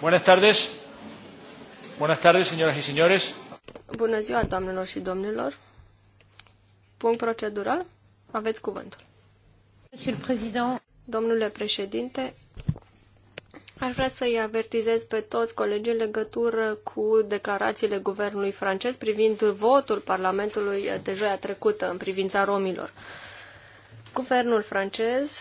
Buenas tardes. Buenas tardes, señoras și señores. Bună ziua, doamnelor și domnilor. Punct procedural. Aveți cuvântul. Domnule președinte, aș vrea să-i avertizez pe toți colegii în legătură cu declarațiile guvernului francez privind votul Parlamentului de joia trecută în privința romilor. Guvernul francez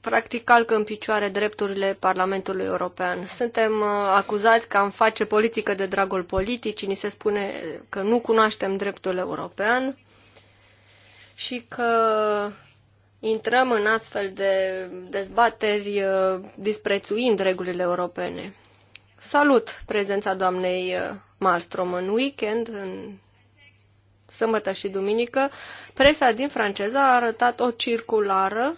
practic calcă în picioare drepturile Parlamentului European. Suntem uh, acuzați că am face politică de dragul politicii, ni se spune că nu cunoaștem dreptul european și că intrăm în astfel de dezbateri uh, disprețuind regulile europene. Salut prezența doamnei uh, Malmström în weekend, în sâmbătă și duminică. Presa din franceză a arătat o circulară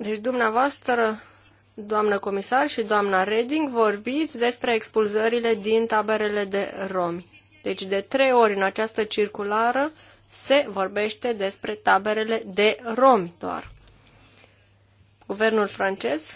Deci dumneavoastră, doamnă comisar și doamna Reding, vorbiți despre expulzările din taberele de romi. Deci de trei ori în această circulară se vorbește despre taberele de romi doar. Guvernul francez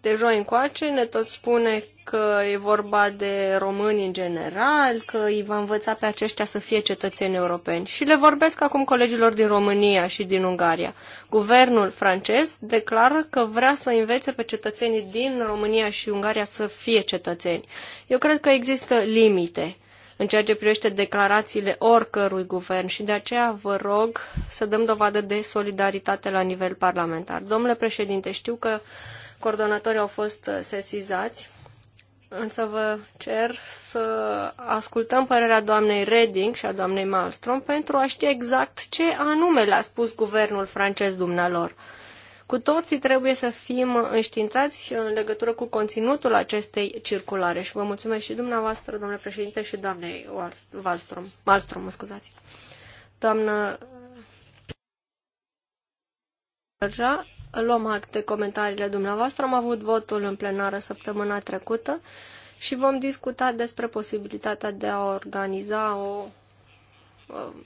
de joi încoace ne tot spune că e vorba de români în general, că îi va învăța pe aceștia să fie cetățeni europeni. Și le vorbesc acum colegilor din România și din Ungaria. Guvernul francez declară că vrea să învețe pe cetățenii din România și Ungaria să fie cetățeni. Eu cred că există limite în ceea ce privește declarațiile oricărui guvern și de aceea vă rog să dăm dovadă de solidaritate la nivel parlamentar. Domnule președinte, știu că coordonatorii au fost uh, sesizați, însă vă cer să ascultăm părerea doamnei Reding și a doamnei Malmström pentru a ști exact ce anume le-a spus guvernul francez dumnealor. Cu toții trebuie să fim înștiințați în legătură cu conținutul acestei circulare și vă mulțumesc și dumneavoastră, domnule președinte, și doamnei Wallström. Wallström, scuzați. Doamnă Deja luăm act de comentariile dumneavoastră. Am avut votul în plenară săptămâna trecută și vom discuta despre posibilitatea de a organiza o um,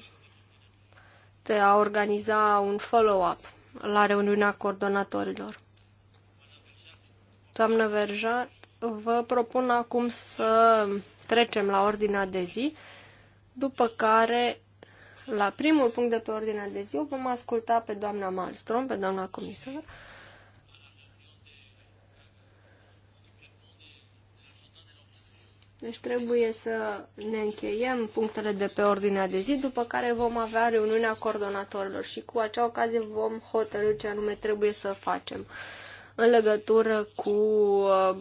de a organiza un follow-up la reuniunea coordonatorilor. Doamnă Verjat, vă propun acum să trecem la ordinea de zi, după care, la primul punct de pe ordinea de zi, vom asculta pe doamna Malstrom, pe doamna comisar, Deci trebuie să ne încheiem punctele de pe ordinea de zi, după care vom avea reuniunea coordonatorilor și cu acea ocazie vom hotărâ ce anume trebuie să facem în legătură cu uh,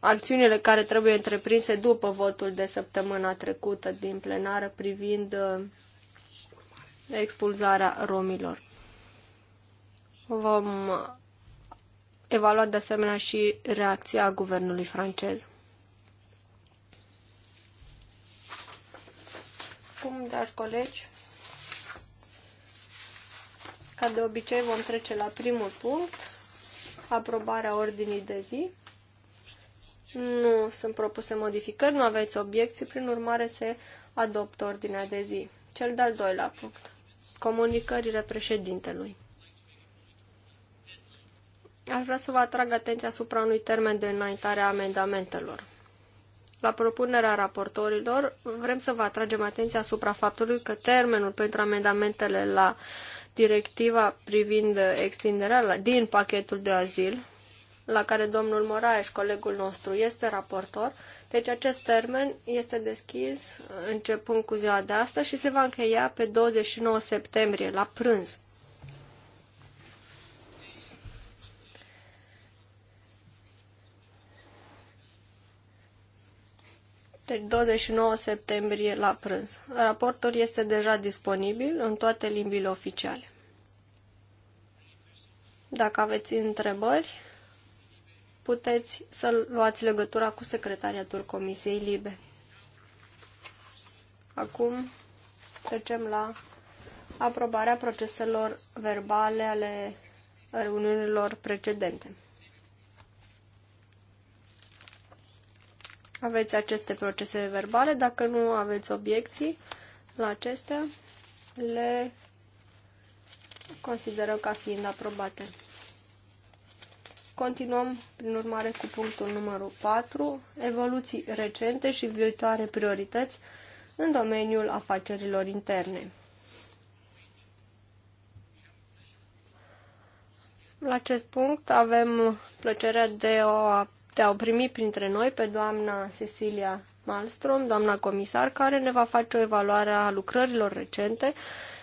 acțiunile care trebuie întreprinse după votul de săptămâna trecută din plenară privind uh, expulzarea romilor. Vom evalua de asemenea și reacția guvernului francez. acum, dragi colegi, ca de obicei vom trece la primul punct, aprobarea ordinii de zi. Nu sunt propuse modificări, nu aveți obiecții, prin urmare se adoptă ordinea de zi. Cel de-al doilea punct, comunicările președintelui. Aș vrea să vă atrag atenția asupra unui termen de înaintare a amendamentelor la propunerea raportorilor, vrem să vă atragem atenția asupra faptului că termenul pentru amendamentele la directiva privind extinderea la, din pachetul de azil, la care domnul Moraes, colegul nostru, este raportor. Deci acest termen este deschis începând cu ziua de astăzi și se va încheia pe 29 septembrie, la prânz. și 29 septembrie la prânz. Raportul este deja disponibil în toate limbile oficiale. Dacă aveți întrebări, puteți să luați legătura cu secretariatul Comisiei Libe. Acum trecem la aprobarea proceselor verbale ale reuniunilor precedente. Aveți aceste procese verbale. Dacă nu aveți obiecții la acestea, le considerăm ca fiind aprobate. Continuăm, prin urmare, cu punctul numărul 4, evoluții recente și viitoare priorități în domeniul afacerilor interne. La acest punct avem plăcerea de a de a o primi printre noi pe doamna Cecilia Malmström, doamna comisar, care ne va face o evaluare a lucrărilor recente.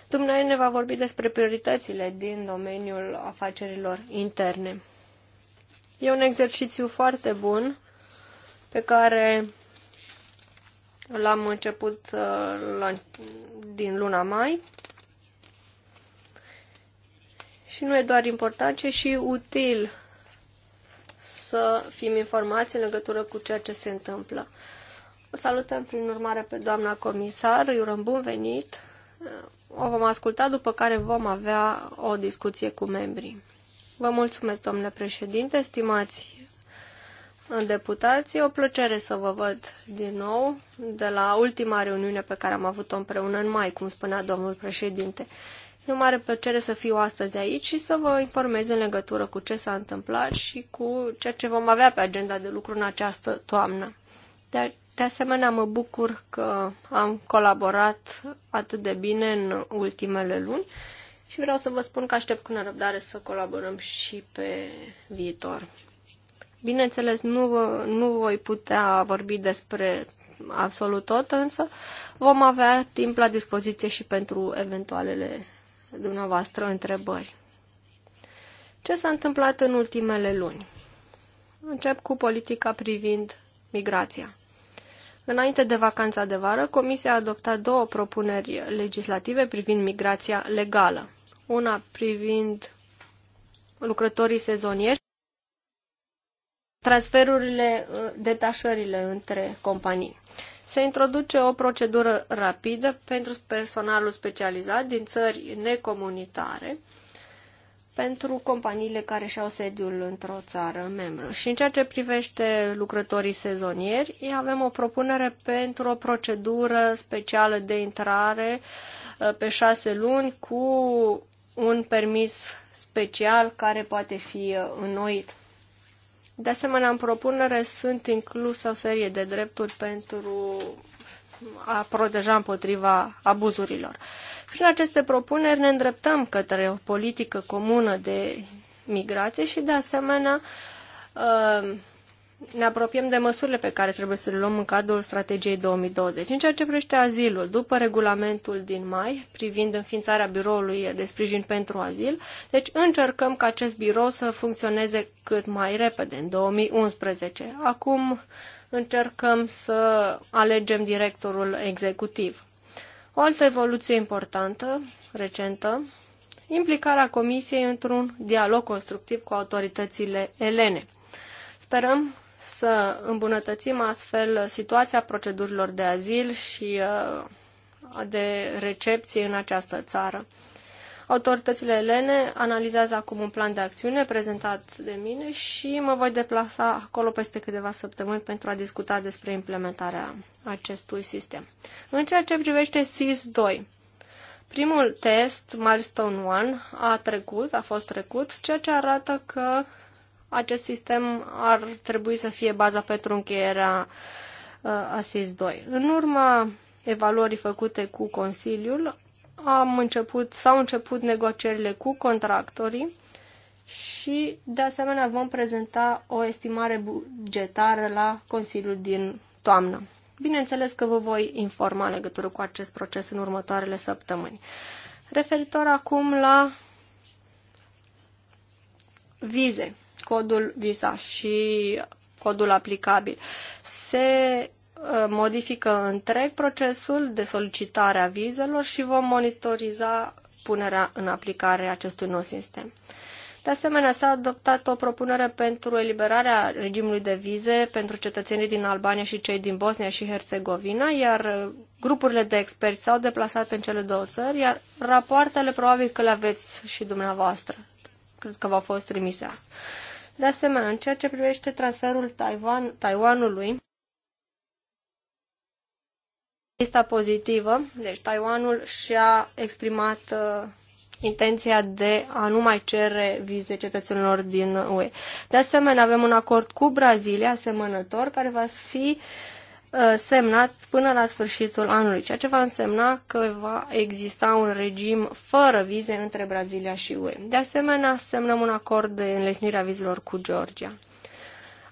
Dumnezeu ne va vorbi despre prioritățile din domeniul afacerilor interne. E un exercițiu foarte bun pe care l-am început uh, la, din luna mai și nu e doar important, ci și util să fim informați în legătură cu ceea ce se întâmplă. O salutăm prin urmare pe doamna comisar, îi urăm bun venit, o vom asculta după care vom avea o discuție cu membrii. Vă mulțumesc, domnule președinte, stimați deputați, e o plăcere să vă văd din nou de la ultima reuniune pe care am avut-o împreună în mai, cum spunea domnul președinte. E o mare plăcere să fiu astăzi aici și să vă informez în legătură cu ce s-a întâmplat și cu ceea ce vom avea pe agenda de lucru în această toamnă. Dar de asemenea, mă bucur că am colaborat atât de bine în ultimele luni și vreau să vă spun că aștept cu nerăbdare să colaborăm și pe viitor. Bineînțeles, nu, nu voi putea vorbi despre absolut tot, însă vom avea timp la dispoziție și pentru eventualele dumneavoastră întrebări. Ce s-a întâmplat în ultimele luni? Încep cu politica privind migrația. Înainte de vacanța de vară, Comisia a adoptat două propuneri legislative privind migrația legală. Una privind lucrătorii sezonieri, transferurile, uh, detașările între companii se introduce o procedură rapidă pentru personalul specializat din țări necomunitare pentru companiile care și-au sediul într-o țară membru. Și în ceea ce privește lucrătorii sezonieri, avem o propunere pentru o procedură specială de intrare uh, pe șase luni cu un permis special care poate fi uh, înnoit. De asemenea, în propunere sunt inclusă o serie de drepturi pentru a proteja împotriva abuzurilor. Prin aceste propuneri ne îndreptăm către o politică comună de migrație și, de asemenea, ă, ne apropiem de măsurile pe care trebuie să le luăm în cadrul strategiei 2020. În ceea ce privește azilul, după regulamentul din mai privind înființarea biroului de sprijin pentru azil, deci încercăm ca acest birou să funcționeze cât mai repede, în 2011. Acum încercăm să alegem directorul executiv. O altă evoluție importantă, recentă, implicarea Comisiei într-un dialog constructiv cu autoritățile elene. Sperăm să îmbunătățim astfel situația procedurilor de azil și uh, de recepție în această țară. Autoritățile elene analizează acum un plan de acțiune prezentat de mine și mă voi deplasa acolo peste câteva săptămâni pentru a discuta despre implementarea acestui sistem. În ceea ce privește SIS-2, primul test, Milestone 1, a trecut, a fost trecut, ceea ce arată că acest sistem ar trebui să fie baza pentru încheierea uh, ASIS 2. În urma evaluării făcute cu Consiliul, am început, s-au început negocierile cu contractorii și, de asemenea, vom prezenta o estimare bugetară la Consiliul din toamnă. Bineînțeles că vă voi informa în legătură cu acest proces în următoarele săptămâni. Referitor acum la vize codul Visa și codul aplicabil. Se uh, modifică întreg procesul de solicitare a vizelor și vom monitoriza punerea în aplicare a acestui nou sistem. De asemenea, s-a adoptat o propunere pentru eliberarea regimului de vize pentru cetățenii din Albania și cei din Bosnia și Herțegovina, iar uh, grupurile de experți s-au deplasat în cele două țări, iar rapoartele probabil că le aveți și dumneavoastră. Cred că v-au fost trimise astăzi. De asemenea, în ceea ce privește transferul Taiwan, Taiwanului, lista pozitivă, deci Taiwanul și-a exprimat uh, intenția de a nu mai cere vize cetățenilor din UE. De asemenea, avem un acord cu Brazilia asemănător care va fi uh, Uh, semnat până la sfârșitul anului, ceea ce va însemna că va exista un regim fără vize între Brazilia și UE. De asemenea, semnăm un acord de înlesnire a vizelor cu Georgia.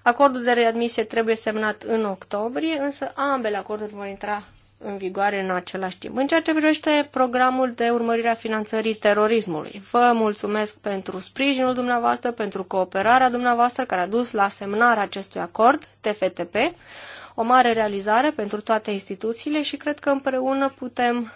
Acordul de readmisie trebuie semnat în octombrie, însă ambele acorduri vor intra în vigoare în același timp. În ceea ce privește programul de urmărire a finanțării terorismului, vă mulțumesc pentru sprijinul dumneavoastră, pentru cooperarea dumneavoastră care a dus la semnarea acestui acord TFTP o mare realizare pentru toate instituțiile și cred că împreună putem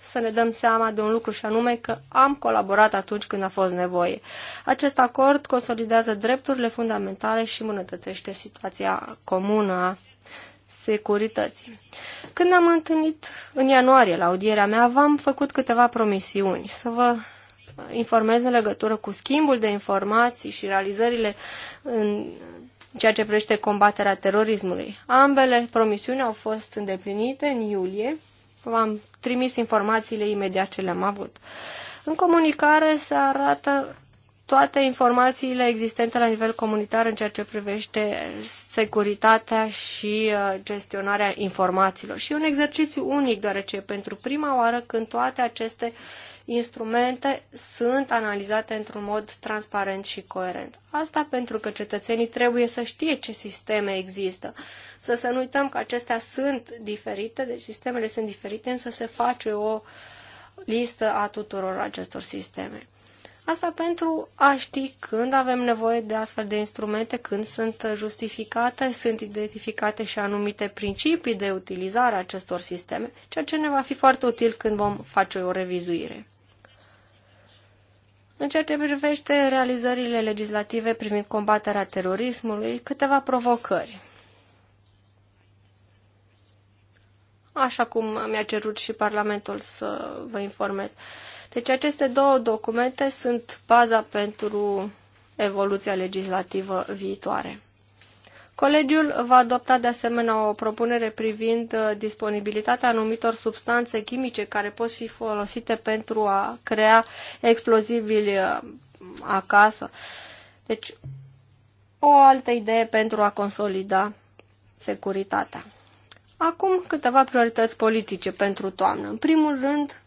să ne dăm seama de un lucru și anume că am colaborat atunci când a fost nevoie. Acest acord consolidează drepturile fundamentale și îmbunătățește situația comună a securității. Când am întâlnit în ianuarie la audierea mea, v-am făcut câteva promisiuni să vă informez în legătură cu schimbul de informații și realizările în în ceea ce privește combaterea terorismului. Ambele promisiuni au fost îndeplinite în iulie. V-am trimis informațiile imediat ce le-am avut. În comunicare se arată toate informațiile existente la nivel comunitar în ceea ce privește securitatea și uh, gestionarea informațiilor. Și un exercițiu unic, deoarece pentru prima oară când toate aceste uh, instrumente sunt analizate într-un mod transparent și coerent. Asta pentru că cetățenii trebuie să știe ce sisteme există. Să să nu uităm că acestea sunt diferite, deci sistemele sunt diferite, însă se face o listă a tuturor acestor sisteme. Asta pentru a ști când avem nevoie de astfel de instrumente, când sunt justificate, sunt identificate și anumite principii de utilizare a acestor sisteme, ceea ce ne va fi foarte util când vom face o revizuire. În ceea ce privește realizările legislative privind combaterea terorismului, câteva provocări. Așa cum mi-a cerut și Parlamentul să vă informez. Deci aceste două documente sunt baza pentru evoluția legislativă viitoare. Colegiul va adopta de asemenea o propunere privind uh, disponibilitatea anumitor substanțe chimice care pot fi folosite pentru a crea explozibili uh, acasă. Deci, o altă idee pentru a consolida securitatea. Acum câteva priorități politice pentru toamnă. În primul rând,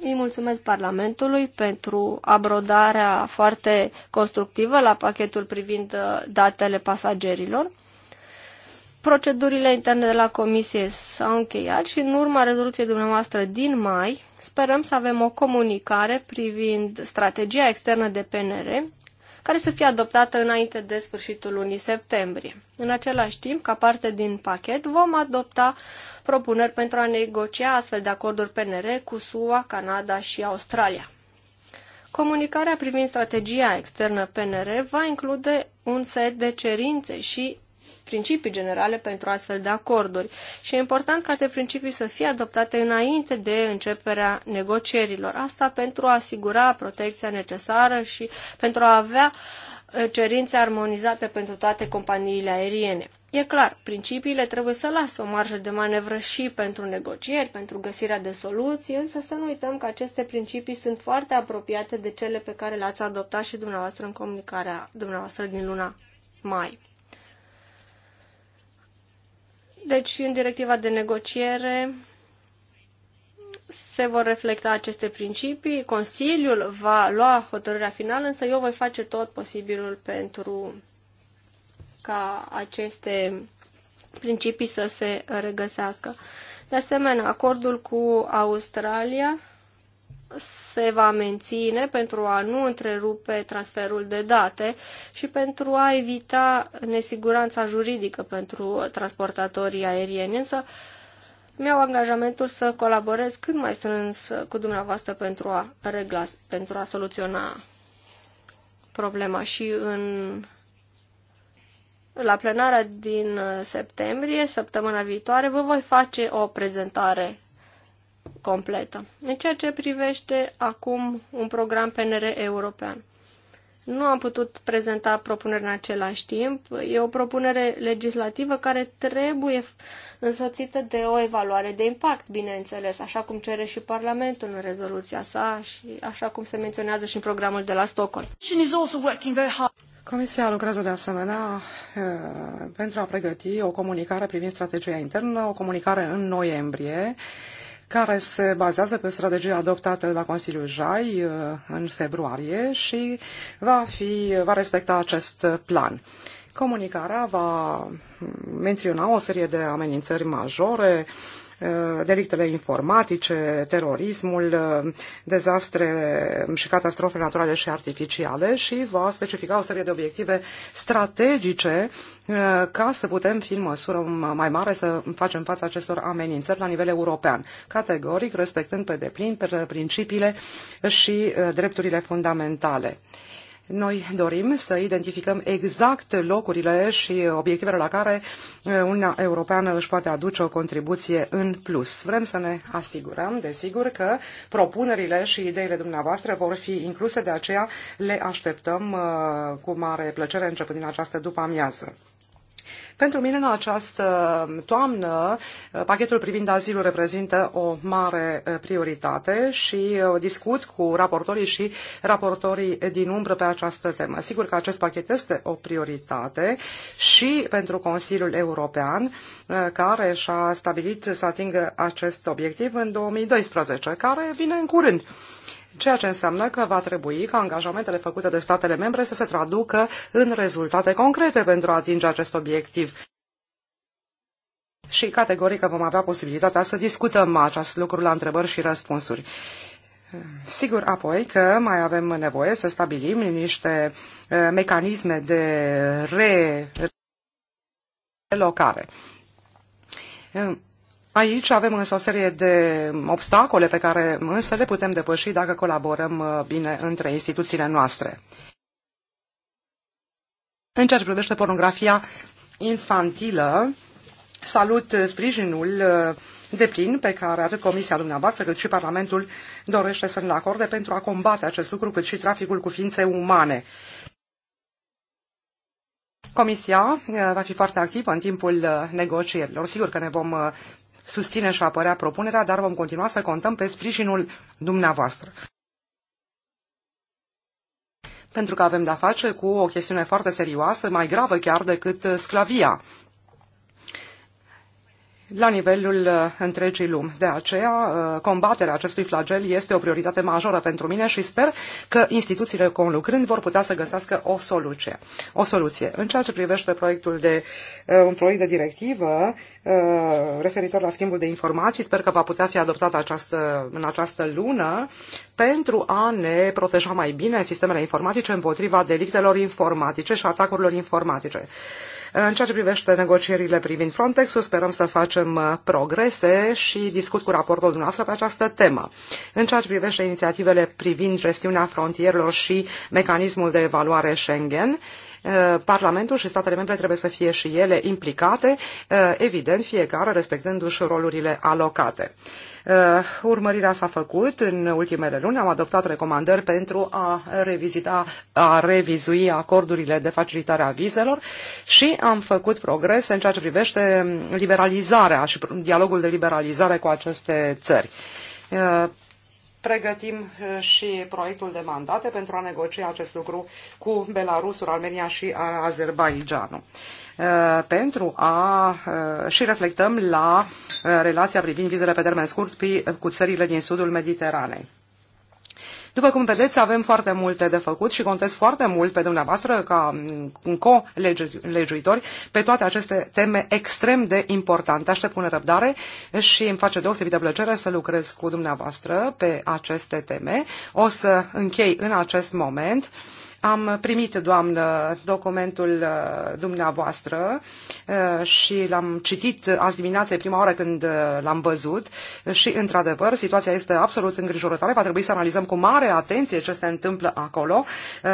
îi mulțumesc Parlamentului pentru abrodarea foarte constructivă la pachetul privind uh, datele pasagerilor. Procedurile interne de la comisie s-au încheiat și în urma rezoluției dumneavoastră din mai sperăm să avem o comunicare privind strategia externă de PNR care să fie adoptată înainte de sfârșitul lunii septembrie. În același timp, ca parte din pachet, vom adopta propuneri pentru a negocia astfel de acorduri PNR cu SUA, Canada și Australia. Comunicarea privind strategia externă PNR va include un set de cerințe și principii generale pentru astfel de acorduri și e important ca aceste principii să fie adoptate înainte de începerea negocierilor. Asta pentru a asigura protecția necesară și pentru a avea uh, cerințe armonizate pentru toate companiile aeriene. E clar, principiile trebuie să lasă o marjă de manevră și pentru negocieri, pentru găsirea de soluții, însă să nu uităm că aceste principii sunt foarte apropiate de cele pe care le-ați adoptat și dumneavoastră în comunicarea dumneavoastră din luna mai. Deci, în directiva de negociere se vor reflecta aceste principii, Consiliul va lua hotărârea finală, însă eu voi face tot posibilul pentru ca aceste principii să se regăsească. De asemenea, acordul cu Australia se va menține pentru a nu întrerupe transferul de date și pentru a evita nesiguranța juridică pentru transportatorii aerieni. Însă mi-au angajamentul să colaborez cât mai strâns cu dumneavoastră pentru a regla, pentru a soluționa problema și în la plenarea din septembrie, săptămâna viitoare, vă voi face o prezentare completă. În ceea ce privește acum un program PNR european. Nu am putut prezenta propuneri în același timp. E o propunere legislativă care trebuie însoțită de o evaluare de impact, bineînțeles, așa cum cere și Parlamentul în rezoluția sa și așa cum se menționează și în programul de la Stockholm. Comisia lucrează de asemenea uh, pentru a pregăti o comunicare privind strategia internă, o comunicare în noiembrie care se bazează pe strategia adoptată la Consiliul JAI uh, în februarie și va, fi, va respecta acest plan. Comunicarea va menționa o serie de amenințări majore, uh, Uh, delictele informatice, terorismul, uh, dezastre și catastrofe naturale și artificiale și va specifica o serie de obiective strategice uh, ca să putem fi în măsură mai mare să facem față acestor amenințări la nivel european, categoric respectând pe deplin principiile și drepturile fundamentale. Noi dorim să identificăm exact locurile și obiectivele la care uh, Uniunea Europeană își poate aduce o contribuție în plus. Vrem să ne asigurăm, desigur, că propunerile și ideile dumneavoastră vor fi incluse, de aceea le așteptăm uh, cu mare plăcere începând din această după amiază. Pentru mine, în această toamnă, uh, pachetul privind azilul reprezintă o mare uh, prioritate și uh, discut cu raportorii și raportorii din umbră pe această temă. Sigur că acest pachet este o prioritate și pentru Consiliul European, care și-a stabilit să atingă acest obiectiv în 2012, care vine în curând ceea ce înseamnă că va trebui ca angajamentele făcute de statele membre să se traducă în rezultate concrete pentru a atinge acest obiectiv. Și categoric vom avea posibilitatea să discutăm acest lucru la întrebări și răspunsuri. Sigur, apoi că mai avem nevoie să stabilim niște eh, mecanisme de relocare. Eh, Aici avem însă o serie de obstacole pe care însă le putem depăși dacă colaborăm uh, bine între instituțiile noastre. În ceea ce privește pornografia infantilă, salut uh, sprijinul uh, de plin pe care atât Comisia dumneavoastră cât și Parlamentul dorește să-l acorde pentru a combate acest lucru, cât și traficul cu ființe umane. Comisia va fi foarte activă în timpul negocierilor. Sigur că ne vom susține și apărea propunerea, dar vom continua să contăm pe sprijinul dumneavoastră. Pentru că avem de-a face cu o chestiune foarte serioasă, mai gravă chiar decât sclavia la nivelul uh, întregii lumi. De aceea, uh, combaterea acestui flagel este o prioritate majoră pentru mine și sper că instituțiile conlucrând vor putea să găsească o soluție. O soluție. În ceea ce privește proiectul de uh, un proiect de directivă referitor la schimbul de informații, sper că va putea fi adoptat această, în această lună pentru a ne proteja mai bine sistemele informatice împotriva delictelor informatice și atacurilor informatice. În ceea ce privește negocierile privind Frontex, sperăm să facem uh, progrese și discut cu raportul dumneavoastră pe această temă. În ceea ce privește inițiativele privind gestiunea frontierelor și mecanismul de evaluare Schengen, uh, Parlamentul și statele membre trebuie să fie și ele implicate, uh, evident fiecare respectându-și rolurile alocate. Uh, urmărirea s-a făcut în ultimele luni, am adoptat recomandări pentru a revizita, a revizui acordurile de facilitare a vizelor și am făcut progrese în ceea ce privește liberalizarea și dialogul de liberalizare cu aceste țări uh, pregătim uh, și proiectul de mandate pentru a negocia acest lucru cu Belarusul, Armenia și uh, Azerbaijanul uh, pentru a și reflectăm la relația privind vizele pe termen scurt cu țările din sudul Mediteranei. După cum vedeți, avem foarte multe de făcut și contez foarte mult pe dumneavoastră ca mm, co-legiuitori pe toate aceste teme extrem de importante. Aștept cu nerăbdare și îmi face deosebită plăcere să lucrez cu dumneavoastră pe aceste teme. O să închei în acest moment am primit, doamnă, documentul uh, dumneavoastră uh, și l-am citit azi dimineață, e prima oară când uh, l-am văzut și, într-adevăr, situația este absolut îngrijorătoare. Va trebui să analizăm cu mare atenție ce se întâmplă acolo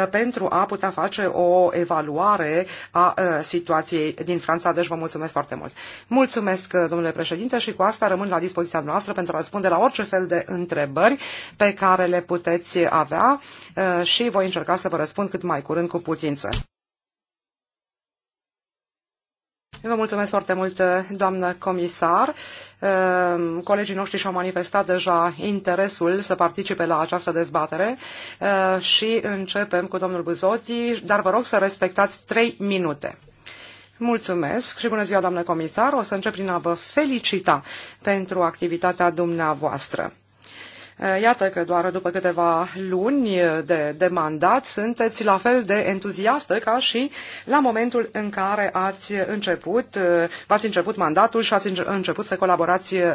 pentru a putea face o evaluare a situației din Franța. Deci vă mulțumesc foarte mult. Mulțumesc, domnule președinte, și cu asta rămân la dispoziția noastră pentru a răspunde la orice fel de întrebări pe care le puteți avea și voi încerca să vă răspund răspund cât mai curând cu putință. Vă mulțumesc foarte mult, doamnă comisar. Ehm, colegii noștri și-au manifestat deja interesul să participe la această dezbatere ehm, și începem cu domnul Buzoti, dar vă rog să respectați trei minute. Mulțumesc și bună ziua, doamnă comisar. O să încep prin a vă felicita pentru activitatea dumneavoastră. Eh, iată că doar după câteva luni de, de mandat sunteți la fel de entuziastă ca și la momentul în care ați început, eh, v-ați început mandatul și ați început să colaborați eh,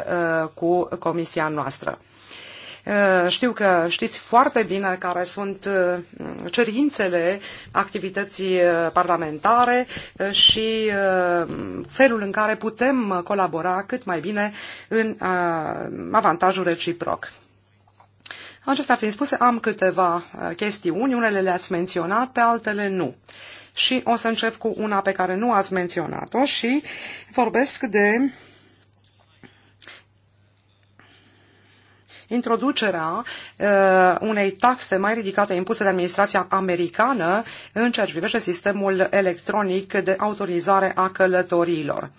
cu comisia noastră. Știu că știți foarte bine care sunt cerințele activității parlamentare și felul în care putem colabora cât mai bine în avantajul reciproc. Acestea fiind spuse, am câteva uh, chestiuni, unele le-ați menționat, pe altele nu. Și o să încep cu una pe care nu ați menționat-o și vorbesc de introducerea uh, unei taxe mai ridicate impuse de administrația americană în ceea ce privește sistemul electronic de autorizare a călătorilor.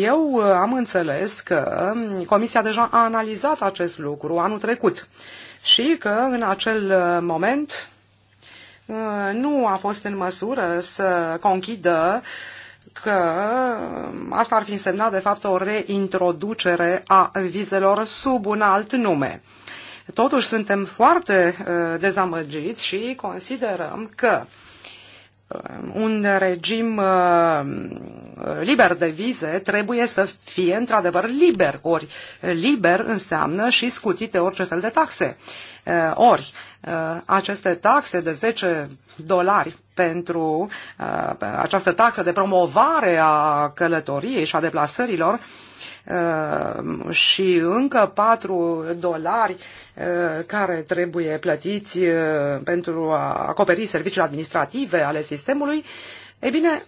Eu uh, am înțeles că Comisia deja a analizat acest lucru anul trecut. Uh, și că în acel uh, moment uh, nu a fost în măsură să conchidă că um, asta ar fi însemnat de fapt o reintroducere a vizelor sub un alt nume. Totuși suntem foarte uh, dezamăgiți și considerăm că uh, un regim uh, liber de vize trebuie să fie într-adevăr liber. Ori liber înseamnă și scutite orice fel de taxe. Uh, ori uh, aceste taxe de 10 dolari pentru această taxă de promovare a călătoriei și a deplasărilor Uh, și încă 4 dolari uh, care trebuie plătiți uh, pentru a acoperi serviciile administrative ale sistemului, e bine,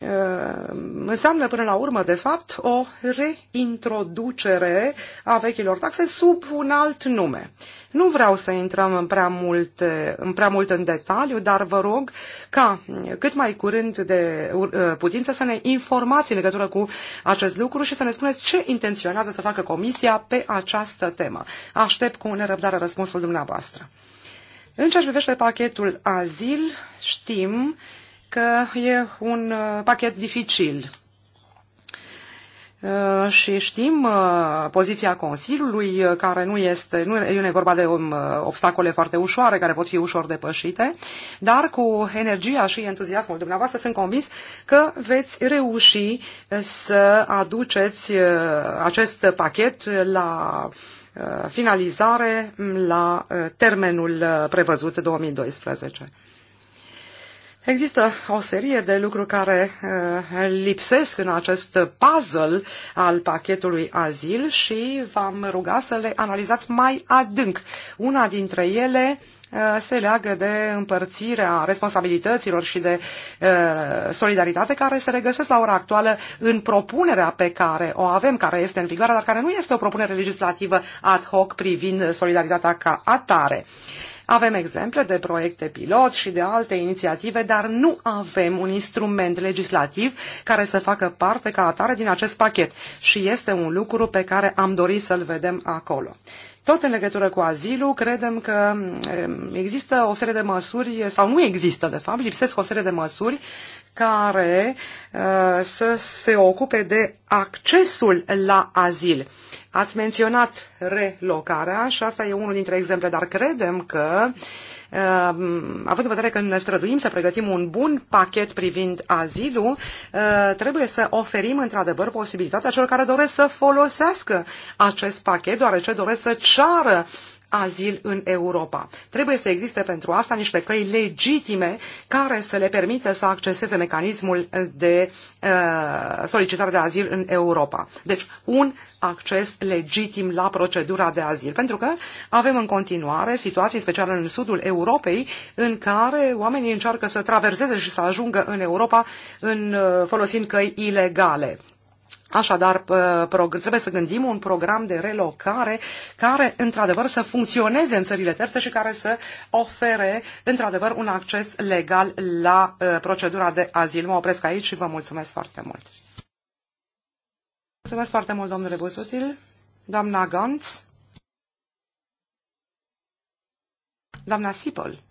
Uh, înseamnă până la urmă, de fapt, o reintroducere a vechilor taxe sub un alt nume. Nu vreau să intrăm în prea mult în, prea mult în detaliu, dar vă rog ca cât mai curând de uh, putință să ne informați în legătură cu acest lucru și să ne spuneți ce intenționează să facă Comisia pe această temă. Aștept cu nerăbdare răspunsul dumneavoastră. În ceea ce privește pachetul azil, știm că e un uh, pachet dificil. Uh, și știm uh, poziția Consiliului, care nu este, nu e vorba de um, obstacole foarte ușoare, care pot fi ușor depășite, dar cu energia și entuziasmul dumneavoastră sunt convins că veți reuși să aduceți acest pachet la finalizare mm, la termenul prevăzut 2012. Există o serie de lucruri care uh, lipsesc în acest puzzle al pachetului azil și v-am ruga să le analizați mai adânc. Una dintre ele eh, se leagă de împărțirea responsabilităților și de uh, solidaritate care se regăsesc la ora actuală în propunerea pe care o avem, care este în vigoare, dar care nu este o propunere legislativă ad hoc privind solidaritatea ca atare. Uh, avem exemple de proiecte pilot și de alte inițiative, dar nu avem un instrument legislativ care să facă parte ca atare din acest pachet și este un lucru pe care am dorit să-l vedem acolo. Tot în legătură cu azilul, credem că mm, există o serie de măsuri, sau nu există, de fapt, lipsesc o serie de măsuri care uh, să se ocupe de accesul la azil Ați menționat relocarea și asta e unul dintre exemple, dar credem că, uh, având în vedere că ne străduim să pregătim un bun pachet privind azilul, uh, trebuie să oferim într-adevăr posibilitatea celor care doresc să folosească acest pachet, deoarece doresc să ceară azil în Europa. Trebuie să existe pentru asta niște căi legitime care să le permită să acceseze mecanismul de uh, solicitare de azil în Europa. Deci, un acces legitim la procedura de azil, pentru că avem în continuare situații, special în sudul Europei, în care oamenii încearcă să traverseze și să ajungă în Europa în, uh, folosind căi ilegale. Așadar, trebuie să gândim un program de relocare care, într-adevăr, să funcționeze în țările terțe și care să ofere, într-adevăr, un acces legal la procedura de azil. Mă opresc aici și vă mulțumesc foarte mult. Mulțumesc foarte mult, domnule Buzutil. Doamna Gantz. Doamna Sipol.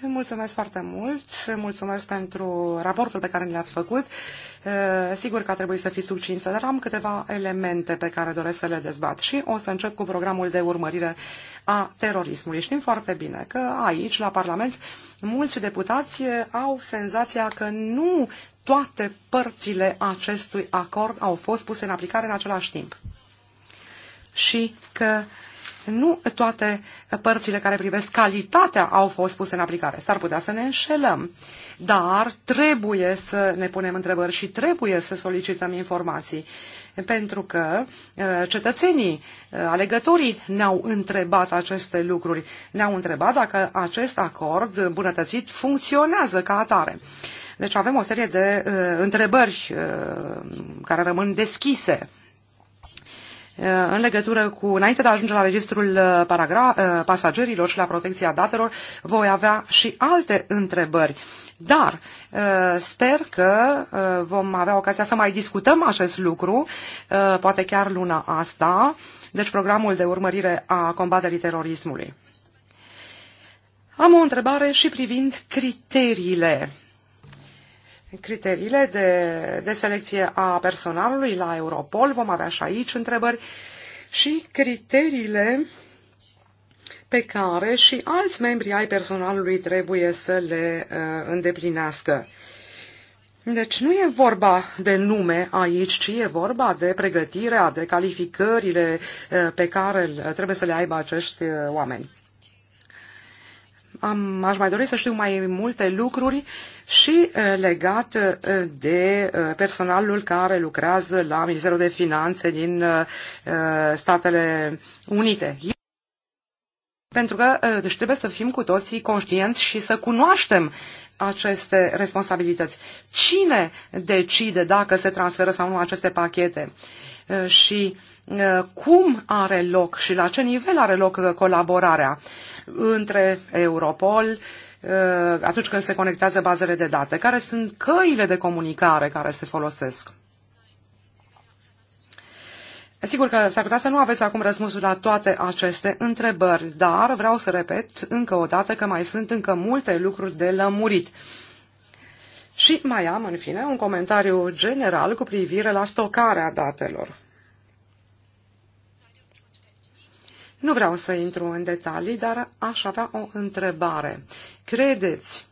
Mulțumesc foarte mult, mulțumesc pentru raportul pe care ne l-ați făcut. Eh, sigur că a trebuit să fiți succință, dar am câteva elemente pe care doresc să le dezbat și o să încep cu programul de urmărire a terorismului. Știm foarte bine că aici, la Parlament, mulți deputați au senzația că nu toate părțile acestui acord au fost puse în aplicare în același timp și că nu toate părțile care privesc calitatea au fost puse în aplicare. S-ar putea să ne înșelăm, dar trebuie să ne punem întrebări și trebuie să solicităm informații, pentru că uh, cetățenii, uh, alegătorii ne-au întrebat aceste lucruri, ne-au întrebat dacă acest acord bunătățit funcționează ca atare. Deci avem o serie de uh, întrebări uh, care rămân deschise Uh, în legătură cu, înainte de a ajunge la registrul uh, paragra, uh, pasagerilor și la protecția datelor, voi avea și alte întrebări. Dar sper că vom avea ocazia să mai discutăm acest lucru, poate chiar luna asta, deci programul de urmărire a combaterii terorismului. Am o întrebare și privind criteriile criteriile de, de selecție a personalului la Europol, vom avea și aici întrebări, și criteriile pe care și alți membri ai personalului trebuie să le uh, îndeplinească. Deci nu e vorba de nume aici, ci e vorba de pregătirea, de calificările uh, pe care trebuie să le aibă acești uh, oameni am, aș mai dori să știu mai multe lucruri și legat de personalul care lucrează la Ministerul de Finanțe din Statele Unite. Pentru că deci trebuie să fim cu toții conștienți și să cunoaștem aceste responsabilități. Cine decide dacă se transferă sau nu aceste pachete? Și cum are loc și la ce nivel are loc colaborarea? între Europol uh, atunci când se conectează bazele de date. Care sunt căile de comunicare care se folosesc? Sigur că s-ar putea să nu aveți acum răspunsul la toate aceste întrebări, dar vreau să repet încă o dată că mai sunt încă multe lucruri de lămurit. Și mai am, în fine, un comentariu general cu privire la stocarea datelor. Nu vreau să intru în detalii, dar aș avea o întrebare. Credeți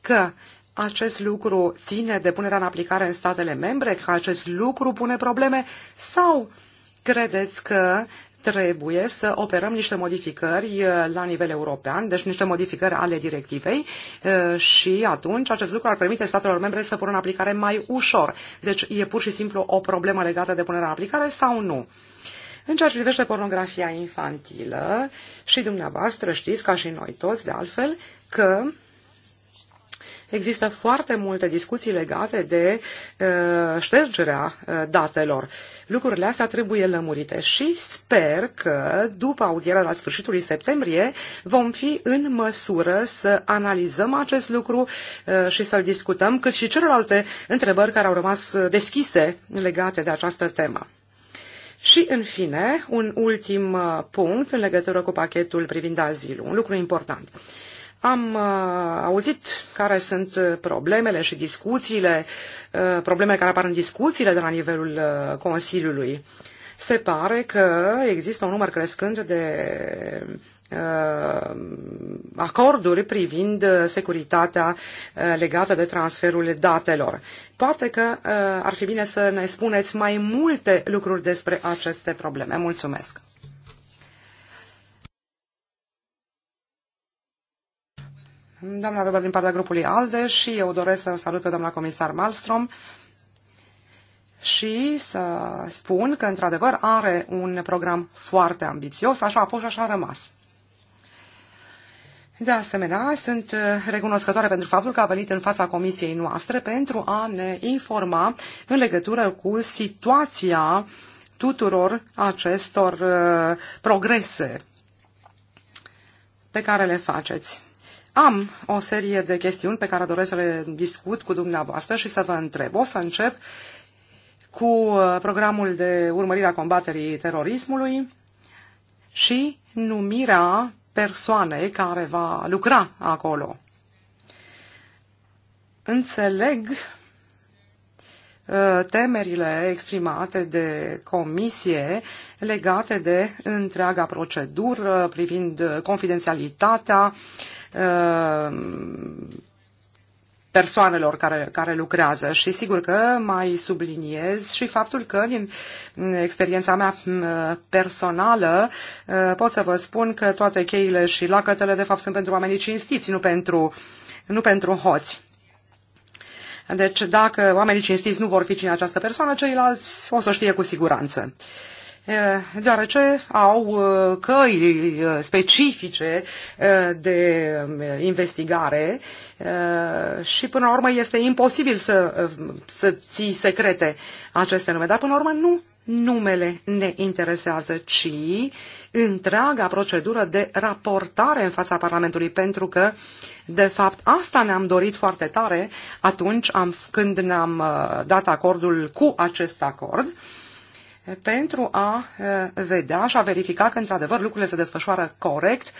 că acest lucru ține de punerea în aplicare în statele membre, că acest lucru pune probleme sau credeți că trebuie să operăm niște modificări uh, la nivel european, deci niște modificări ale directivei uh, și atunci acest lucru ar permite statelor membre să pună în aplicare mai ușor. Deci e pur și simplu o problemă legată de punerea în aplicare sau nu? În ceea ce privește pornografia infantilă, și dumneavoastră știți, ca și noi toți, de altfel, că există foarte multe discuții legate de uh, ștergerea uh, datelor. Lucrurile astea trebuie lămurite și sper că după audierea la sfârșitul septembrie vom fi în măsură să analizăm acest lucru uh, și să-l discutăm, cât și celelalte întrebări care au rămas uh, deschise legate de această temă. Și, în fine, un ultim uh, punct în legătură cu pachetul privind azilul, un lucru important. Am uh, auzit care sunt uh, problemele și discuțiile, uh, problemele care apar în discuțiile de la nivelul uh, Consiliului. Se pare că există un număr crescând de Uh, acorduri privind uh, securitatea uh, legată de transferul datelor. Poate că ar fi bine să ne spuneți mai multe lucruri despre aceste probleme. Mulțumesc! Doamna Weber din partea grupului ALDE și eu doresc să salut pe doamna comisar Malmström și să spun că într-adevăr are un program foarte ambițios, așa a fost și așa a rămas. De asemenea, sunt uh, recunoscătoare pentru faptul că a venit în fața comisiei noastre pentru a ne informa în legătură cu situația tuturor acestor uh, progrese pe care le faceți. Am o serie de chestiuni pe care doresc să le discut cu dumneavoastră și să vă întreb. O să încep cu uh, programul de urmărire a combaterii terorismului și numirea persoanei care va lucra acolo. Înțeleg uh, temerile exprimate de comisie legate de întreaga procedură privind confidențialitatea, uh, persoanelor care, care lucrează și sigur că mai subliniez și faptul că din experiența mea personală uh, pot să vă spun că toate cheile și lacătele de fapt sunt pentru oamenii cinstiți, nu pentru, nu pentru hoți. Deci dacă oamenii cinstiți nu vor fi cine această persoană, ceilalți o să știe cu siguranță. Uh, deoarece au căi specifice de investigare și până la urmă este imposibil să, să ții secrete aceste nume. Dar până la urmă nu numele ne interesează, ci întreaga procedură de raportare în fața Parlamentului, pentru că, de fapt, asta ne-am dorit foarte tare atunci am, când ne-am dat acordul cu acest acord. Uh, pentru a vedea și a verifica că, într-adevăr, lucrurile se desfășoară corect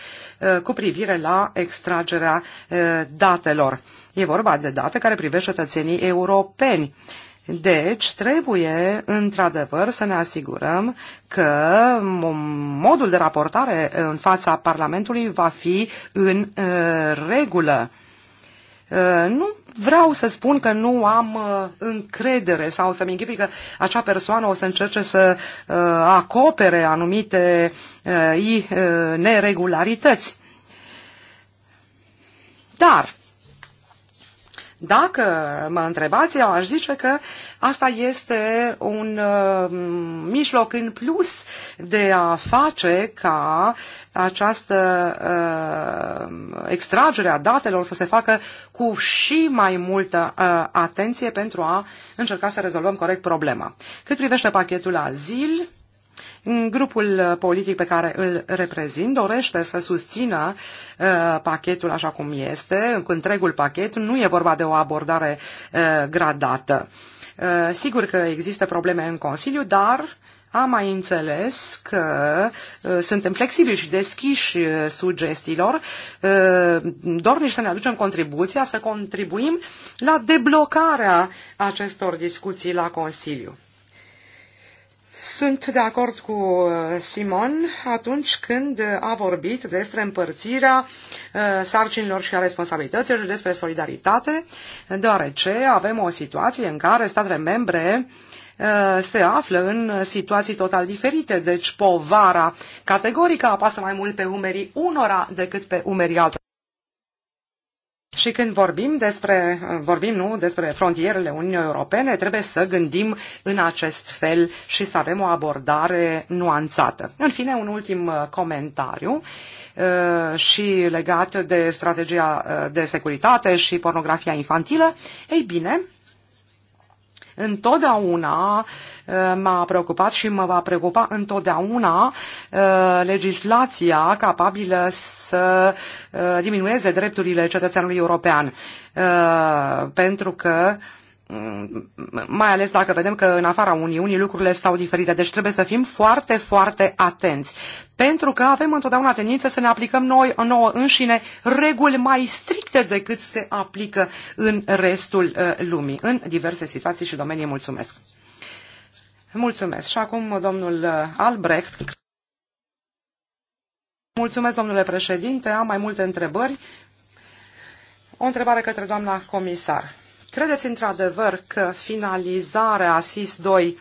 cu privire la extragerea datelor. E vorba de date care privește cetățenii europeni. Deci, trebuie, într-adevăr, să ne asigurăm că modul de raportare în fața Parlamentului va fi în regulă Uh, nu vreau să spun că nu am uh, încredere sau să-mi închipui că acea persoană o să încerce să uh, acopere anumite neregularități. Dar dacă mă întrebați, eu aș zice că asta este un uh, mijloc în plus de a face ca această uh, extragere a datelor să se facă cu și mai multă uh, atenție pentru a încerca să rezolvăm corect problema. Cât privește pachetul azil, Grupul politic pe care îl reprezint dorește să susțină uh, pachetul așa cum este, cu întregul pachet. Nu e vorba de o abordare uh, gradată. Uh, sigur că există probleme în Consiliu, dar am mai înțeles că uh, suntem flexibili și deschiși uh, sugestiilor, uh, dornici să ne aducem contribuția, să contribuim la deblocarea acestor discuții la Consiliu. Sunt de acord cu uh, Simon atunci când a vorbit despre împărțirea uh, sarcinilor și a responsabilităților și despre solidaritate, deoarece avem o situație în care statele membre uh, se află în situații total diferite, deci povara categorică apasă mai mult pe umerii unora decât pe umerii altora. Și când vorbim despre, vorbim nu, despre frontierele Uniunii Europene, trebuie să gândim în acest fel și să avem o abordare nuanțată. În fine, un ultim uh, comentariu uh, și legat de strategia uh, de securitate și pornografia infantilă. Ei bine, întotdeauna uh, m-a preocupat și mă va preocupa întotdeauna uh, legislația capabilă să uh, diminueze drepturile cetățeanului european. Pentru că Mm, mai ales dacă vedem că în afara Uniunii lucrurile stau diferite. Deci trebuie să fim foarte, foarte atenți, pentru că avem întotdeauna tendință să ne aplicăm noi nouă înșine reguli mai stricte decât se aplică în restul uh, lumii, în diverse situații și domenii. Mulțumesc! Mulțumesc! Și acum domnul uh, Albrecht. Mulțumesc, domnule președinte. Am mai multe întrebări. O întrebare către doamna comisar. Credeți într-adevăr că finalizarea SIS 2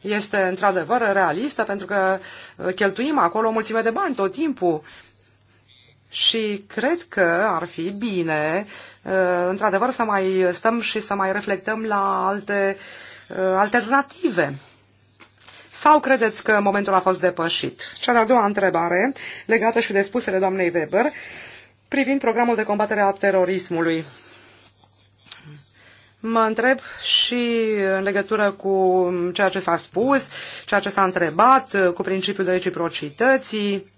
este într-adevăr realistă pentru că uh, cheltuim acolo o mulțime de bani tot timpul și cred că ar fi bine uh, într-adevăr să mai stăm și să mai reflectăm la alte uh, alternative. Sau credeți că momentul a fost depășit? Cea de-a doua întrebare, legată și de spusele doamnei Weber, privind programul de combatere a terorismului. Mă întreb și în legătură cu ceea ce s-a spus, ceea ce s-a întrebat, uh, cu principiul de reciprocității.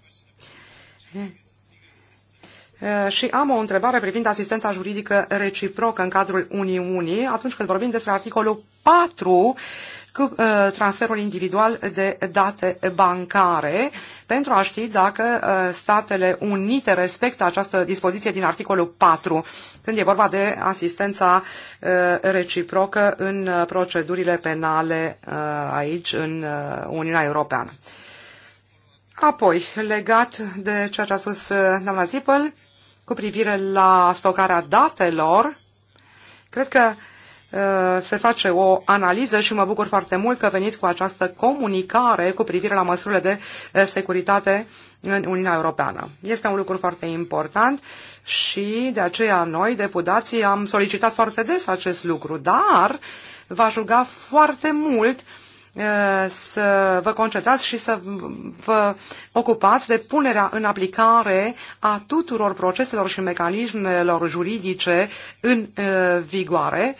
Uh, și am o întrebare privind asistența juridică reciprocă în cadrul Uniunii, atunci când vorbim despre articolul 4 cu uh, transferul individual de date bancare pentru a ști dacă uh, Statele Unite respectă această dispoziție din articolul 4, când e vorba de asistența uh, reciprocă în procedurile penale aici în Uniunea Europeană. Apoi, legat de ceea ce a spus doamna Zipăl cu privire la stocarea datelor, cred că uh, Uh, se face o analiză și mă bucur foarte mult că veniți cu această comunicare cu privire la măsurile de uh, securitate în Uniunea Europeană. Este un lucru foarte important și de aceea noi, deputații, am solicitat foarte des acest lucru, dar va aș ruga foarte mult uh, să vă concentrați și să vă ocupați de punerea în aplicare a tuturor proceselor și mecanismelor juridice în vigoare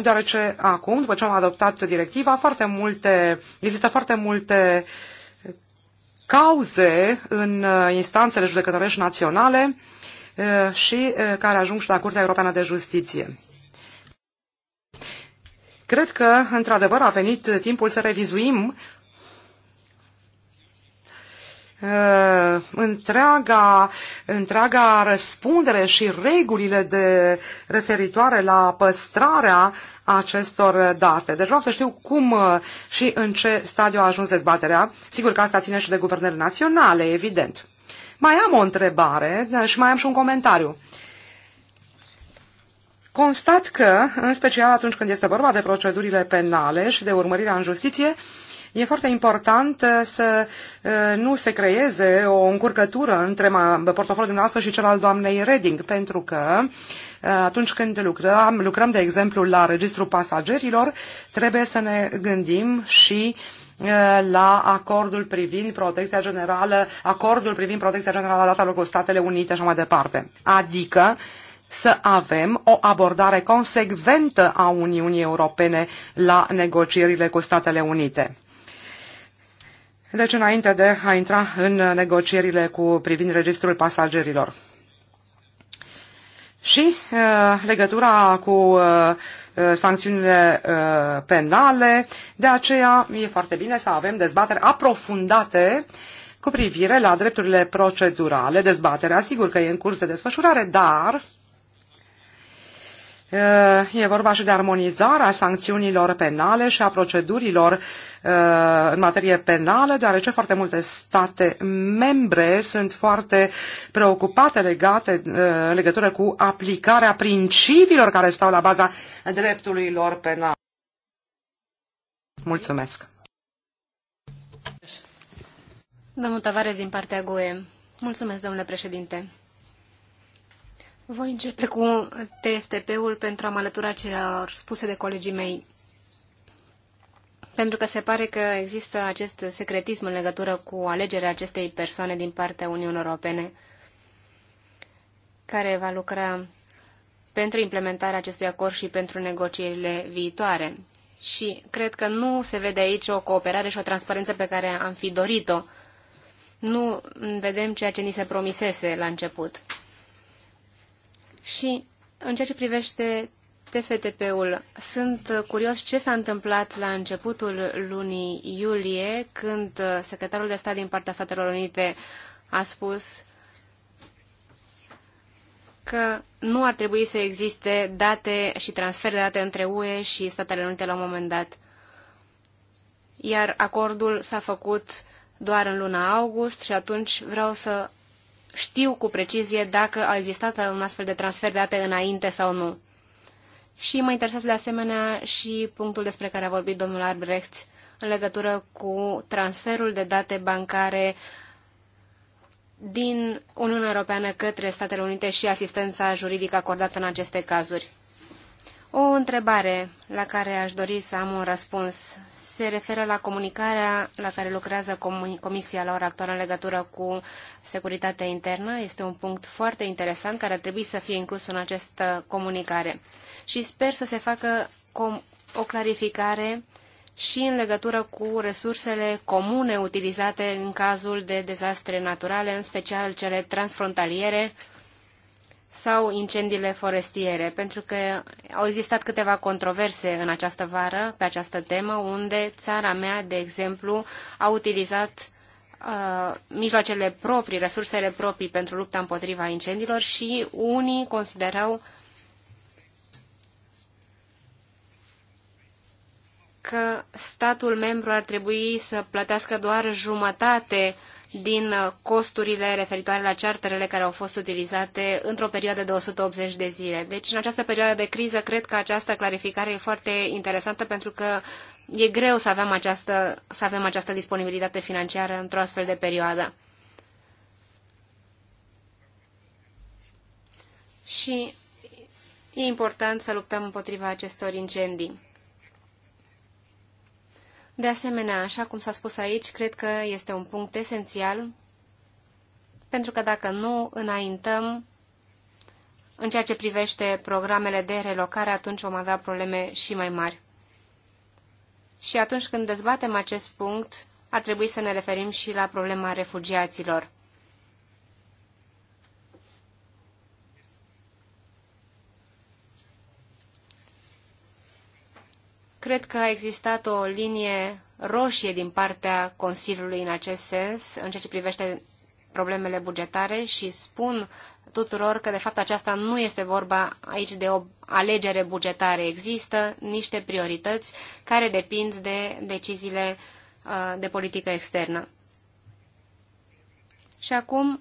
deoarece acum, după ce am adoptat directiva, foarte multe, există foarte multe cauze în uh, instanțele judecătorești naționale uh, și uh, care ajung și la Curtea Europeană de Justiție. Cred că, într-adevăr, a venit timpul să revizuim Uh, întreaga, întreaga răspundere și regulile de referitoare la păstrarea acestor date. Deci vreau să știu cum uh, și în ce stadiu a ajuns dezbaterea. Sigur că asta ține și de guvernele naționale, evident. Mai am o întrebare da, și mai am și un comentariu. Constat că, în special atunci când este vorba de procedurile penale și de urmărirea în justiție, uh, E foarte important uh, să uh, nu se creeze o încurcătură între portofoliul dumneavoastră și cel al doamnei Reding, pentru că uh, atunci când lucrăm, lucrăm, de exemplu, la registrul pasagerilor, trebuie să ne gândim și la acordul privind protecția generală, acordul privind protecția generală a datelor cu Statele Unite și mai departe. Adică să avem o abordare consecventă a Uniunii Europene la negocierile cu Statele Unite. Deci înainte de a intra în negocierile cu privind registrul pasagerilor. Și uh, legătura cu uh, uh, sancțiunile uh, penale, de aceea e foarte bine să avem dezbateri aprofundate cu privire la drepturile procedurale. Dezbaterea, sigur că e în curs de desfășurare, dar uh, E vorba și de armonizarea sancțiunilor penale și a procedurilor în materie penală, deoarece foarte multe state membre sunt foarte preocupate legate în legătură cu aplicarea principiilor care stau la baza dreptului lor penal. Mulțumesc! Domnul Tavares din partea GUE. Mulțumesc, domnule președinte. Voi începe cu TFTP-ul pentru a mă alătura celor spuse de colegii mei. Pentru că se pare că există acest secretism în legătură cu alegerea acestei persoane din partea Uniunii Europene care va lucra pentru implementarea acestui acord și pentru negocierile viitoare. Și cred că nu se vede aici o cooperare și o transparență pe care am fi dorit-o. Nu vedem ceea ce ni se promisese la început. Și în ceea ce privește TFTP-ul, sunt curios ce s-a întâmplat la începutul lunii iulie, când secretarul de stat din partea Statelor Unite a spus că nu ar trebui să existe date și transfer de date între UE și Statele Unite la un moment dat. Iar acordul s-a făcut doar în luna august și atunci vreau să știu cu precizie dacă a existat un astfel de transfer de date înainte sau nu. Și mă interesează de asemenea și punctul despre care a vorbit domnul Arbrecht în legătură cu transferul de date bancare din Uniunea Europeană către Statele Unite și asistența juridică acordată în aceste cazuri. O întrebare la care aș dori să am un răspuns se referă la comunicarea la care lucrează Comisia la ora actuală în legătură cu securitatea internă. Este un punct foarte interesant care ar trebui să fie inclus în această comunicare. Și sper să se facă o clarificare și în legătură cu resursele comune utilizate în cazul de dezastre naturale, în special cele transfrontaliere, sau incendiile forestiere, pentru că au existat câteva controverse în această vară pe această temă, unde țara mea, de exemplu, a utilizat uh, mijloacele proprii, resursele proprii pentru lupta împotriva incendiilor și unii considerau că statul membru ar trebui să plătească doar jumătate uh, din uh, costurile referitoare la charterele care au fost utilizate într-o perioadă de 180 de zile. Deci, în această perioadă de criză, cred că această clarificare e foarte interesantă pentru că e greu să avem această, să avem această disponibilitate financiară într-o astfel de perioadă. Și e important să luptăm împotriva acestor incendii. De asemenea, așa cum s-a spus aici, cred că este un punct esențial, pentru că dacă nu înaintăm în ceea ce privește programele de relocare, atunci vom avea probleme și mai mari. Și atunci când dezbatem acest punct, ar trebui să ne referim și la problema refugiaților. Cred că a existat o linie roșie din partea Consiliului în acest sens, în ceea ce privește problemele bugetare și spun tuturor că de fapt aceasta nu este vorba aici de o alegere bugetară. Există niște priorități care depind de deciziile uh, de politică externă. Și acum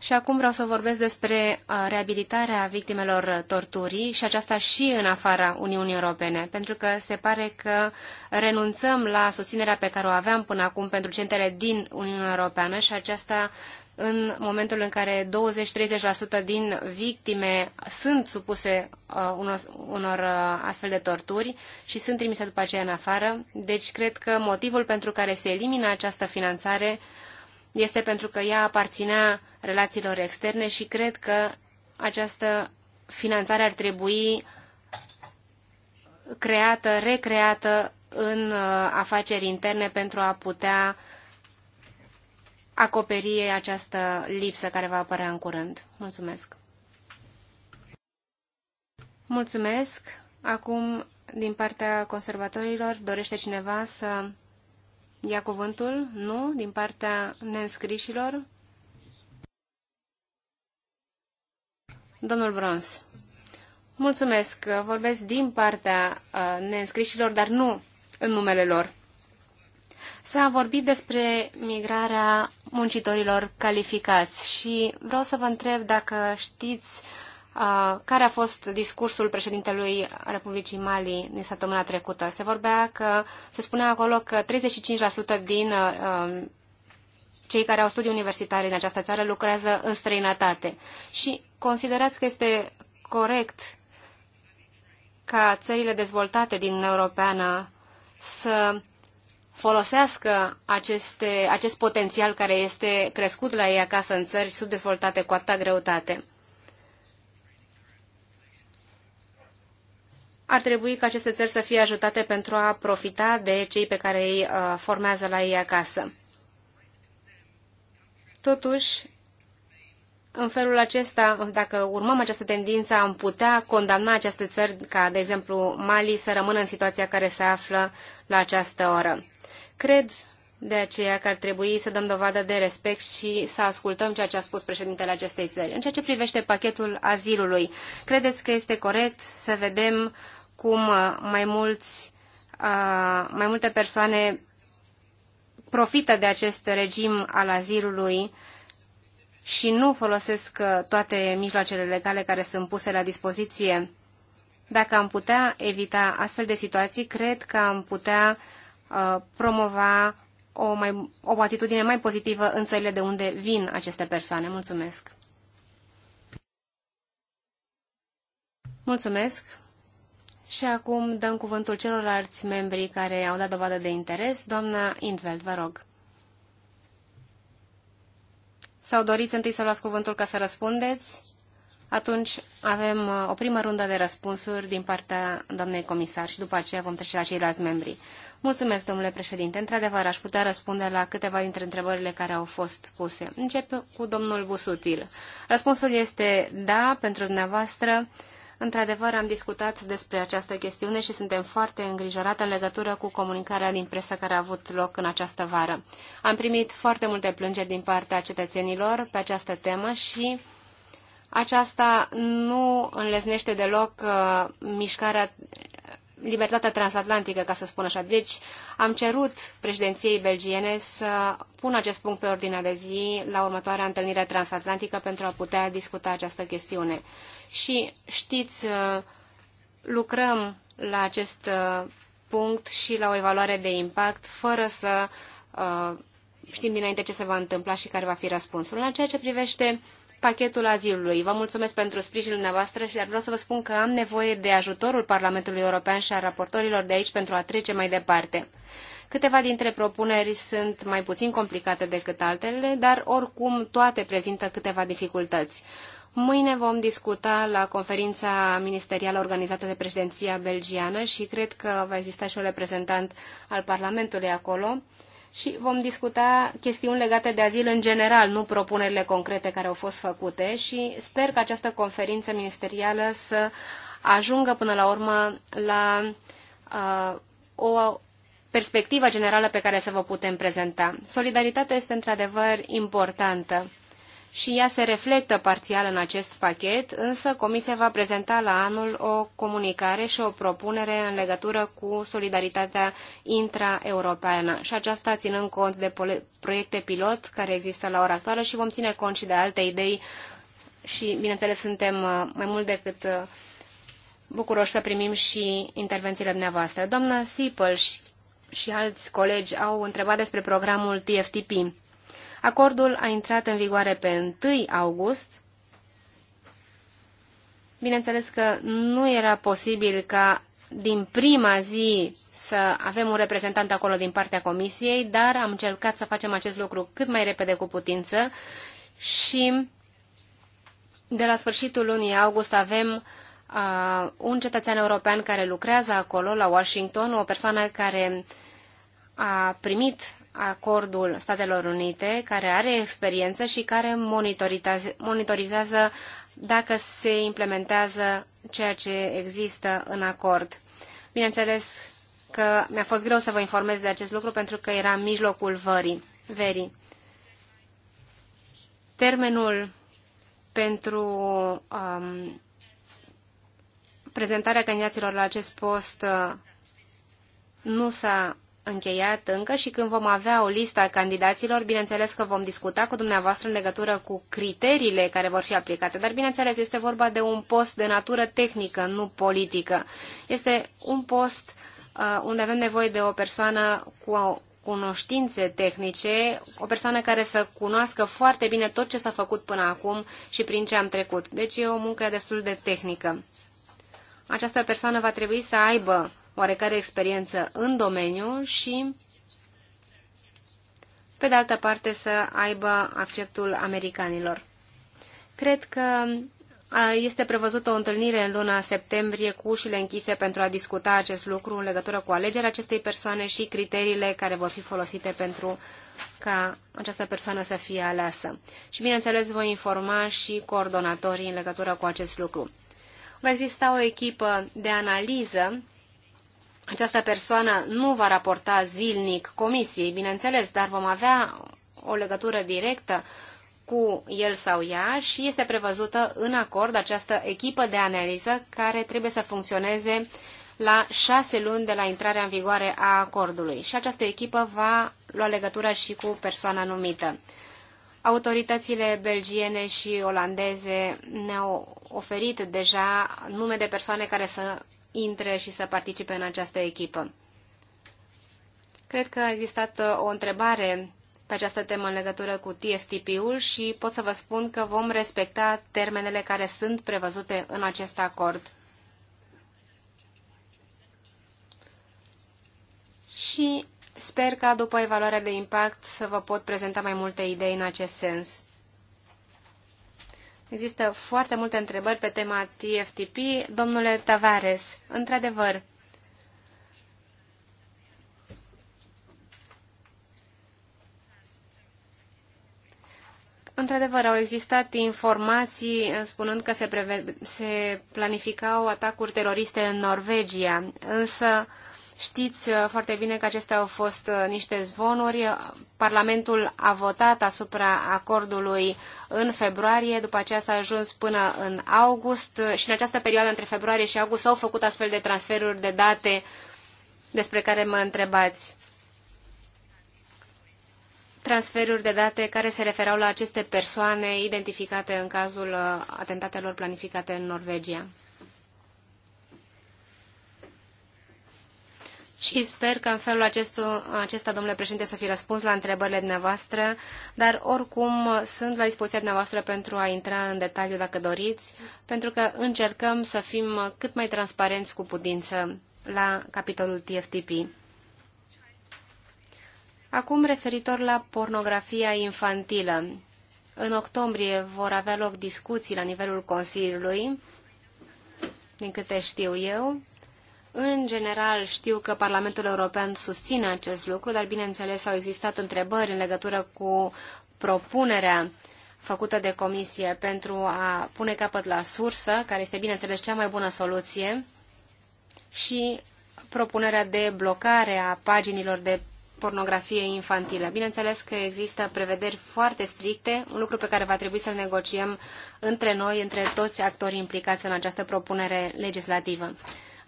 Și acum vreau să vorbesc despre reabilitarea victimelor torturii și aceasta și în afara Uniunii Europene, pentru că se pare că renunțăm la susținerea pe care o aveam până acum pentru centrele din Uniunea Europeană și aceasta în momentul în care 20-30% din victime sunt supuse uh, unor, unor uh, astfel de torturi și sunt trimise după aceea în afară. Deci cred că motivul pentru care se elimină această finanțare uh, este pentru că ea aparținea relațiilor externe și cred că această finanțare ar trebui creată, recreată în uh, afaceri interne pentru a putea acoperi această lipsă care va apărea în curând. Mulțumesc! Mulțumesc! Acum, din partea conservatorilor, dorește cineva să ia cuvântul? Nu? Din partea neînscrișilor? Domnul Brons. Mulțumesc. Vorbesc din partea uh, neînscrișilor, dar nu în numele lor. S-a vorbit despre migrarea muncitorilor calificați și vreau să vă întreb dacă știți uh, Uh, care a fost discursul președintelui Republicii Mali din săptămâna trecută. Se vorbea că, se spunea acolo că 35% din um, cei care au studii universitare în această țară lucrează în străinătate. Și considerați că este corect ca țările dezvoltate din Uniunea Europeană să folosească aceste, acest potențial care este crescut la ei acasă în țări subdezvoltate cu atâta greutate. ar trebui ca aceste țări să fie ajutate pentru a profita de cei pe care îi uh, formează la ei acasă. Totuși, în felul acesta, dacă urmăm această tendință, am putea condamna aceste țări, ca de exemplu Mali, să rămână în situația care se află la această oră. Cred de aceea că ar trebui să dăm dovadă de respect și să ascultăm ceea ce a spus președintele acestei țări. În ceea ce privește pachetul azilului, credeți că este corect să vedem cum uh, mai, mulți, uh, mai multe persoane profită de acest regim al azilului și nu folosesc uh, toate mijloacele legale care sunt puse la dispoziție. Dacă am putea evita astfel de situații, cred că am putea promova o, mai, o atitudine mai pozitivă în țările de unde vin aceste persoane. Mulțumesc! Mulțumesc! Și acum dăm cuvântul celorlalți membri care au dat dovadă de interes. Doamna Intveld, vă rog. Sau doriți întâi să luați cuvântul ca să răspundeți? Atunci avem uh, o primă rundă de răspunsuri din partea doamnei comisar și după aceea vom trece la ceilalți membri. Mulțumesc, domnule președinte. Într-adevăr, aș putea răspunde la câteva dintre întrebările care au fost puse. Încep cu domnul Busutil. Răspunsul este da pentru dumneavoastră. Într-adevăr, am discutat despre această chestiune și suntem foarte îngrijorate în legătură cu comunicarea din presă care a avut loc în această vară. Am primit foarte multe plângeri din partea cetățenilor pe această temă și aceasta nu înlesnește deloc uh, mișcarea libertatea transatlantică, ca să spun așa. Deci am cerut președinției belgiene să pună acest punct pe ordinea de zi la următoarea întâlnire transatlantică pentru a putea discuta această chestiune. Și știți, uh, lucrăm la acest uh, punct și la o evaluare de impact, fără să uh, știm dinainte ce se va întâmpla și care va fi răspunsul. În ceea ce privește pachetul azilului. Vă mulțumesc pentru sprijinul dumneavoastră și vreau să vă spun că am nevoie de ajutorul Parlamentului European și a raportorilor de aici pentru a trece mai departe. Câteva dintre propuneri sunt mai puțin complicate decât altele, dar oricum toate prezintă câteva dificultăți. Mâine vom discuta la conferința ministerială organizată de președinția belgiană și cred că va exista și un reprezentant al Parlamentului acolo și vom discuta chestiuni legate de azil în general, nu propunerile concrete care au fost făcute și sper că această conferință ministerială să ajungă până la urmă la uh, o perspectivă generală pe care să vă putem prezenta. Solidaritatea este într-adevăr importantă și ea se reflectă parțial în acest pachet, însă Comisia va prezenta la anul o comunicare și o propunere în legătură cu solidaritatea intraeuropeană și aceasta ținând cont de proiecte pilot care există la ora actuală și vom ține cont și de alte idei și, bineînțeles, suntem uh, mai mult decât uh, bucuroși să primim și intervențiile dumneavoastră. Doamna Sipăl și, și alți colegi au întrebat despre programul TFTP. Acordul a intrat în vigoare pe 1 august. Bineînțeles că nu era posibil ca din prima zi să avem un reprezentant acolo din partea comisiei, dar am încercat să facem acest lucru cât mai repede cu putință și de la sfârșitul lunii august avem uh, un cetățean european care lucrează acolo, la Washington, o persoană care a primit acordul Statelor Unite, care are experiență și care monitorizează dacă se implementează ceea ce există în acord. Bineînțeles că mi-a fost greu să vă informez de acest lucru pentru că era în mijlocul vării, verii. Termenul pentru um, prezentarea candidaților la acest post uh, nu s-a încheiat încă și când vom avea o listă a candidaților, bineînțeles că vom discuta cu dumneavoastră în legătură cu criteriile care vor fi aplicate, dar bineînțeles este vorba de un post de natură tehnică, nu politică. Este un post uh, unde avem nevoie de o persoană cu o cunoștințe tehnice, o persoană care să cunoască foarte bine tot ce s-a făcut până acum și prin ce am trecut. Deci e o muncă destul de tehnică. Această persoană va trebui să aibă oarecare experiență în domeniu și, pe de altă parte, să aibă acceptul americanilor. Cred că este prevăzută o întâlnire în luna septembrie cu ușile închise pentru a discuta acest lucru în legătură cu alegerea acestei persoane și criteriile care vor fi folosite pentru ca această persoană să fie aleasă. Și bineînțeles voi informa și coordonatorii în legătură cu acest lucru. Va exista o echipă de analiză această persoană nu va raporta zilnic comisiei, bineînțeles, dar vom avea o legătură directă cu el sau ea și este prevăzută în acord această echipă de analiză care trebuie să funcționeze la șase luni de la intrarea în vigoare a acordului și această echipă va lua legătura și cu persoana numită. Autoritățile belgiene și olandeze ne-au oferit deja nume de persoane care să intre și să participe în această echipă. Cred că a existat uh, o întrebare pe această temă în legătură cu TFTP-ul și pot să vă spun că vom respecta termenele care sunt prevăzute în acest acord. Și sper ca după evaluarea de impact să vă pot prezenta mai multe idei în acest sens. Există foarte multe întrebări pe tema TFTP. Domnule Tavares, într-adevăr, Într-adevăr, au existat informații eh, spunând că se, preve- se planificau atacuri teroriste în Norvegia, însă Știți uh, foarte bine că acestea au fost uh, niște zvonuri. Parlamentul a votat asupra acordului în februarie, după aceea s-a ajuns până în august uh, și în această perioadă între februarie și august s-au făcut astfel de transferuri de date despre care mă întrebați. Transferuri de date care se referau la aceste persoane identificate în cazul atentatelor planificate în Norvegia. și sper că în felul acestul, acesta, domnule președinte, să fi răspuns la întrebările dumneavoastră, dar oricum sunt la dispoziția dumneavoastră pentru a intra în detaliu dacă doriți, pentru că încercăm să fim cât mai transparenți cu putință la capitolul TFTP. Acum referitor la pornografia infantilă. În octombrie vor avea loc discuții la nivelul Consiliului, din câte știu eu, în general, știu că Parlamentul European susține acest lucru, dar bineînțeles au existat întrebări în legătură cu propunerea făcută de comisie pentru a pune capăt la sursă, care este bineînțeles cea mai bună soluție, și propunerea de blocare a paginilor de pornografie infantilă. Bineînțeles că există prevederi foarte stricte, un lucru pe care va trebui să-l negociem între noi, între toți actorii implicați în această propunere legislativă.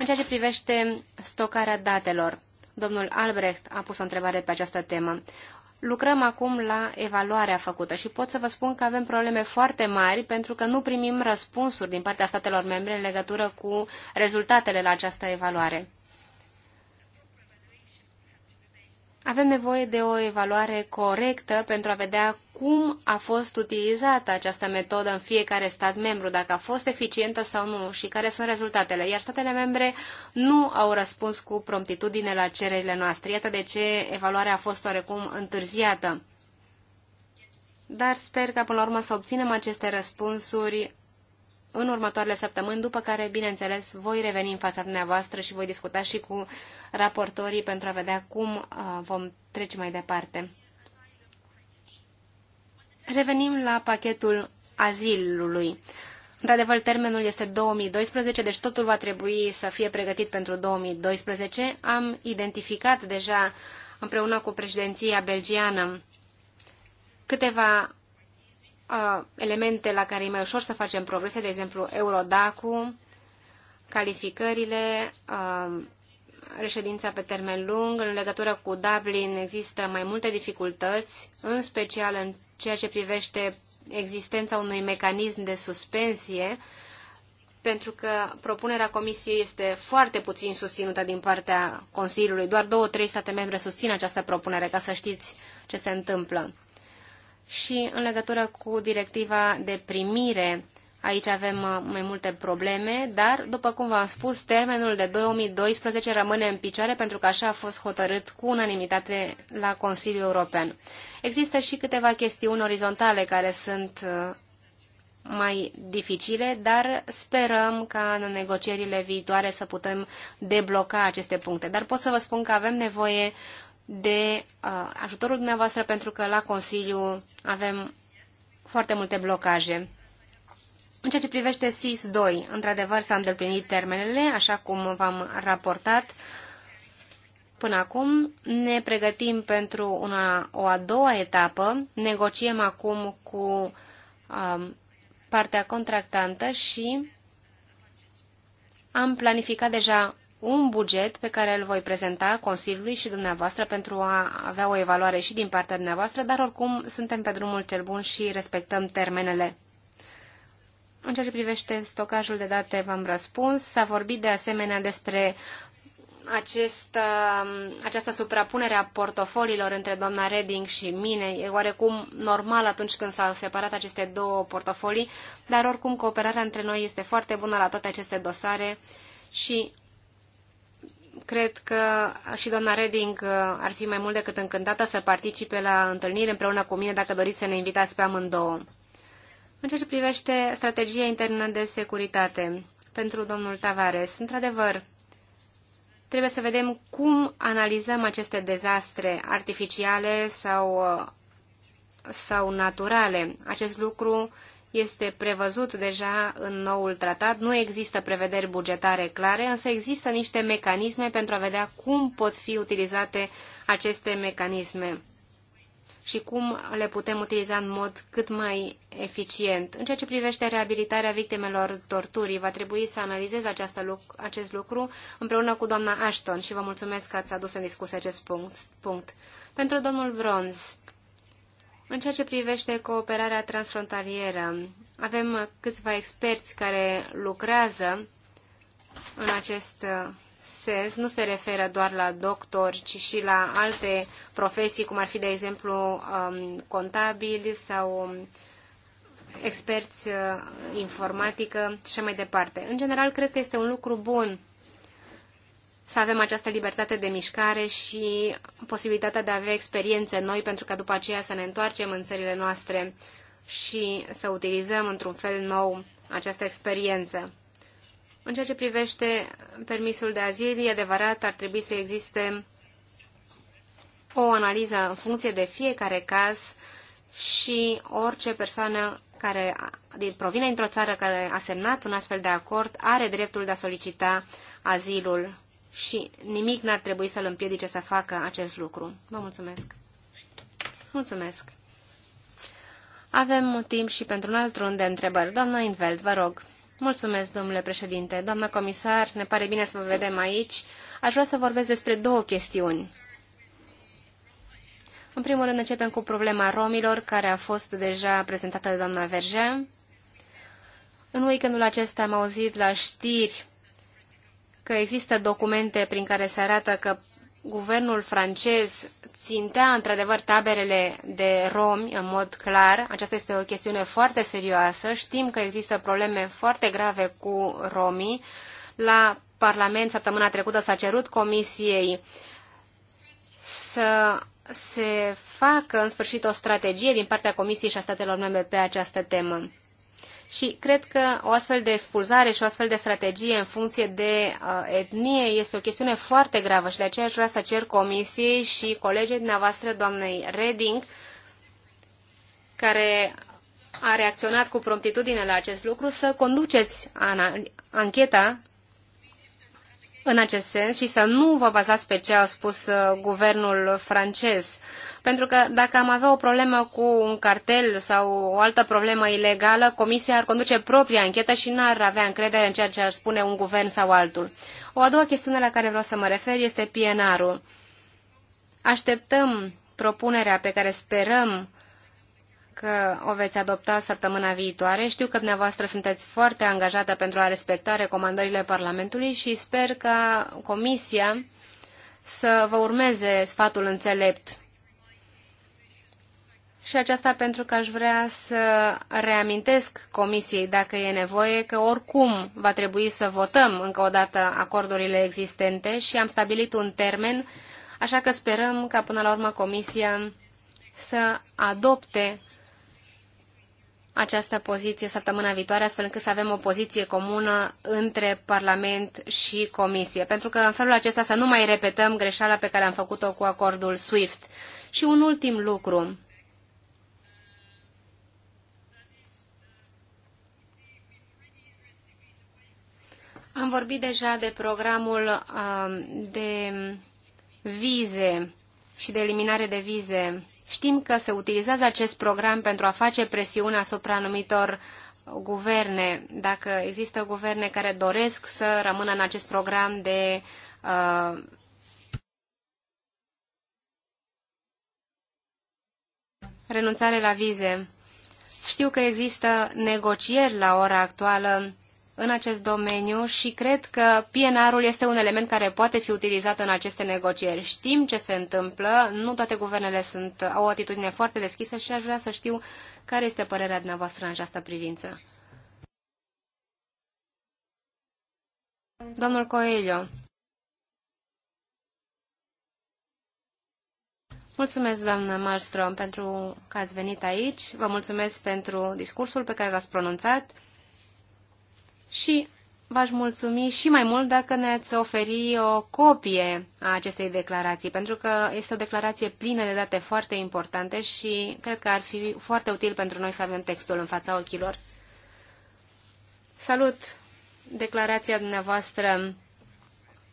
În ceea ce privește stocarea datelor, domnul Albrecht a pus o întrebare pe această temă. Lucrăm acum la evaluarea făcută și pot să vă spun că avem probleme foarte mari pentru că nu primim răspunsuri din partea statelor membre în legătură cu rezultatele la această evaluare. Avem nevoie de o evaluare corectă pentru a vedea cum a fost utilizată această metodă în fiecare stat membru, dacă a fost eficientă sau nu și care sunt rezultatele. Iar statele membre nu au răspuns cu promptitudine la cererile noastre. Iată de ce evaluarea a fost oarecum întârziată. Dar sper că până la urmă să obținem aceste răspunsuri în următoarele săptămâni, după care, bineînțeles, voi reveni în fața dumneavoastră și voi discuta și cu raportorii pentru a vedea cum uh, vom trece mai departe. Revenim la pachetul azilului. Într-adevăr, termenul este 2012, deci totul va trebui să fie pregătit pentru 2012. Am identificat deja împreună cu președinția belgiană câteva elemente la care e mai ușor să facem progrese, de exemplu Eurodacu, calificările, uh, reședința pe termen lung. În legătură cu Dublin există mai multe dificultăți, în special în ceea ce privește existența unui mecanism de suspensie, pentru că propunerea Comisiei este foarte puțin susținută din partea Consiliului. Doar două, trei state membre susțin această propunere, ca să știți ce se întâmplă și în legătură cu directiva de primire. Aici avem uh, mai multe probleme, dar, după cum v-am spus, termenul de 2012 rămâne în picioare pentru că așa a fost hotărât cu unanimitate la Consiliul European. Există și câteva chestiuni orizontale care sunt uh, mai dificile, dar sperăm ca în negocierile viitoare să putem debloca aceste puncte. Dar pot să vă spun că avem nevoie de uh, ajutorul dumneavoastră pentru că la Consiliu avem foarte multe blocaje. În ceea ce privește SIS-2, într-adevăr s-a îndeplinit termenele, așa cum v-am raportat până acum. Ne pregătim pentru una, o a doua etapă, negociem acum cu uh, partea contractantă și am planificat deja un buget pe care îl voi prezenta Consiliului și dumneavoastră pentru a avea o evaluare și din partea dumneavoastră, dar oricum suntem pe drumul cel bun și respectăm termenele. În ceea ce privește stocajul de date, v-am răspuns. S-a vorbit de asemenea despre acest, um, această suprapunere a portofoliilor între doamna Reding și mine. E oarecum normal atunci când s-au separat aceste două portofolii, dar oricum cooperarea între noi este foarte bună la toate aceste dosare și Cred că și doamna Reding uh, ar fi mai mult decât încântată să participe la întâlnire împreună cu mine dacă doriți să ne invitați pe amândouă. În ceea ce privește strategia internă de securitate pentru domnul Tavares, într-adevăr, trebuie să vedem cum analizăm aceste dezastre artificiale sau, uh, sau naturale. Acest lucru este prevăzut deja în noul tratat. Nu există prevederi bugetare clare, însă există niște mecanisme pentru a vedea cum pot fi utilizate aceste mecanisme și cum le putem utiliza în mod cât mai eficient. În ceea ce privește reabilitarea victimelor torturii, va trebui să analizez luc- acest lucru împreună cu doamna Ashton și vă mulțumesc că ați adus în discuție acest punct. punct. Pentru domnul Bronz, în ceea ce privește cooperarea transfrontalieră, avem câțiva experți care lucrează în acest sens. Nu se referă doar la doctori, ci și la alte profesii, cum ar fi, de exemplu, um, contabili sau um, experți uh, informatică și mai departe. În general, cred că este un lucru bun să avem această libertate de mișcare și posibilitatea de a avea experiențe noi pentru ca după aceea să ne întoarcem în țările noastre și să utilizăm într-un fel nou această experiență. În ceea ce privește permisul de azil, e adevărat, ar trebui să existe o analiză în funcție de fiecare caz și orice persoană care provine într o țară care a semnat un astfel de acord are dreptul de a solicita azilul și nimic n-ar trebui să-l împiedice să facă acest lucru. Vă mulțumesc! Mulțumesc! Avem timp și pentru un alt rând de întrebări. Doamna Inveld, vă rog. Mulțumesc, domnule președinte. Doamna comisar, ne pare bine să vă vedem aici. Aș vrea să vorbesc despre două chestiuni. În primul rând începem cu problema romilor, care a fost deja prezentată de doamna Verge. În weekendul acesta am auzit la știri că există documente prin care se arată că guvernul francez țintea într-adevăr taberele de romi în mod clar. Aceasta este o chestiune foarte serioasă. Știm că există probleme foarte grave cu romii. La Parlament săptămâna trecută s-a cerut comisiei să se facă în sfârșit o strategie din partea Comisiei și a statelor membre pe această temă. Și cred că o astfel de expulzare și o astfel de strategie în funcție de uh, etnie este o chestiune foarte gravă și de aceea aș vrea să cer comisiei și colegii dumneavoastră, doamnei Reding, care a reacționat cu promptitudine la acest lucru, să conduceți ancheta în acest sens și să nu vă bazați pe ce a spus uh, guvernul francez. Uh, pentru că dacă am avea o problemă cu un cartel sau o altă problemă ilegală, Comisia ar conduce propria anchetă și n-ar avea încredere în ceea ce ar spune un guvern sau altul. O a doua chestiune la care vreau să mă refer este PNR-ul. Așteptăm propunerea pe care sperăm că o veți adopta săptămâna viitoare. Știu că dumneavoastră sunteți foarte angajată pentru a respecta recomandările Parlamentului și sper ca Comisia să vă urmeze sfatul înțelept. Și aceasta pentru că aș vrea să reamintesc Comisiei, dacă e nevoie, că oricum va trebui să votăm încă o dată acordurile existente și am stabilit un termen, așa că sperăm ca până la urmă Comisia să adopte această poziție săptămâna viitoare, astfel încât să avem o poziție comună între Parlament și Comisie. Pentru că în felul acesta să nu mai repetăm greșeala pe care am făcut-o cu acordul SWIFT. Și un ultim lucru. Am vorbit deja de programul um, de vize și de eliminare de vize. Știm că se utilizează acest program pentru a face presiune asupra anumitor guverne, dacă există guverne care doresc să rămână în acest program de uh, renunțare la vize. Știu că există negocieri la ora actuală în acest domeniu și cred că PNR-ul este un element care poate fi utilizat în aceste negocieri. Știm ce se întâmplă, nu toate guvernele sunt, au o atitudine foarte deschisă și aș vrea să știu care este părerea dumneavoastră în această privință. Domnul Coelho. Mulțumesc, doamnă Malmström, pentru că ați venit aici. Vă mulțumesc pentru discursul pe care l-ați pronunțat și v-aș mulțumi și mai mult dacă ne-ați oferi o copie a acestei declarații, pentru că este o declarație plină de date foarte importante și cred că ar fi foarte util pentru noi să avem textul în fața ochilor. Salut declarația dumneavoastră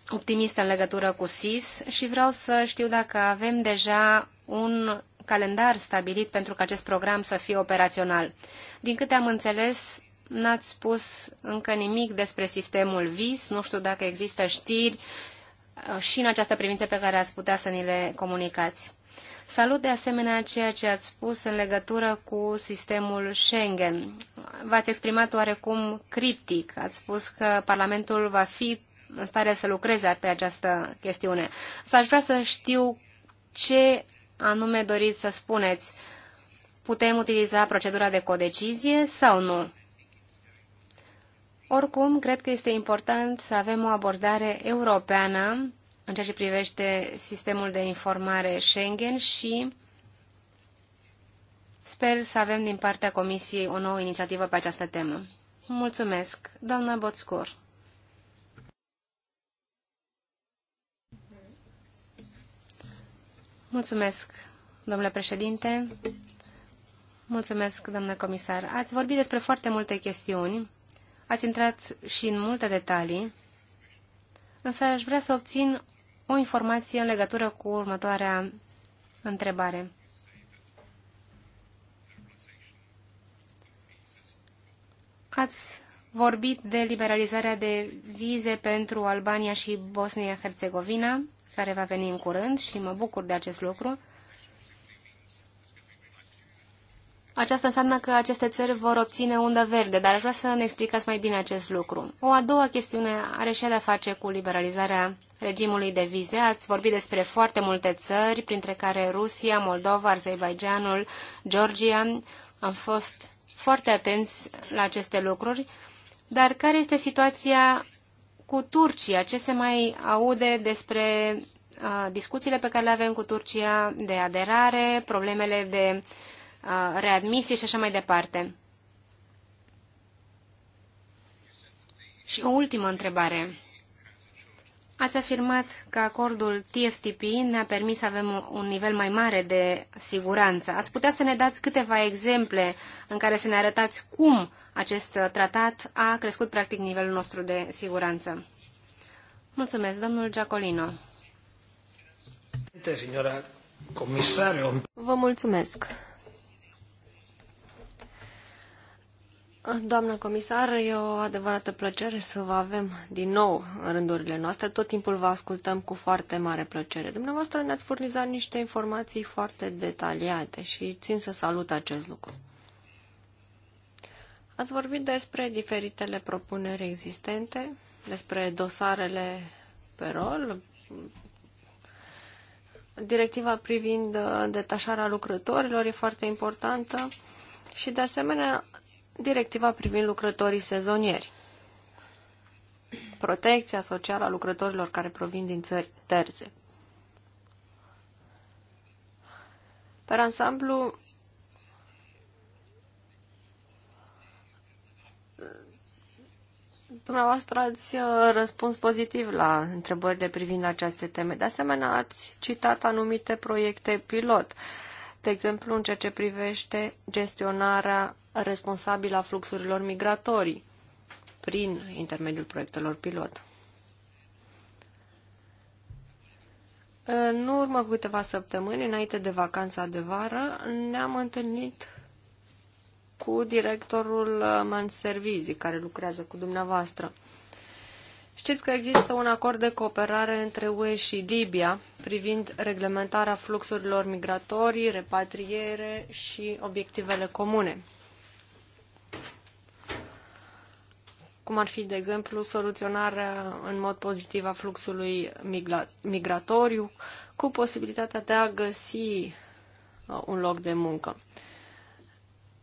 optimistă în legătură cu SIS și vreau să știu dacă avem deja un calendar stabilit pentru ca acest program să fie operațional. Din câte am înțeles, N-ați spus încă nimic despre sistemul VIS, nu știu dacă există știri uh, și în această privință pe care ați putea să ni le comunicați. Salut de asemenea ceea ce ați spus în legătură cu sistemul Schengen. V-ați exprimat oarecum criptic. Ați spus că Parlamentul va fi în stare să lucreze pe această chestiune. Să aș vrea să știu ce anume doriți să spuneți. Putem utiliza procedura de codecizie sau nu? Oricum, cred că este important să avem o abordare europeană în ceea ce privește sistemul de informare Schengen și sper să avem din partea Comisiei o nouă inițiativă pe această temă. Mulțumesc, doamna Boțcur. Mulțumesc, domnule președinte. Mulțumesc, doamnă comisar. Ați vorbit despre foarte multe chestiuni Ați intrat și în multe detalii, însă aș vrea să obțin o informație în legătură cu următoarea întrebare. Ați vorbit de liberalizarea de vize pentru Albania și Bosnia-Herzegovina, care va veni în curând și mă bucur de acest lucru. Aceasta înseamnă că aceste țări vor obține undă verde, dar aș vrea să ne explicați mai bine acest lucru. O a doua chestiune are și de-a face cu liberalizarea regimului de vize. Ați vorbit despre foarte multe țări, printre care Rusia, Moldova, Azerbaijanul, Georgia. Am fost foarte atenți la aceste lucruri. Dar care este situația cu Turcia? Ce se mai aude despre uh, discuțiile pe care le avem cu Turcia de aderare, problemele de uh, readmisii și așa mai departe. Și o ultimă întrebare. Ați afirmat că acordul TFTP ne-a permis să avem un nivel mai mare de siguranță. Ați putea să ne dați câteva exemple în care să ne arătați cum acest tratat a crescut practic nivelul nostru de siguranță? Mulțumesc, domnul Giacolino. Vă mulțumesc, Doamnă comisar, e o adevărată plăcere să vă avem din nou în rândurile noastre. Tot timpul vă ascultăm cu foarte mare plăcere. Dumneavoastră ne-ați furnizat niște informații foarte detaliate și țin să salut acest lucru. Ați vorbit despre diferitele propuneri existente, despre dosarele pe rol, directiva privind uh, detașarea lucrătorilor e foarte importantă și de asemenea directiva privind lucrătorii sezonieri, protecția socială a lucrătorilor care provin din țări terțe. Pe ansamblu, Dumneavoastră ați uh, răspuns pozitiv la întrebările privind aceste teme. De asemenea, ați citat anumite proiecte pilot. Uh, de exemplu în ceea ce privește gestionarea responsabilă a fluxurilor migratorii prin intermediul proiectelor pilot. În urmă cu câteva săptămâni, înainte de vacanța de vară, ne-am întâlnit cu directorul Manservizi, care lucrează cu dumneavoastră. Știți că există un acord de cooperare între UE și Libia privind reglementarea fluxurilor migratorii, repatriere și obiectivele comune. cum ar fi, de exemplu, soluționarea în mod pozitiv a fluxului migratoriu, cu posibilitatea de a găsi uh, un loc de muncă.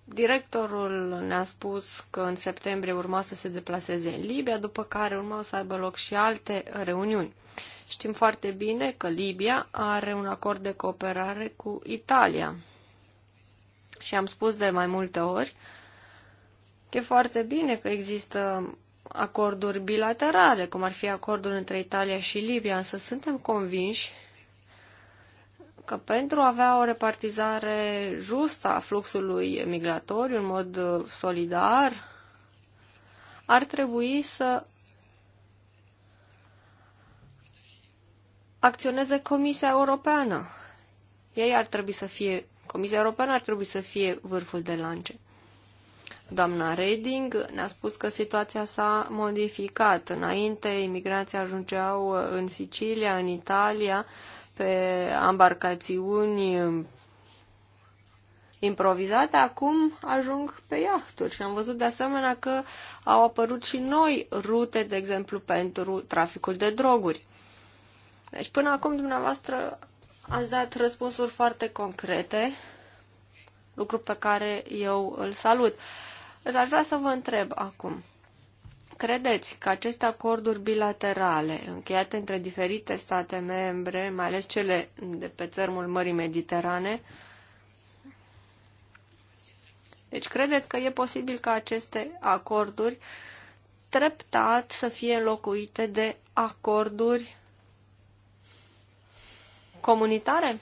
Directorul ne-a spus că în septembrie urma să se deplaseze în Libia, după care urmau să aibă loc și alte reuniuni. Știm foarte bine că Libia are un acord de cooperare cu Italia. Și am spus de mai multe ori că e foarte bine că există acorduri bilaterale, cum ar fi acordul între Italia și Libia, însă suntem convinși că pentru a avea o repartizare justă a fluxului migratoriu în mod uh, solidar, ar trebui să acționeze Comisia Europeană. Ei ar trebui să fie, Comisia Europeană ar trebui să fie vârful de lance. Doamna Reding ne-a spus că situația s-a modificat. Înainte, imigranții ajungeau uh, în Sicilia, în Italia pe ambarcațiuni improvizate, acum ajung pe iahturi. Și am văzut de asemenea că au apărut și noi rute, de exemplu, pentru traficul de droguri. Deci până acum dumneavoastră ați dat răspunsuri foarte concrete, lucru pe care eu îl salut. Însă deci, aș vrea să vă întreb acum, credeți că aceste acorduri bilaterale încheiate între diferite state membre, mai ales cele de pe țărmul Mării Mediterane, deci credeți că e posibil ca aceste acorduri treptat să fie înlocuite de acorduri comunitare?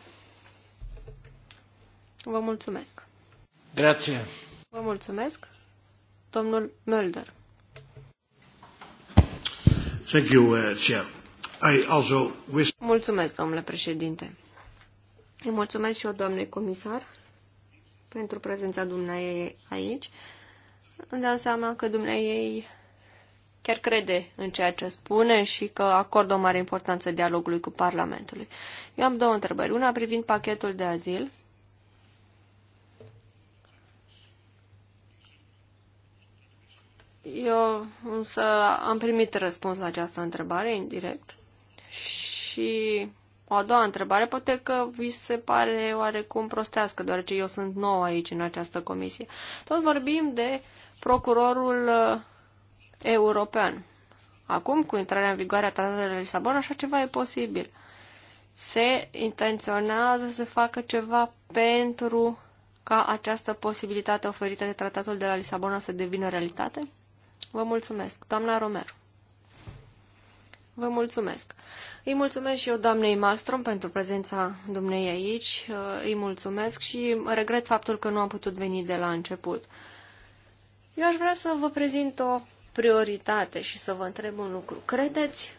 Vă mulțumesc. Grație. Vă mulțumesc. Domnul Mölder. Thank you, uh, Chair. I also wish... Mulțumesc, domnule președinte. Îi mulțumesc și eu, doamne comisar, pentru prezența dumneai aici. Îmi dau seama că dumneai ei chiar crede în ceea ce spune și că acordă o mare importanță dialogului cu Parlamentul. Eu am două întrebări. Una privind pachetul de azil Eu însă am primit răspuns la această întrebare indirect și o a doua întrebare poate că vi se pare oarecum prostească, deoarece eu sunt nou aici în această comisie. Tot vorbim de procurorul uh, european. Acum, cu intrarea în vigoare a tratatului de Lisabona, așa ceva e posibil. Se intenționează să facă ceva pentru ca această posibilitate oferită de tratatul de la Lisabona să devină realitate? Vă mulțumesc. Doamna Romero. Vă mulțumesc. Îi mulțumesc și eu doamnei Malstrom pentru prezența dumnei aici. Uh, îi mulțumesc și regret faptul că nu am putut veni de la început. Eu aș vrea să vă prezint o prioritate și să vă întreb un lucru. Credeți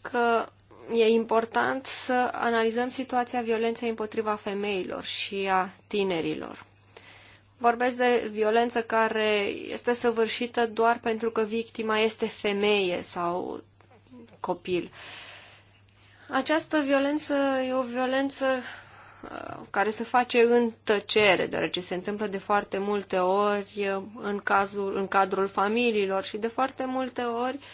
că e important să analizăm situația violenței împotriva femeilor și a tinerilor. Vorbesc de violență care este săvârșită doar pentru că victima este femeie sau copil. Această violență e o violență uh, care se face în tăcere, deoarece se întâmplă de foarte multe ori uh, în, cazul, în cadrul familiilor și de foarte multe ori uh,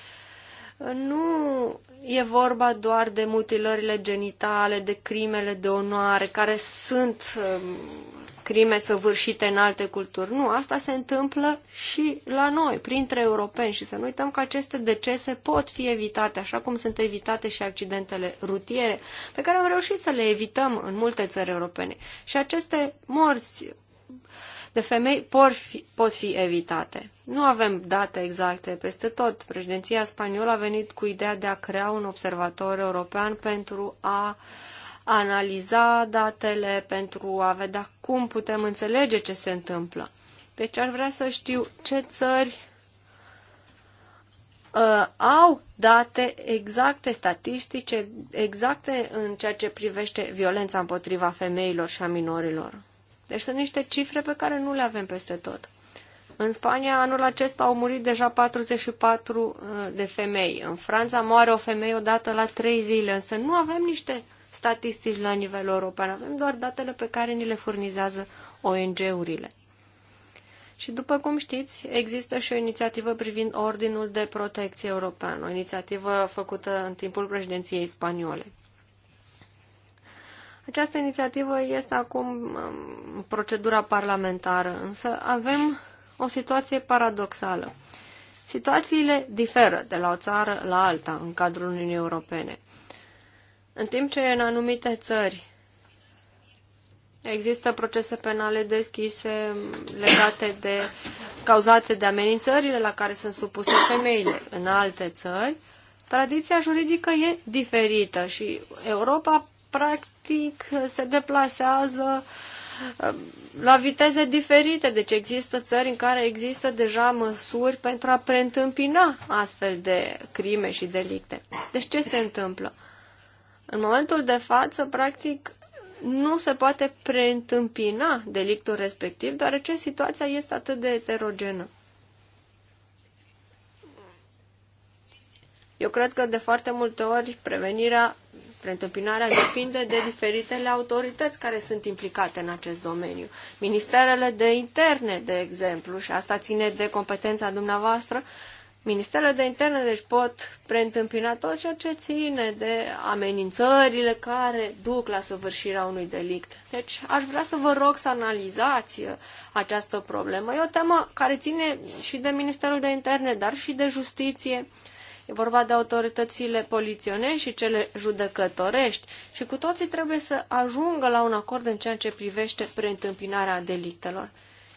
nu e vorba doar de mutilările genitale, de crimele de onoare, care sunt um, crime săvârșite în alte culturi. Nu, asta se întâmplă și la noi, printre europeni. Și să nu uităm că aceste decese pot fi evitate, așa cum sunt evitate și accidentele rutiere, pe care am reușit să le evităm în multe țări europene. Și aceste morți de femei por fi, pot fi evitate. Nu avem date exacte peste tot. Președinția spaniolă a venit cu ideea de a crea un observator european pentru a analiza datele, pentru a vedea cum putem înțelege ce se întâmplă. Deci ar vrea să știu ce țări uh, au date exacte, statistice exacte în ceea ce privește violența împotriva femeilor și a minorilor. Deci sunt niște cifre pe care nu le avem peste tot. În Spania anul acesta au murit deja 44 uh, de femei. În Franța moare o femeie odată la 3 zile, însă nu avem niște statistici la nivel european, avem doar datele pe care ni le furnizează ONG-urile. Și după cum știți, există și o inițiativă privind Ordinul de Protecție European, o inițiativă făcută în timpul președinției spaniole. Această inițiativă este acum um, procedura parlamentară, însă avem o situație paradoxală. Situațiile diferă de la o țară la alta în cadrul Uniunii Europene. În timp ce în anumite țări există procese penale deschise legate de, cauzate de amenințările la care sunt supuse femeile în alte țări, tradiția juridică e diferită și Europa practic se deplasează uh, la viteze diferite. Deci există țări în care există deja măsuri pentru a preîntâmpina astfel de crime și delicte. Deci ce se întâmplă? În momentul de față, practic, nu se poate preîntâmpina delictul respectiv, deoarece situația este atât de heterogenă. Eu cred că de foarte multe ori prevenirea Preîntâmpinarea depinde de diferitele autorități care sunt implicate în acest domeniu. Ministerele de interne, de exemplu, și asta ține de competența dumneavoastră, Ministerele de interne deci pot preîntâmpina tot ceea ce ține de amenințările care duc la săvârșirea unui delict. Deci aș vrea să vă rog să analizați uh, această problemă. E o temă care ține și de Ministerul de Interne, dar și de Justiție E vorba de autoritățile poliționești și cele judecătorești și cu toții trebuie să ajungă la un acord în ceea ce privește preîntâmpinarea delictelor.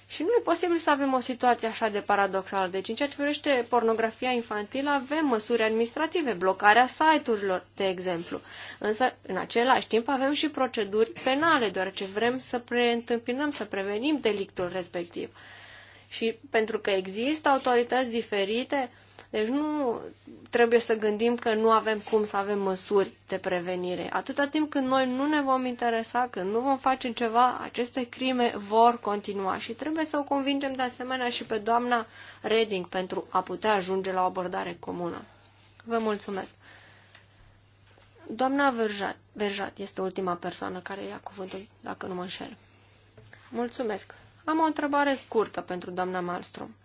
Și nu e posibil să avem o situație așa de paradoxală. Deci, în ceea ce privește pornografia infantilă, avem măsuri administrative, blocarea site-urilor, de exemplu. Însă, în același timp, avem și proceduri penale, deoarece vrem să preîntâmpinăm, să prevenim delictul respectiv. Și pentru că există autorități diferite, uh, deci nu trebuie să gândim că nu avem cum să avem măsuri de prevenire. Atâta timp când noi nu ne vom interesa, când nu vom face ceva, aceste crime vor continua și trebuie să o convingem de asemenea și pe doamna Reding pentru a putea ajunge la o abordare comună. Vă mulțumesc. Doamna Verjat, Verjat este ultima persoană care ia cuvântul, dacă nu mă înșel. Mulțumesc. Am o întrebare scurtă pentru doamna Malmström.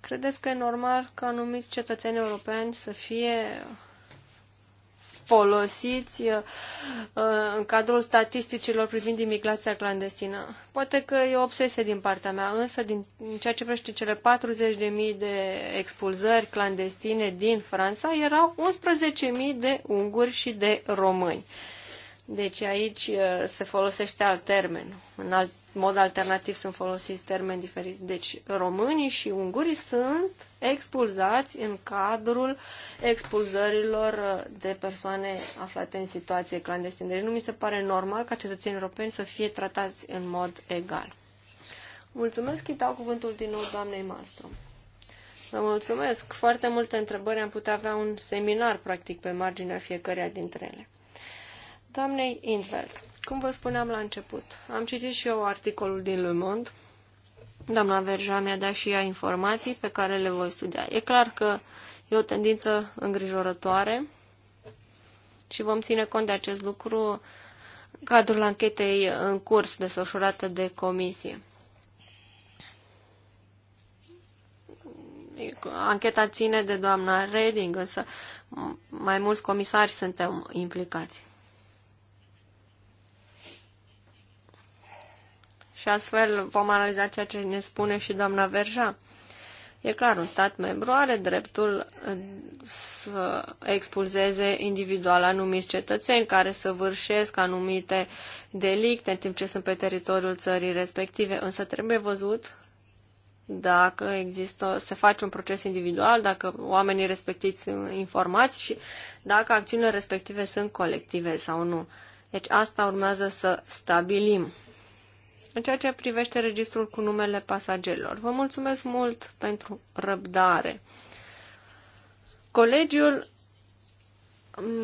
Credeți că e normal ca anumiți cetățeni europeni să fie folosiți uh, în cadrul statisticilor privind imigrația clandestină. Poate că e o obsesie din partea mea, însă din ceea ce privește cele 40.000 de expulzări clandestine din Franța, erau 11.000 de unguri și de români. Deci aici uh, se folosește alt termen. În alt mod alternativ sunt folosiți termeni diferiți. Deci românii și ungurii sunt expulzați în cadrul expulzărilor uh, de persoane aflate în situație clandestină. Deci nu mi se pare normal ca cetățenii europeni să fie tratați în mod egal. Mulțumesc, îi dau cuvântul din nou doamnei Malmström. Vă mulțumesc. Foarte multe întrebări am putea avea un seminar, practic, pe marginea fiecăreia dintre ele. Doamnei Infeld, cum vă spuneam la început, am citit și eu articolul din Le Monde. Doamna Verja mi-a dat și ea informații pe care le voi studia. E clar că e o tendință îngrijorătoare și vom ține cont de acest lucru în cadrul anchetei în curs desfășurată de comisie. Ancheta ține de doamna Reding, însă mai mulți comisari suntem implicați. Și astfel vom analiza ceea ce ne spune și doamna Verja. E clar, un stat membru are dreptul uh, să expulzeze individual anumiți cetățeni care să vârșesc anumite delicte în timp ce sunt pe teritoriul țării respective, însă trebuie văzut dacă există, se face un proces individual, dacă oamenii respectivi sunt informați și dacă acțiunile respective sunt colective sau nu. Deci asta urmează să stabilim în ceea ce privește registrul cu numele pasagerilor. Vă mulțumesc mult pentru răbdare. Colegiul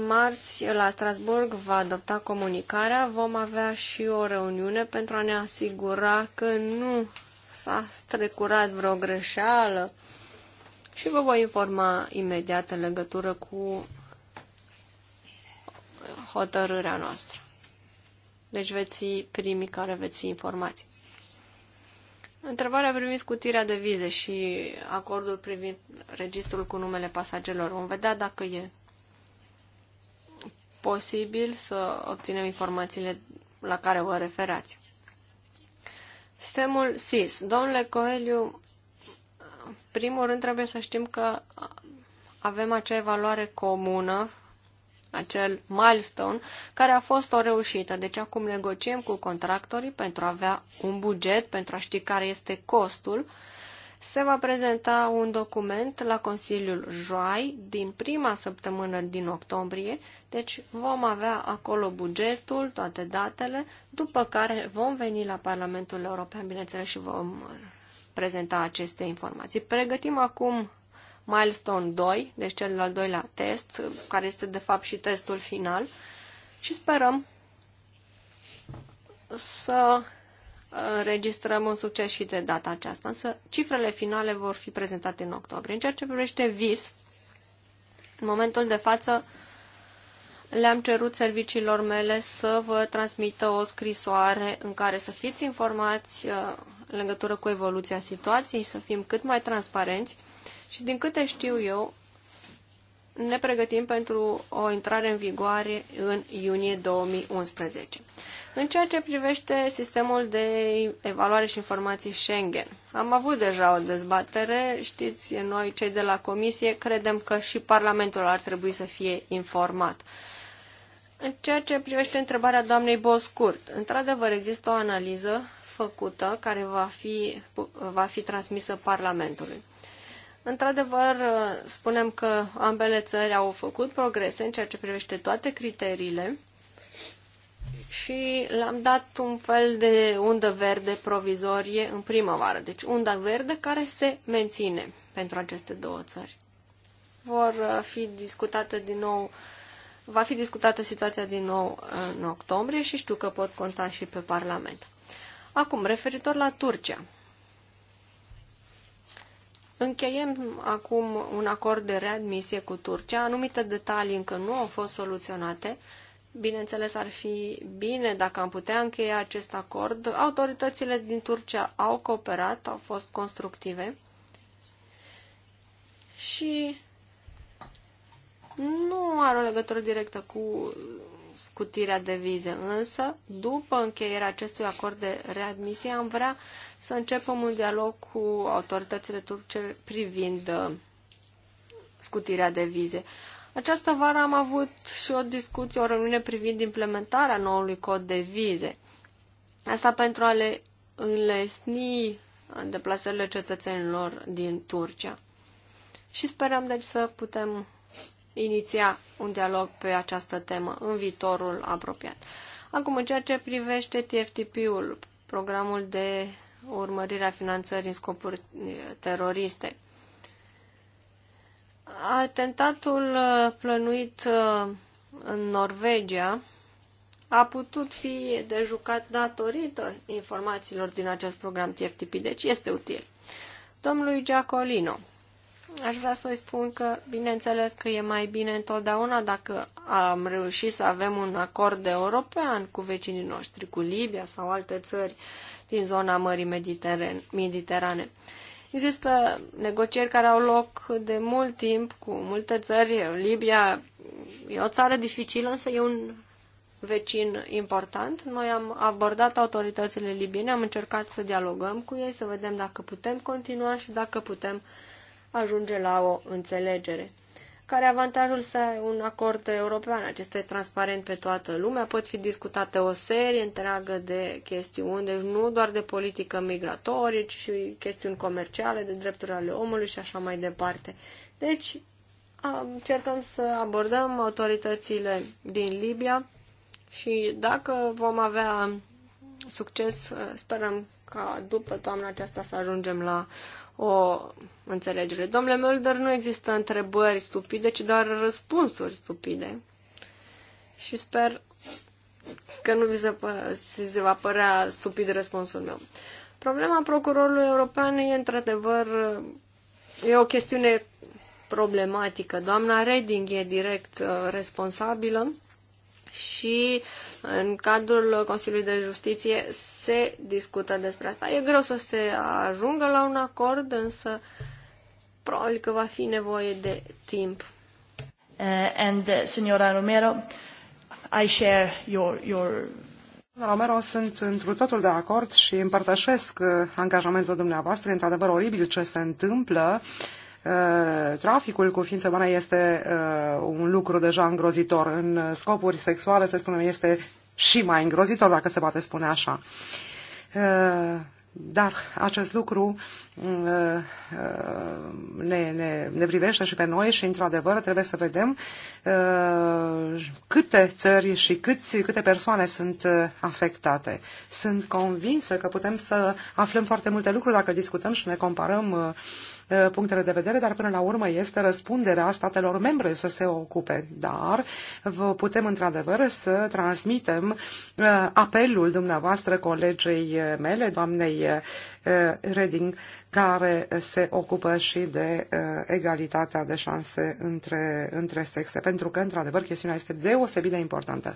marți la Strasburg va adopta comunicarea. Vom avea și o reuniune pentru a ne asigura că nu s-a strecurat vreo greșeală și vă voi informa imediat în legătură cu hotărârea noastră. Deci veți fi primii care veți fi informați. Întrebarea primit scutirea de vize și acordul privind registrul cu numele pasagerilor. Vom vedea dacă e posibil să obținem informațiile la care vă referați. Sistemul SIS. Domnule Coeliu, primul rând trebuie să știm că avem acea evaluare comună acel milestone, care a fost o reușită. Deci acum negociem cu contractorii pentru a avea un buget, pentru a ști care este costul. Se va prezenta un document la Consiliul Joai din prima săptămână din octombrie, deci vom avea acolo bugetul, toate datele, după care vom veni la Parlamentul European, bineînțeles, și vom prezenta aceste informații. Pregătim acum Milestone 2, deci cel al doilea test, care este de fapt și testul final și sperăm să înregistrăm uh, un succes și de data aceasta, însă cifrele finale vor fi prezentate în octombrie. În ceea ce privește vis, în momentul de față le-am cerut serviciilor mele să vă transmită o scrisoare în care să fiți informați uh, în legătură cu evoluția situației, să fim cât mai transparenți și din câte știu eu, ne pregătim pentru o intrare în vigoare în iunie 2011. În ceea ce privește sistemul de evaluare și informații Schengen, am avut deja o dezbatere, știți, noi cei de la Comisie credem că și Parlamentul ar trebui să fie informat. În ceea ce privește întrebarea doamnei Boscurt, într-adevăr există o analiză făcută care va fi, va fi transmisă Parlamentului. Într-adevăr, spunem că ambele țări au făcut progrese în ceea ce privește toate criteriile și le-am dat un fel de undă verde provizorie în primăvară. Deci unda verde care se menține pentru aceste două țări. Vor uh, fi discutate din nou, va fi discutată situația din nou uh, în octombrie și știu că pot conta și pe Parlament. Acum, referitor la Turcia. Încheiem acum un acord de readmisie cu Turcia. Anumite detalii încă nu au fost soluționate. Bineînțeles, ar fi bine dacă am putea încheia acest acord. Autoritățile din Turcia au cooperat, au fost constructive și nu are o legătură directă cu scutirea de vize. Însă, după încheierea acestui acord de readmisie, am vrea să începem un dialog cu autoritățile turce privind uh, scutirea de vize. Această vară am avut și o discuție, o reuniune privind implementarea noului cod de vize. Asta pentru a le înlesni în deplasările cetățenilor din Turcia. Și sperăm deci să putem iniția un dialog pe această temă în viitorul apropiat. Acum, în ceea ce privește TFTP-ul, programul de urmărire a finanțării în scopuri eh, teroriste, atentatul eh, plănuit eh, în Norvegia a putut fi dejucat datorită informațiilor din acest program TFTP, deci este util. Domnului Giacolino, Aș vrea să-i spun că, bineînțeles că e mai bine întotdeauna dacă am reușit să avem un acord european cu vecinii noștri, cu Libia sau alte țări din zona Mării Mediterane. Există negocieri care au loc de mult timp cu multe țări. Libia e o țară dificilă, însă e un vecin important. Noi am abordat autoritățile libiene, am încercat să dialogăm cu ei, să vedem dacă putem continua și dacă putem ajunge la o înțelegere. Care avantajul să ai un acord european? Acesta e transparent pe toată lumea, pot fi discutate o serie întreagă de chestiuni, deci nu doar de politică migratorie, ci și chestiuni comerciale, de drepturi ale omului și așa mai departe. Deci, încercăm să abordăm autoritățile din Libia și dacă vom avea succes, sperăm ca după toamna aceasta să ajungem la o înțelegere. Domnule Mulder, nu există întrebări stupide, ci doar răspunsuri stupide. Și sper că nu vi se, pă- se va părea stupid răspunsul meu. Problema procurorului european e într-adevăr e o chestiune problematică. Doamna Reding e direct uh, responsabilă și în cadrul Consiliului de Justiție se discută despre asta. E greu să se ajungă la un acord, însă probabil că va fi nevoie de timp. Uh, and, uh, signora Romero, I share your, your Romero, sunt într totul de acord și împărtășesc uh, angajamentul dumneavoastră. Într-adevăr, oribil ce se întâmplă. Uh, Eh, traficul cu ființe umane este eh, un lucru deja îngrozitor. În scopuri sexuale, să spunem, este și mai îngrozitor, dacă se poate spune așa. Eh, dar acest lucru mm, ne, ne, ne privește și pe noi și, într-adevăr, trebuie să vedem câte țări și câți, câte persoane sunt afectate. Sunt convinsă că putem să aflăm foarte multe lucruri dacă discutăm și ne comparăm Uh, punctele de vedere, dar până la urmă este răspunderea statelor membre să se ocupe. Dar putem într-adevăr să transmitem uh, apelul dumneavoastră colegei mele, doamnei uh, Reding, care se ocupă și de egalitatea de șanse între, între sexe, pentru că, într-adevăr, chestiunea este deosebit de importantă.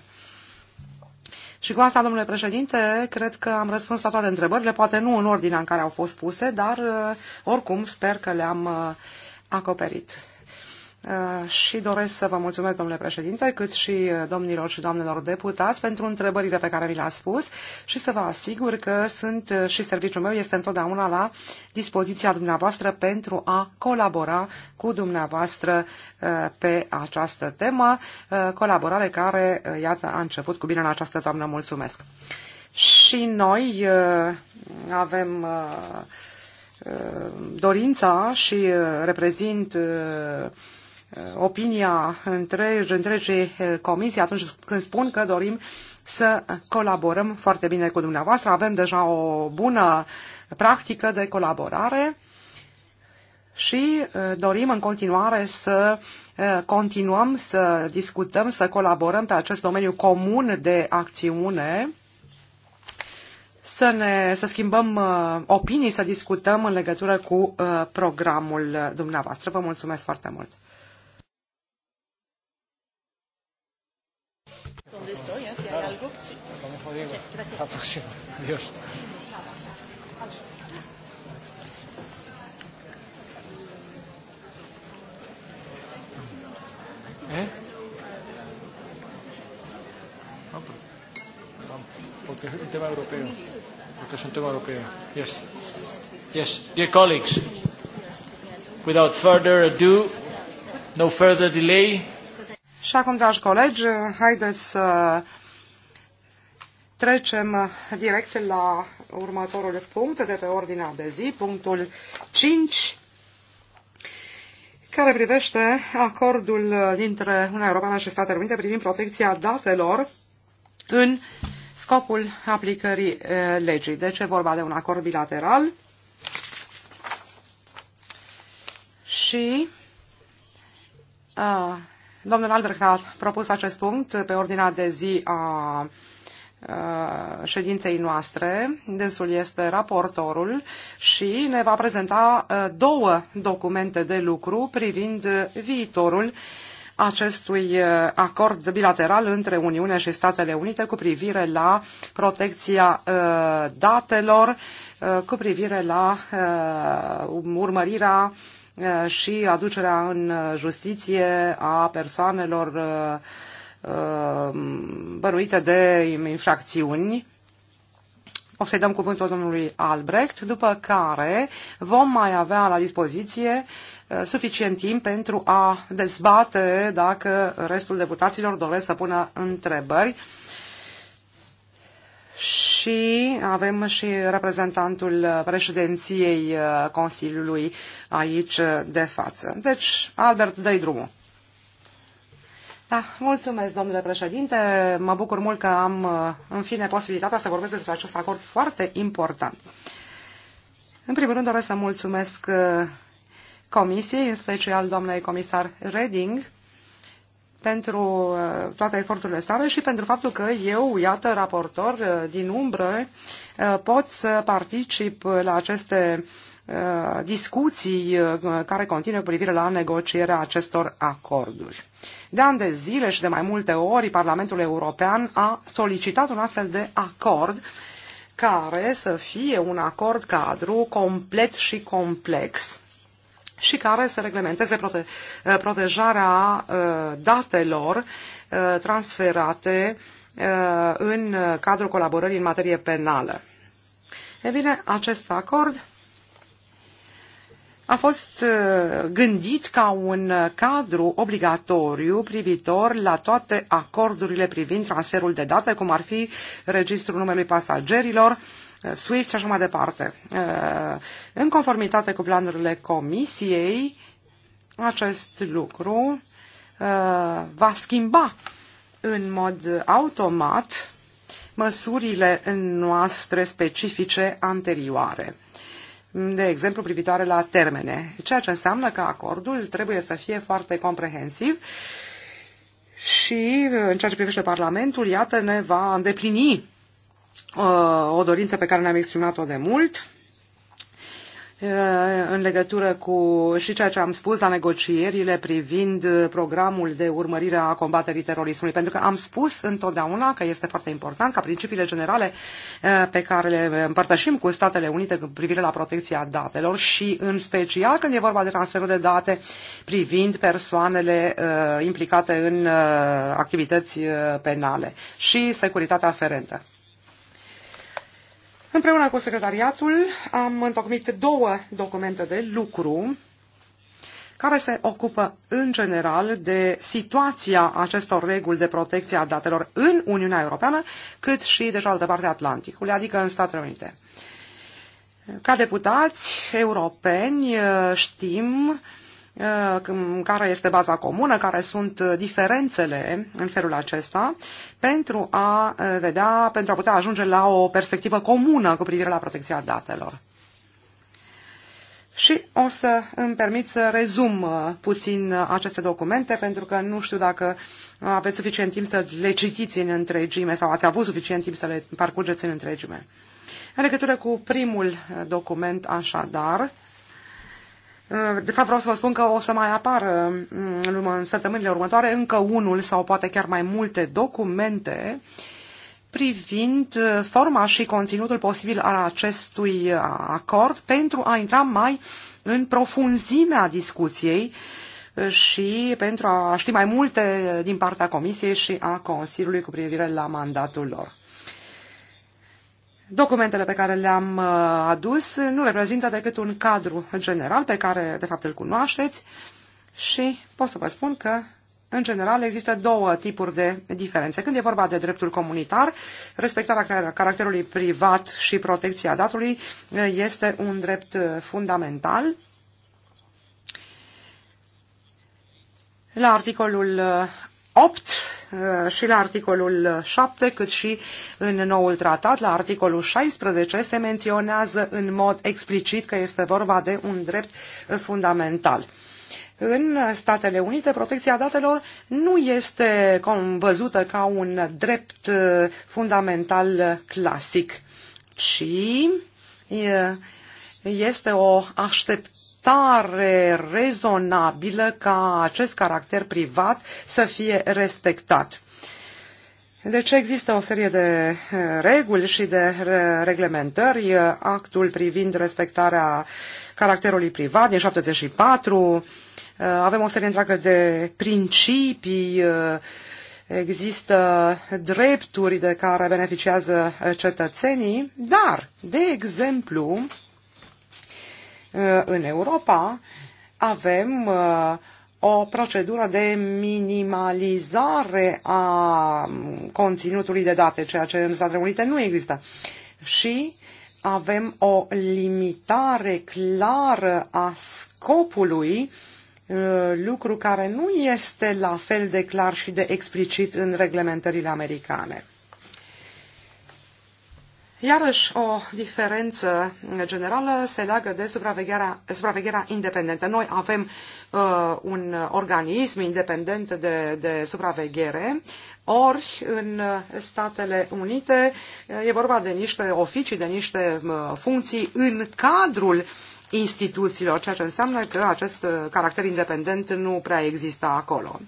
Și cu asta, domnule președinte, cred că am răspuns la toate întrebările, poate nu în ordinea în care au fost puse, dar uh, oricum sper că le-am uh, acoperit. Uh, și doresc să vă mulțumesc, domnule președinte, cât și uh, domnilor și doamnelor deputați pentru întrebările pe care mi le ați spus și să vă asigur că sunt uh, și serviciul meu este întotdeauna la dispoziția dumneavoastră pentru a colabora cu dumneavoastră pe această temă, colaborare care, iată, a început cu bine în această toamnă. Mulțumesc! Și noi avem dorința și reprezint Uh, opinia întregi, întregii uh, comisii atunci când spun că dorim să colaborăm foarte bine cu dumneavoastră. Avem deja o bună practică de colaborare și uh, dorim în continuare să continuăm să discutăm, să colaborăm pe acest domeniu comun de acțiune, să, ne, să schimbăm opinii, să discutăm în legătură cu programul dumneavoastră. Vă mulțumesc foarte mult! donde estoy, ¿eh? si hay algo. Sí. Como hasta la próxima. Adiós. ¿Eh? No, pero, no, porque es un tema europeo. Porque es un tema europeo. Yes. Yes. Dear colleagues, without further ado, no further delay. Și acum, dragi colegi, haideți să trecem direct la următorul punct de pe ordinea de zi, punctul 5, care privește acordul dintre Uniunea Europeană și Statele Unite privind protecția datelor în scopul aplicării legii. Deci e vorba de un acord bilateral și a, Domnul Albrecht a propus acest punct pe ordinea de zi a ședinței noastre. Dânsul este raportorul și ne va prezenta două documente de lucru privind viitorul acestui acord bilateral între Uniune și Statele Unite cu privire la protecția datelor, cu privire la urmărirea Eh, și aducerea în eh, justiție a persoanelor eh, bănuite de infracțiuni. O să-i dăm cuvântul domnului Albrecht, după care vom mai avea la dispoziție suficient timp pentru a dezbate dacă restul deputaților doresc să pună întrebări și avem și reprezentantul președinției uh, Consiliului aici uh, de față. Deci, Albert, dă drumul. Da, mulțumesc, domnule președinte. Mă bucur mult că am, uh, în fine, posibilitatea să vorbesc despre acest acord foarte important. În primul rând, doresc să mulțumesc Comisiei, în special doamnei comisar Reding, pentru uh, toate eforturile sale și pentru faptul că eu, iată, raportor uh, din umbră, uh, pot să particip la aceste discuții care continuă privire la negocierea acestor acorduri. De ani de zile și de mai multe ori Parlamentul European a solicitat un astfel de acord care să fie un acord cadru complet și complex și care să reglementeze prote eh, protejarea eh, datelor eh, transferate în cadrul colaborării în materie penală. E bine, acest acord a fost gândit ca un cadru obligatoriu privitor la toate acordurile privind transferul de date, cum ar fi registrul numelui pasagerilor, Uh, SWIFT și așa mai departe. Uh, în conformitate cu planurile Comisiei, acest lucru uh, va schimba în mod automat măsurile noastre specifice anterioare de exemplu privitoare la termene, ceea ce înseamnă că acordul trebuie să fie foarte comprehensiv și în ceea ce privește Parlamentul, iată, ne va îndeplini o dorință pe care ne-am exprimat-o de mult în legătură cu și ceea ce am spus la negocierile privind programul de urmărire a combaterii terorismului. Pentru că am spus întotdeauna că este foarte important ca principiile generale pe care le împărtășim cu Statele Unite cu privire la protecția datelor și în special când e vorba de transferul de date privind persoanele implicate în activități penale și securitatea aferentă. Împreună cu secretariatul am întocmit două documente de lucru care se ocupă în general de situația acestor reguli de protecție a datelor în Uniunea Europeană, cât și de cealaltă parte a Atlanticului, adică în Statele Unite. Ca deputați europeni știm Uh, care este baza comună, care sunt diferențele în felul acesta, pentru a uh, vedea, pentru a putea ajunge la o perspectivă comună cu privire la protecția datelor. Și o să îmi permit să rezum uh, puțin aceste documente, pentru că nu știu dacă aveți suficient timp să le citiți în întregime sau ați avut suficient timp să le parcurgeți în întregime. În legătură cu primul document, așadar, Mm, de fapt, vreau să vă spun că o să mai apară mm, în săptămânile următoare încă unul sau poate chiar mai multe documente privind uh, forma și conținutul posibil al acestui uh, acord pentru a intra mai în profunzimea discuției uh, și pentru a ști mai multe din partea Comisiei și a Consiliului cu privire la mandatul lor. Documentele pe care le-am uh, adus nu reprezintă decât un cadru general pe care, de fapt, îl cunoașteți și pot să vă spun că, în general, există două tipuri de diferențe. Când e vorba de dreptul comunitar, respectarea caracterului privat și protecția datului uh, este un drept uh, fundamental. La articolul 8 uh, și la articolul 7, cât și în noul tratat, la articolul 16, se menționează în mod explicit că este vorba de un drept fundamental. În Statele Unite, protecția datelor nu este văzută ca un drept uh, fundamental clasic, ci uh, este o așteptare tare rezonabilă ca acest caracter privat să fie respectat. Deci există o serie de eh, reguli și de reglementări, actul privind respectarea caracterului privat din 74, eh, avem o serie întreagă de principii, eh, există drepturi de care beneficiază cetățenii, dar, de exemplu, Uh, în Europa avem uh, o procedură de minimalizare a conținutului de date, ceea ce în Statele Unite nu există. Și avem o limitare clară a scopului, uh, lucru care nu este la fel de clar și de explicit în reglementările americane. Iarăși, o diferență generală se leagă de supravegherea, supravegherea independentă. Noi avem uh, un organism independent de, de supraveghere, ori în Statele Unite uh, e vorba de niște oficii, de niște uh, funcții în cadrul instituțiilor, ceea ce înseamnă că acest uh, caracter independent nu prea există acolo.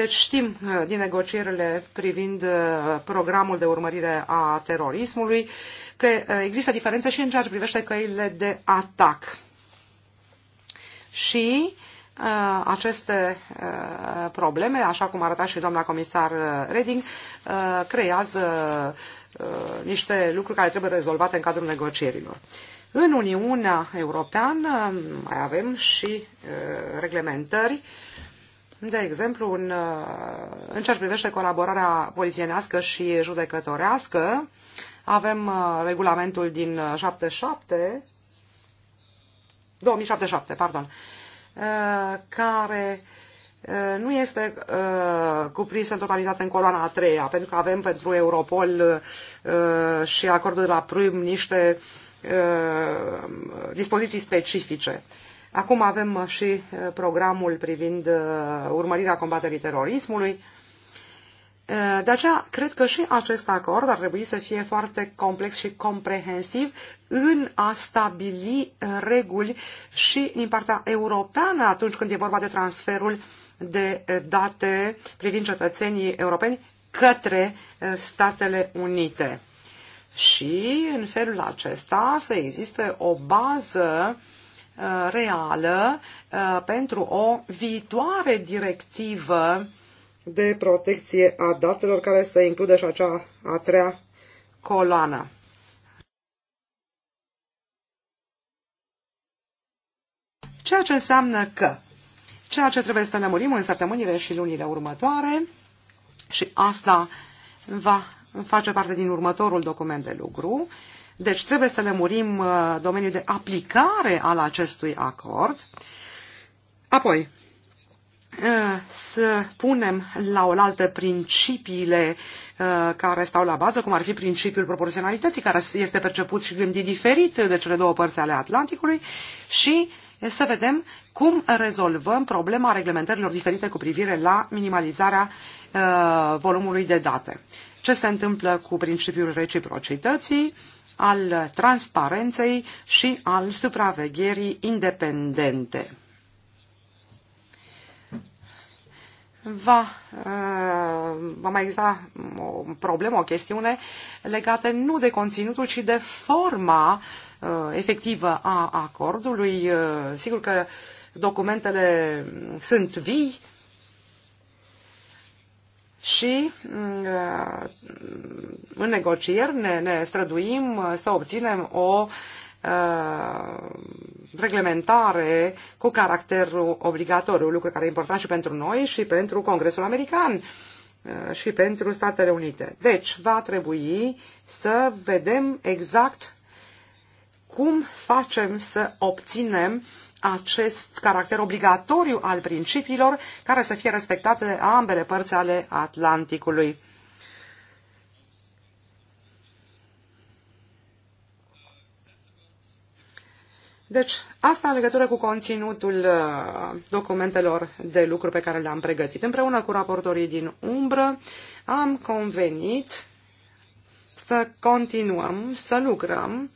Deci știm uh, din negocierile privind uh, programul de urmărire a terorismului că uh, există diferențe și în ceea ce privește căile de atac. Și aceste probleme, așa cum arăta și doamna comisar Reding, creează niște lucruri care trebuie rezolvate în cadrul negocierilor. În Uniunea Europeană um, mai avem și reglementări uh, de exemplu, în, uh, în ce privește colaborarea polițienească și judecătorească, avem uh, regulamentul din 77, uh, 2077, pardon, care nu este cuprins în totalitate în coloana a treia, pentru că avem pentru Europol și acordul de la Prüm niște dispoziții specifice. Uh, Acum avem uh, și uh, programul privind uh, urmărirea combaterii terorismului. De aceea, cred că și acest acord ar trebui să fie foarte complex și comprehensiv în a stabili reguli și din partea europeană atunci când e vorba de transferul de date privind cetățenii europeni către Statele Unite. Și în felul acesta să existe o bază uh, Uh, reală uh, pentru o viitoare directivă de protecție a datelor care să includă și acea a treia coloană. Ceea ce înseamnă că ceea ce trebuie să ne murim în săptămânile și lunile următoare și asta va face parte din următorul document de lucru, deci trebuie să lămurim uh, domeniul de aplicare al acestui acord. Apoi, uh, să punem la oaltă principiile uh, care stau la bază, cum ar fi principiul proporționalității, care este perceput și gândit diferit de cele două părți ale Atlanticului și să vedem cum rezolvăm problema reglementărilor diferite cu privire la minimalizarea volumului de date. Ce se întâmplă cu principiul reciprocității, al transparenței și al supravegherii independente. va, uh, va mai exista o problemă, o chestiune legată nu de conținutul, ci de forma uh, efectivă a acordului. Uh, sigur că documentele sunt vii, și mm, uh, în negocieri ne, ne străduim să obținem o uh, reglementare cu caracter obligatoriu, lucru care e important și pentru noi și pentru Congresul American uh, și pentru Statele Unite. Deci, va trebui să vedem exact cum facem să obținem acest caracter obligatoriu al principiilor care să fie respectate de ambele părți ale Atlanticului. Deci, asta în legătură cu conținutul uh, documentelor de lucru pe care le-am pregătit. Împreună cu raportorii din umbră am convenit să continuăm, să lucrăm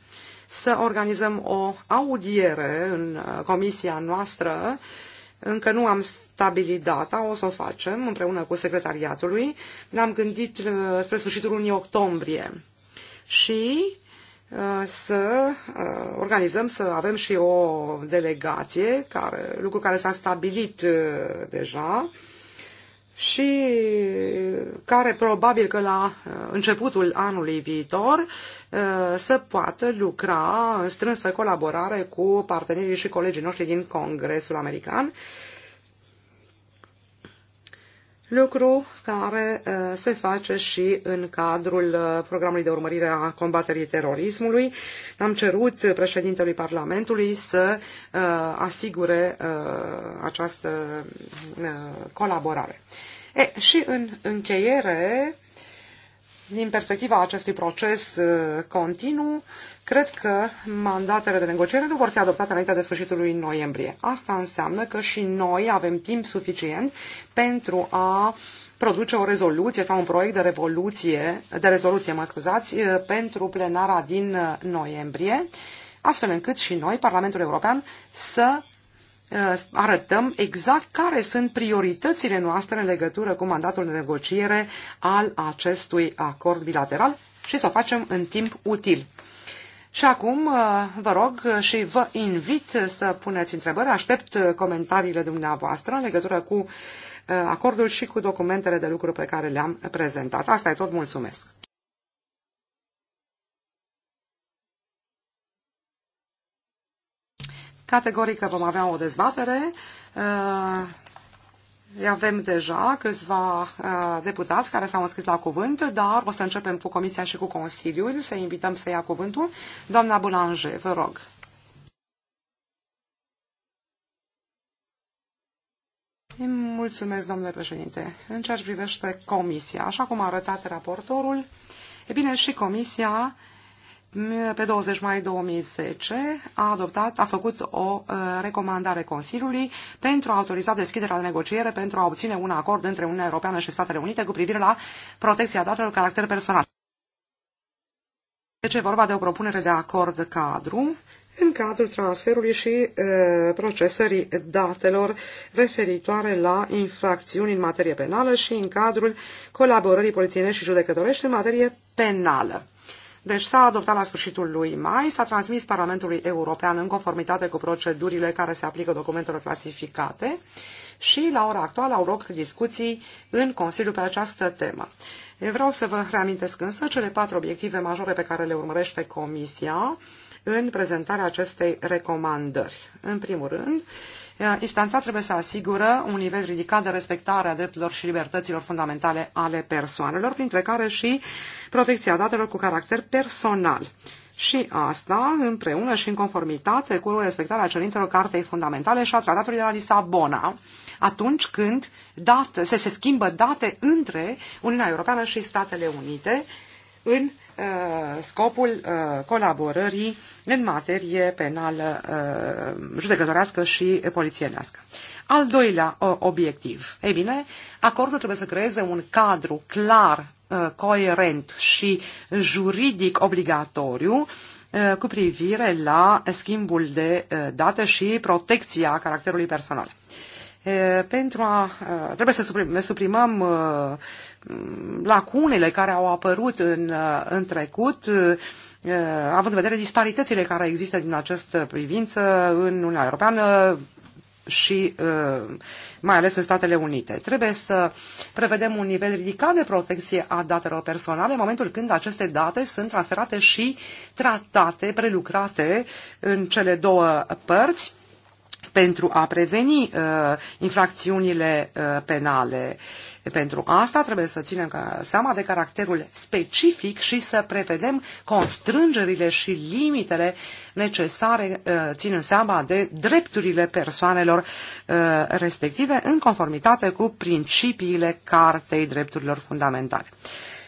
să organizăm o audiere în uh, comisia noastră. Încă nu am stabilit data, o să o facem împreună cu secretariatului. Ne-am gândit uh, spre sfârșitul lunii octombrie și uh, să organizăm, să avem și o delegație, care, lucru care s-a stabilit deja, și care probabil că la uh, începutul anului viitor uh, să poată lucra în strânsă colaborare cu partenerii și colegii noștri din Congresul American lucru care uh, se face și în cadrul uh, programului de urmărire a combaterii terorismului. Am cerut președintelui Parlamentului să uh, asigure această colaborare. E, și în încheiere, din perspectiva acestui proces uh, continuu, cred că mandatele de negociere nu vor fi adoptate înainte de sfârșitul lui noiembrie. Asta înseamnă că și noi avem timp suficient pentru a produce o rezoluție sau un proiect de, revoluție, de rezoluție mă scuzați, uh, pentru plenara din uh, noiembrie, astfel încât și noi, Parlamentul European, să Uh, arătăm exact care sunt prioritățile noastre în legătură cu mandatul de negociere al acestui acord bilateral și să o facem în timp util. Și acum uh, vă rog și vă invit să puneți întrebări. Aștept comentariile dumneavoastră în legătură cu uh, acordul și cu documentele de lucru pe care le-am prezentat. Asta e tot. Mulțumesc! Categorică vom avea o dezbatere. Uh, avem deja câțiva uh, deputați care s-au înscris la cuvânt, dar o să începem cu Comisia și cu Consiliul, să invităm să ia cuvântul. Doamna Boulanger, vă rog. Mulțumesc, domnule președinte. În ceea ce privește comisia, așa cum a arătat raportorul, e bine, și comisia uh, pe 20 mai 2010 a adoptat, a făcut o uh, recomandare Consiliului pentru a autoriza deschiderea de negociere pentru a obține un acord între Uniunea Europeană și Statele Unite cu privire la protecția datelor caracter personal. Deci e vorba de o propunere de acord cadru în cadrul transferului și e, uh, procesării datelor referitoare la infracțiuni în materie penală și în cadrul colaborării polițienești și judecătorești în materie penală. Deci s-a adoptat la sfârșitul lui mai, s-a transmis Parlamentului European în conformitate cu procedurile care se aplică documentelor clasificate și la ora actuală au loc discuții în Consiliu pe această temă. vreau să vă reamintesc însă cele patru obiective majore pe care le urmărește Comisia în prezentarea acestei recomandări. În primul rând, Instanța trebuie să asigură un nivel ridicat de respectare a drepturilor și libertăților fundamentale ale persoanelor, printre care și protecția datelor cu caracter personal. Și asta împreună și în conformitate cu respectarea cerințelor Cartei Fundamentale și a Tratatului de la Lisabona, atunci când date, se, se schimbă date între Uniunea Europeană și Statele Unite în Uh, scopul uh, colaborării în materie penală uh, judecătorească și polițienească. Al doilea obiectiv. Ei bine, acordul trebuie să creeze un cadru clar, coerent și juridic obligatoriu cu privire la schimbul de date și protecția caracterului personal pentru a. trebuie să suprimăm lacunele care au apărut în, în trecut, având în vedere disparitățile care există din această privință în Uniunea Europeană și mai ales în Statele Unite. Trebuie să prevedem un nivel ridicat de protecție a datelor personale în momentul când aceste date sunt transferate și tratate, prelucrate în cele două părți pentru a preveni uh, infracțiunile uh, penale. Pentru asta trebuie să ținem seama de caracterul specific și să prevedem constrângerile și limitele necesare, uh, ținând seama de drepturile persoanelor uh, respective în conformitate cu principiile Cartei Drepturilor Fundamentale.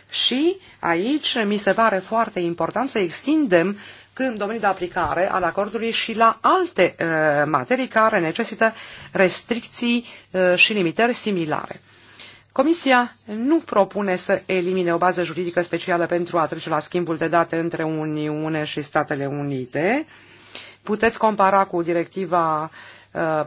Și aici mi se pare foarte important să extindem în domeniul de aplicare al acordului și la alte uh, materii care necesită restricții uh, și limitări similare. Comisia nu propune să elimine o bază juridică specială pentru a trece la schimbul de date între Uniune și Statele Unite. Puteți compara cu directiva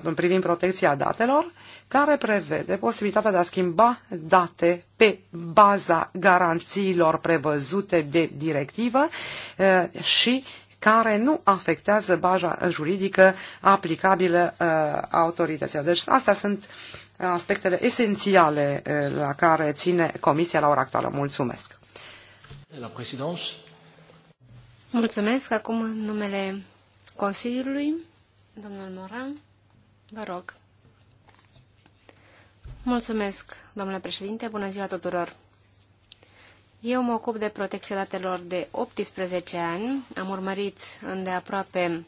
uh, privind protecția datelor, care prevede posibilitatea de a schimba date pe baza garanțiilor prevăzute de directivă uh, și care nu afectează baza juridică aplicabilă uh, autorităților. Deci astea sunt aspectele esențiale uh, la care ține Comisia la ora actuală. Mulțumesc! La Mulțumesc. Acum în numele Consiliului, domnul Moran, vă rog. Mulțumesc, domnule președinte. Bună ziua tuturor. Eu mă ocup de protecția datelor de 18 ani. Am urmărit îndeaproape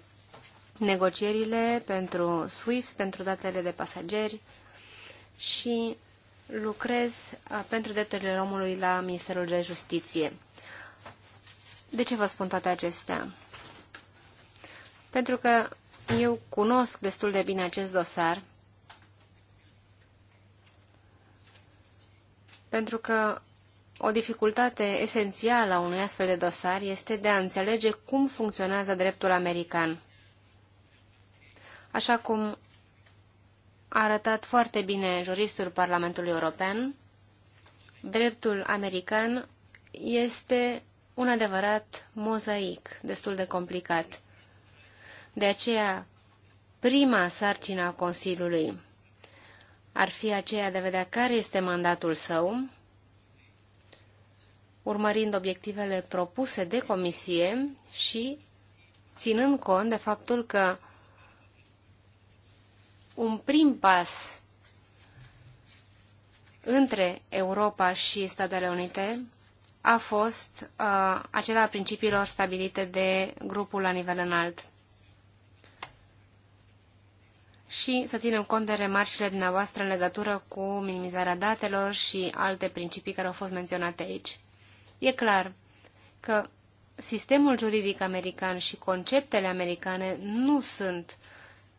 negocierile pentru SWIFT, pentru datele de pasageri și lucrez pentru drepturile omului la Ministerul de Justiție. De ce vă spun toate acestea? Pentru că eu cunosc destul de bine acest dosar, pentru că o dificultate esențială a unui astfel de dosar este de a înțelege cum funcționează dreptul american. Așa cum a arătat foarte bine juristul Parlamentului European, dreptul american este un adevărat mozaic destul de complicat. De aceea, prima sarcină a Consiliului ar fi aceea de a vedea care este mandatul său urmărind obiectivele propuse de comisie și ținând cont de faptul că un prim pas între Europa și Statele Unite a fost uh, acela a principiilor stabilite de grupul la nivel înalt. Și să ținem cont de remarcile dumneavoastră în legătură cu minimizarea datelor și alte principii care au fost menționate aici. E clar că sistemul juridic american și conceptele americane nu sunt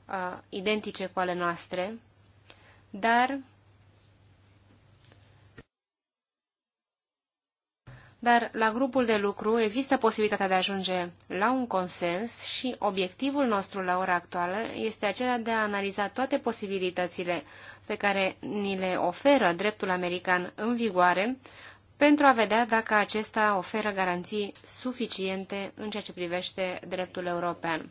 uh, identice cu ale noastre, dar dar la grupul de lucru există posibilitatea de a ajunge la un consens și obiectivul nostru la ora actuală este acela de a analiza toate posibilitățile pe care ni le oferă dreptul american în vigoare pentru a vedea dacă acesta oferă garanții suficiente în ceea ce privește dreptul european.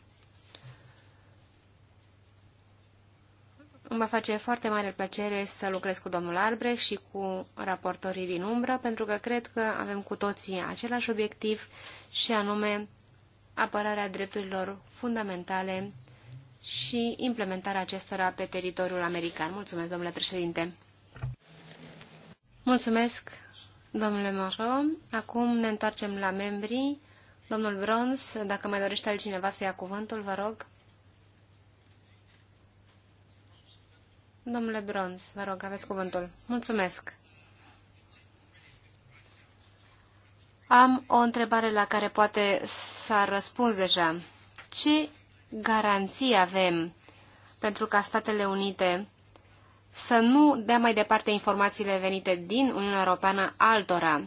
Îmi va face foarte mare plăcere să lucrez cu domnul Arbre și cu raportorii din umbră, pentru că cred că avem cu toții același obiectiv și anume apărarea drepturilor fundamentale și implementarea acestora pe teritoriul american. Mulțumesc, domnule președinte! Mulțumesc, Domnule Moro, acum ne întoarcem la membrii. Domnul Brons, dacă mai dorește altcineva să ia cuvântul, vă rog. Domnule Brons, vă rog, aveți cuvântul. Mulțumesc. Am o întrebare la care poate s-a răspuns deja. Ce garanții avem pentru ca Statele Unite să nu dea mai departe informațiile venite din Uniunea Europeană altora.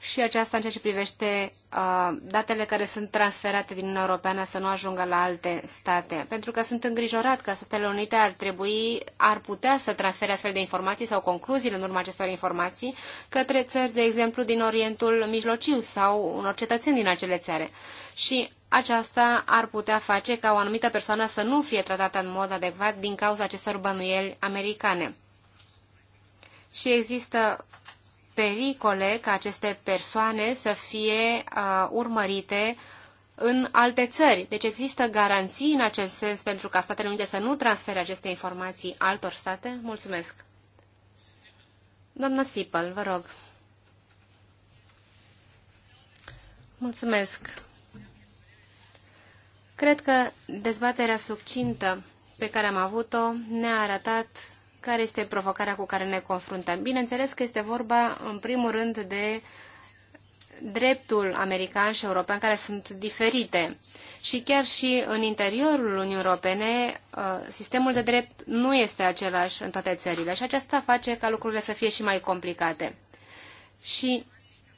Și aceasta în ceea ce privește uh, datele care sunt transferate din Uniunea Europeană să nu ajungă la alte state. Pentru că sunt îngrijorat că Statele Unite ar trebui, ar putea să transfere astfel de informații sau concluziile în urma acestor informații către țări, de exemplu, din Orientul Mijlociu sau unor cetățeni din acele țări. Și aceasta ar putea face ca o anumită persoană să nu fie tratată în mod adecvat din cauza acestor bănuieli americane. Și există pericole ca aceste persoane să fie uh, urmărite în alte țări. Deci există garanții în acest sens pentru ca Statele Unite să nu transfere aceste informații altor state? Mulțumesc. Doamna Sipăl, vă rog. Mulțumesc. Cred că dezbaterea succintă pe care am avut-o ne-a arătat care este provocarea cu care ne confruntăm. Bineînțeles că este vorba, în primul rând, de dreptul american și european care sunt diferite. Și chiar și în interiorul Uniunii Europene, uh, sistemul de drept nu este același în toate țările și aceasta face ca lucrurile să fie și mai complicate. Și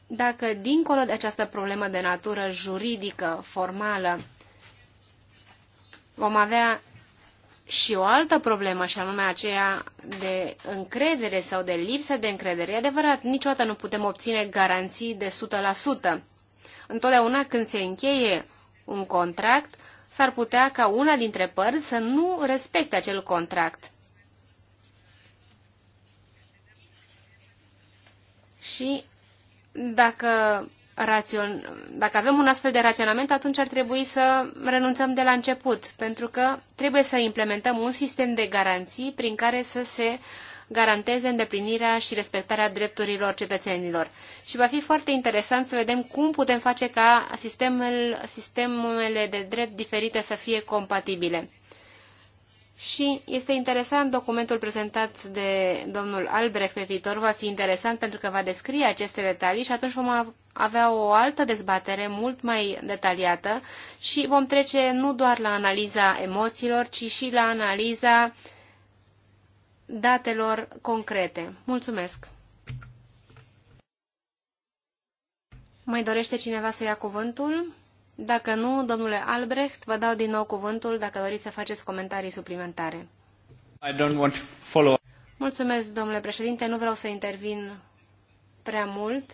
dacă, dincolo de această problemă de natură juridică, formală, vom avea și o altă problemă, și anume aceea de încredere sau de lipsă de încredere. E adevărat, niciodată nu putem obține garanții de 100%. Întotdeauna când se încheie un contract, s-ar putea ca una dintre părți să nu respecte acel contract. Și dacă rațion... dacă avem un astfel de raționament, atunci ar trebui să renunțăm de la început, pentru că trebuie să implementăm un sistem de garanții prin care să se garanteze îndeplinirea și respectarea drepturilor cetățenilor. Și va fi foarte interesant să vedem cum putem face ca sistemele de drept diferite să fie compatibile. Și este interesant documentul prezentat de domnul Albrecht pe viitor, va fi interesant pentru că va descrie aceste detalii și atunci vom avea o altă dezbatere mult mai detaliată și vom trece nu doar la analiza emoțiilor, ci și la analiza datelor concrete. Mulțumesc! Mai dorește cineva să ia cuvântul? Dacă nu, domnule Albrecht, vă dau din nou cuvântul dacă doriți să faceți comentarii suplimentare. I don't want to follow. Mulțumesc, domnule președinte, nu vreau să intervin prea mult.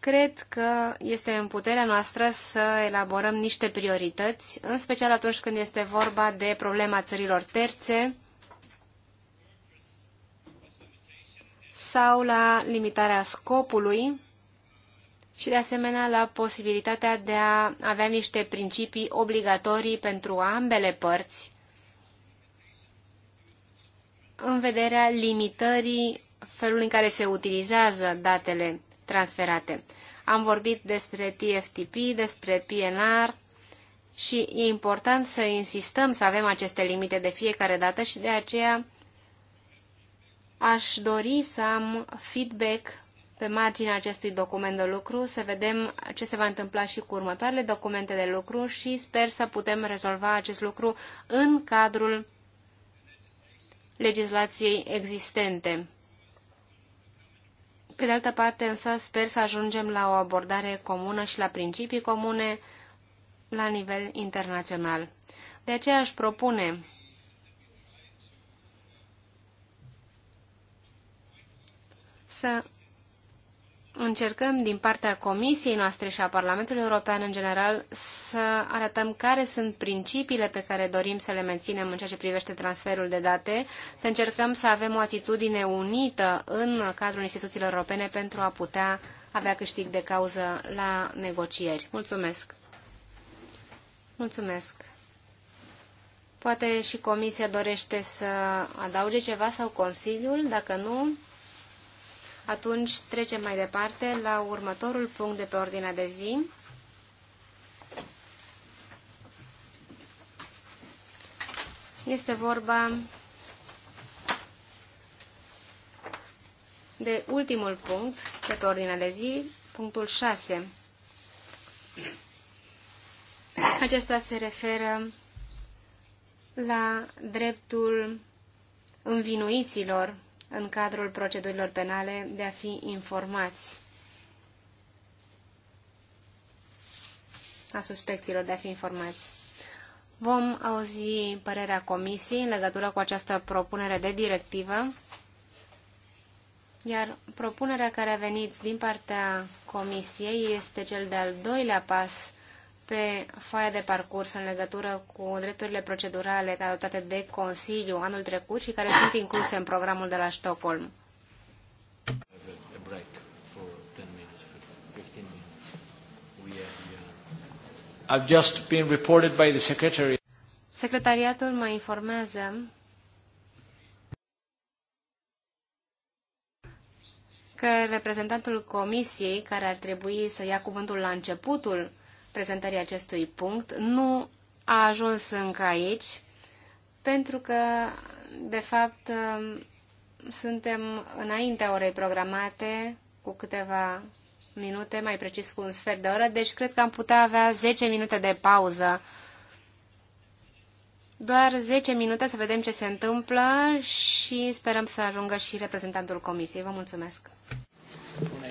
Cred că este în puterea noastră să elaborăm niște priorități, în special atunci când este vorba de problema țărilor terțe sau la limitarea scopului și de asemenea la posibilitatea de a avea niște principii obligatorii pentru ambele părți în vederea limitării felului în care se utilizează datele transferate. Am vorbit despre TFTP, despre PNR și e important să insistăm să avem aceste limite de fiecare dată și de aceea aș dori să am feedback pe marginea acestui document de lucru, să vedem ce se va întâmpla și cu următoarele documente de lucru și sper să putem rezolva acest lucru în cadrul legislației existente. Pe de altă parte, însă, sper să ajungem la o abordare comună și la principii comune la nivel internațional. De aceea aș propune să încercăm din partea Comisiei noastre și a Parlamentului European în general să arătăm care sunt principiile pe care dorim să le menținem în ceea ce privește transferul de date, să încercăm să avem o atitudine unită în cadrul instituțiilor europene pentru a putea avea câștig de cauză la negocieri. Mulțumesc! Mulțumesc! Poate și Comisia dorește să adauge ceva sau Consiliul, dacă nu, atunci trecem mai departe la următorul punct de pe ordinea de zi. Este vorba de ultimul punct de pe ordinea de zi, punctul 6. Acesta se referă la dreptul învinuiților în cadrul procedurilor penale de a fi informați a suspecților de a fi informați. Vom auzi părerea comisiei în legătură cu această propunere de directivă, iar propunerea care a venit din partea comisiei este cel de-al doilea pas pe foaia de parcurs în legătură cu drepturile procedurale adoptate de Consiliu anul trecut și care sunt incluse în programul de la Stockholm. I've just been reported by the secretary. Secretariatul mă informează că reprezentantul comisiei care ar trebui să ia cuvântul la începutul prezentării acestui punct. Nu a ajuns încă aici, pentru că, de fapt, um, suntem înaintea orei programate cu câteva minute, mai precis cu un sfert de oră, deci cred că am putea avea 10 minute de pauză. Doar 10 minute să vedem ce se întâmplă și sperăm să ajungă și reprezentantul comisiei. Vă mulțumesc! Bună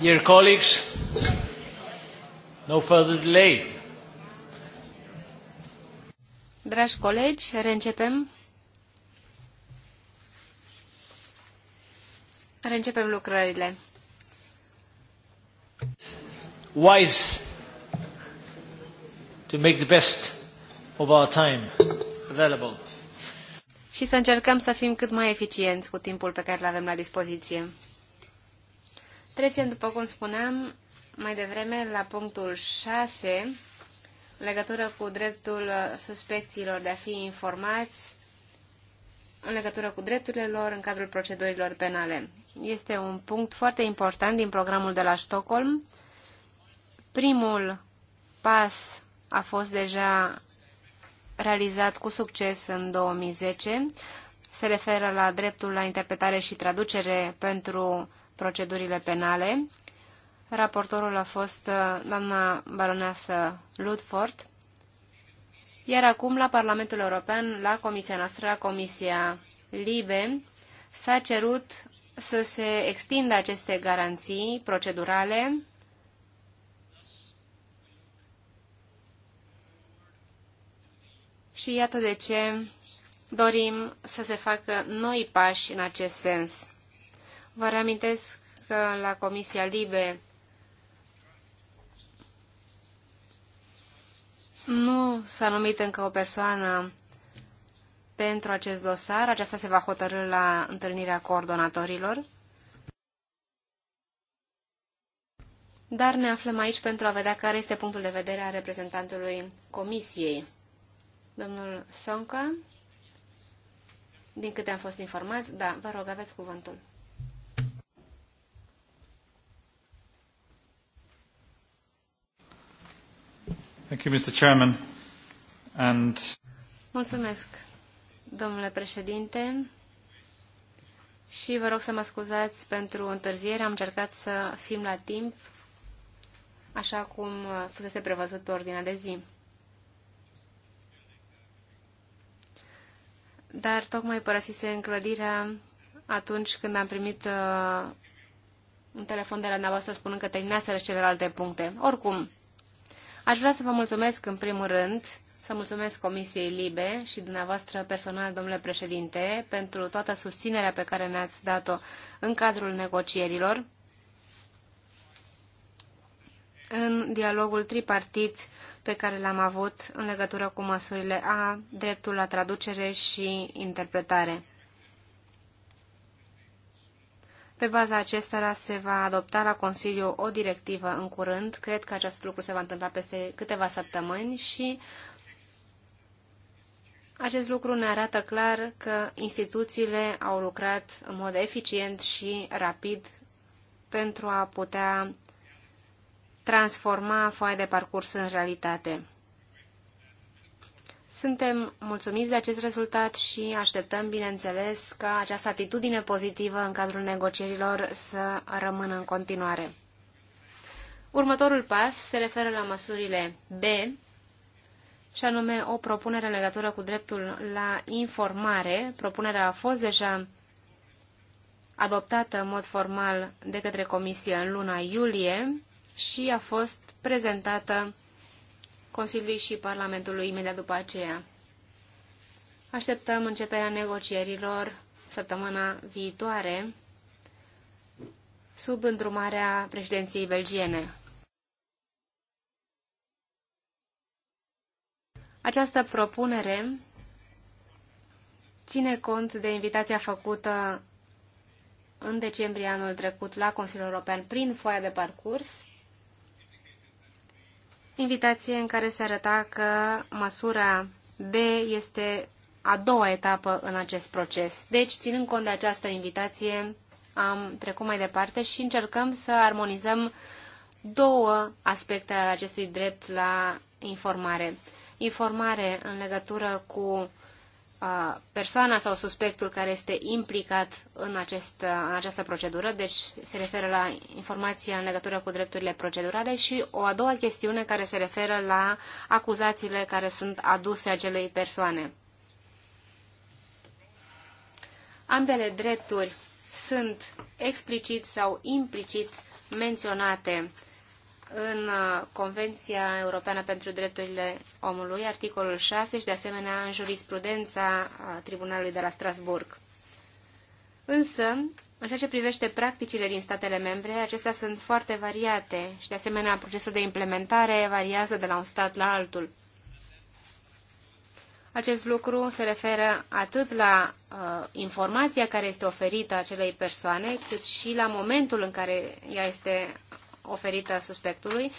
Dear colleagues, no further delay. Dragi colegi, reîncepem. Reîncepem lucrările. Wise to make the best of our time available. Și să încercăm să fim cât mai eficienți cu timpul pe care îl avem la dispoziție. Trecem, după cum spuneam, mai devreme la punctul 6, legătură cu dreptul suspecțiilor de a fi informați în legătură cu drepturile lor în cadrul procedurilor penale. Este un punct foarte important din programul de la Stockholm. Primul pas a fost deja realizat cu succes în 2010. Se referă la dreptul la interpretare și traducere pentru procedurile penale. Raportorul a fost uh, doamna baroneasă Ludford. Iar acum, la Parlamentul European, la comisia noastră, la Comisia Libe, s-a cerut să se extindă aceste garanții procedurale Și iată de ce dorim să se facă noi pași în acest sens. Vă reamintesc că la Comisia Libe nu s-a numit încă o persoană pentru acest dosar. Aceasta se va hotărâ la întâlnirea coordonatorilor. Dar ne aflăm aici pentru a vedea care este punctul de vedere a reprezentantului Comisiei. Domnul Sonca, din câte am fost informat, da, vă rog, aveți cuvântul. Thank you, Mr. Chairman. And... Mulțumesc, domnule președinte. Și vă rog să mă scuzați pentru întârziere. Am încercat să fim la timp, așa cum fusese prevăzut pe ordinea de zi. Dar tocmai părăsise clădirea atunci când am primit uh, un telefon de la dumneavoastră spunând că terminaseră celelalte puncte. Oricum, Aș vrea să vă mulțumesc în primul rând, să mulțumesc Comisiei Libe și dumneavoastră personal, domnule președinte, pentru toată susținerea pe care ne-ați dat-o în cadrul negocierilor, în dialogul tripartit pe care l-am avut în legătură cu măsurile A, dreptul la traducere și interpretare. Pe baza acestora se va adopta la Consiliu o directivă în curând. Cred că acest lucru se va întâmpla peste câteva săptămâni și acest lucru ne arată clar că instituțiile au lucrat în mod eficient și rapid pentru a putea transforma foaia de parcurs în realitate. Suntem mulțumiți de acest rezultat și așteptăm, bineînțeles, ca această atitudine pozitivă în cadrul negocierilor să rămână în continuare. Următorul pas se referă la măsurile B, și anume o propunere în legătură cu dreptul la informare. Propunerea a fost deja adoptată în mod formal de către Comisie în luna iulie și a fost prezentată Consiliului și Parlamentului imediat după aceea. Așteptăm începerea negocierilor săptămâna viitoare sub îndrumarea președinției belgiene. Această propunere ține cont de invitația făcută în decembrie anul trecut la Consiliul European prin foaia de parcurs invitație în care se arăta că măsura B este a doua etapă în acest proces. Deci, ținând cont de această invitație, am trecut mai departe și încercăm să armonizăm două aspecte ale acestui drept la informare. Informare în legătură cu persoana sau suspectul care este implicat în, acest, în această procedură, deci se referă la informația în legătură cu drepturile procedurale și o a doua chestiune care se referă la acuzațiile care sunt aduse acelei persoane. Ambele drepturi sunt explicit sau implicit menționate în uh, Convenția Europeană pentru Drepturile Omului, articolul 6 și de asemenea în jurisprudența uh, Tribunalului de la Strasburg. Însă, în ceea ce privește practicile din statele membre, acestea sunt foarte variate și de asemenea procesul de implementare variază de la un stat la altul. Acest lucru se referă atât la uh, informația care este oferită acelei persoane, cât și la momentul în care ea este oferită suspectului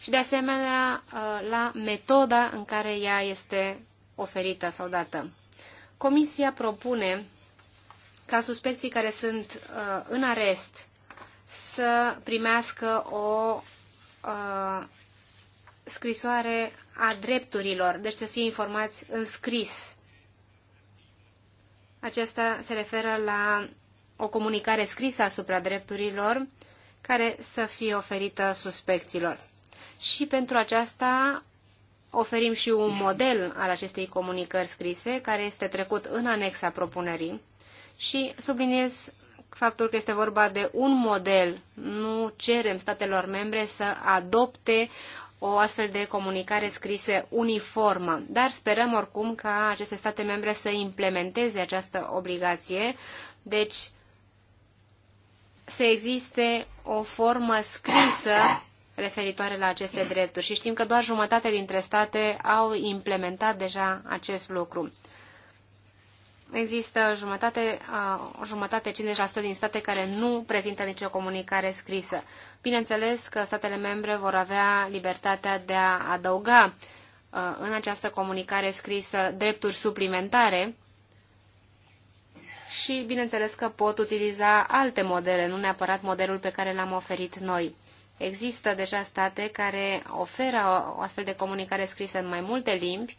și, de asemenea, uh, la metoda în care ea este oferită sau dată. Comisia propune ca suspecții care sunt uh, în arest să primească o uh, scrisoare a drepturilor, deci să fie informați în scris. Acesta se referă la o comunicare scrisă asupra drepturilor care să fie oferită suspecților. Și pentru aceasta oferim și un model al acestei comunicări scrise, care este trecut în anexa propunerii și subliniez faptul că este vorba de un model. Nu cerem statelor membre să adopte o astfel de comunicare scrisă uniformă, dar sperăm oricum ca aceste state membre să implementeze această obligație. Deci, să existe o formă scrisă referitoare la aceste drepturi și știm că doar jumătate dintre state au implementat deja acest lucru. Există jumătate, uh, jumătate, 50% din state care nu prezintă nicio comunicare scrisă. Bineînțeles că statele membre vor avea libertatea de a adăuga în această comunicare scrisă drepturi suplimentare și bineînțeles că pot utiliza alte modele, nu neapărat modelul pe care l-am oferit noi. Există deja state care oferă o astfel de comunicare scrisă în mai multe limbi,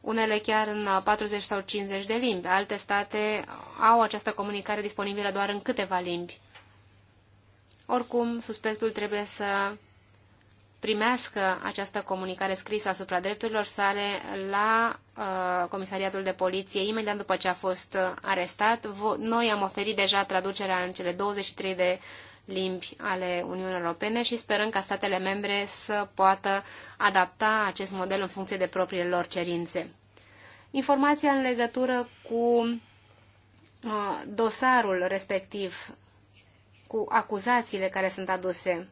unele chiar în 40 sau 50 de limbi. Alte state au această comunicare disponibilă doar în câteva limbi. Oricum, suspectul trebuie să primească această comunicare scrisă asupra drepturilor sale la uh, Comisariatul de Poliție imediat după ce a fost uh, arestat. Noi am oferit deja traducerea în cele 23 de limbi ale Uniunii Europene și sperăm ca statele membre să poată adapta acest model în funcție de propriile lor cerințe. Informația în legătură cu uh, dosarul respectiv, cu acuzațiile care sunt aduse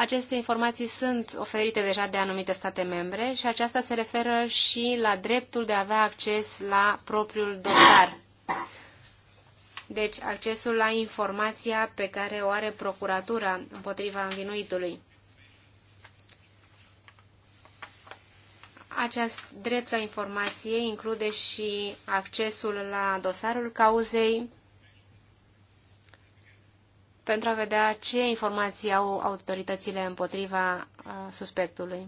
Aceste informații sunt oferite deja de anumite state membre și aceasta se referă și la dreptul de a avea acces la propriul dosar. Deci accesul la informația pe care o are procuratura împotriva învinuitului. Acest drept la informație include și accesul la dosarul cauzei, pentru a vedea ce informații au autoritățile împotriva uh, suspectului.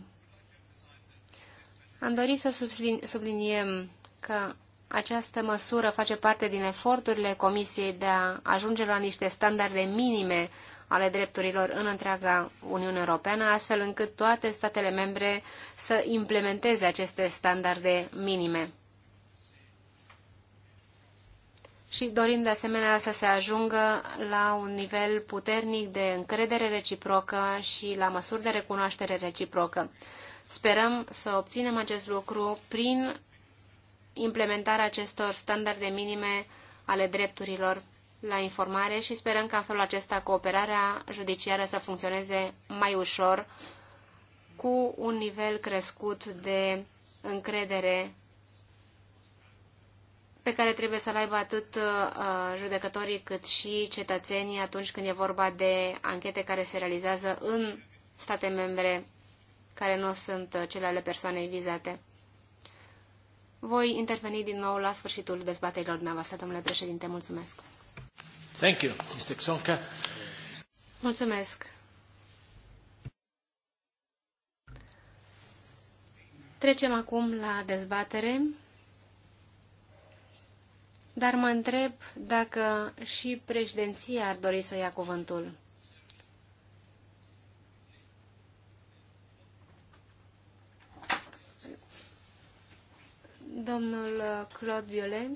Am dorit să subliniem că această măsură face parte din eforturile Comisiei de a ajunge la niște standarde minime ale drepturilor în întreaga Uniune Europeană, astfel încât toate statele membre să implementeze aceste standarde minime. și dorim de asemenea să se ajungă la un nivel puternic de încredere reciprocă și la măsuri de recunoaștere reciprocă. Sperăm să obținem acest lucru prin implementarea acestor standarde minime ale drepturilor la informare și sperăm că în felul acesta cooperarea judiciară să funcționeze mai ușor cu un nivel crescut de încredere pe care trebuie să-l aibă atât uh, judecătorii cât și cetățenii atunci când e vorba de anchete care se realizează în state membre care nu sunt uh, cele ale persoanei vizate. Voi interveni din nou la sfârșitul dezbaterilor dumneavoastră, domnule președinte. Mulțumesc. Thank you, Mr. Xonka. Mulțumesc. Trecem acum la dezbatere dar mă întreb dacă și președinția ar dori să ia cuvântul. Domnul Claude Violet.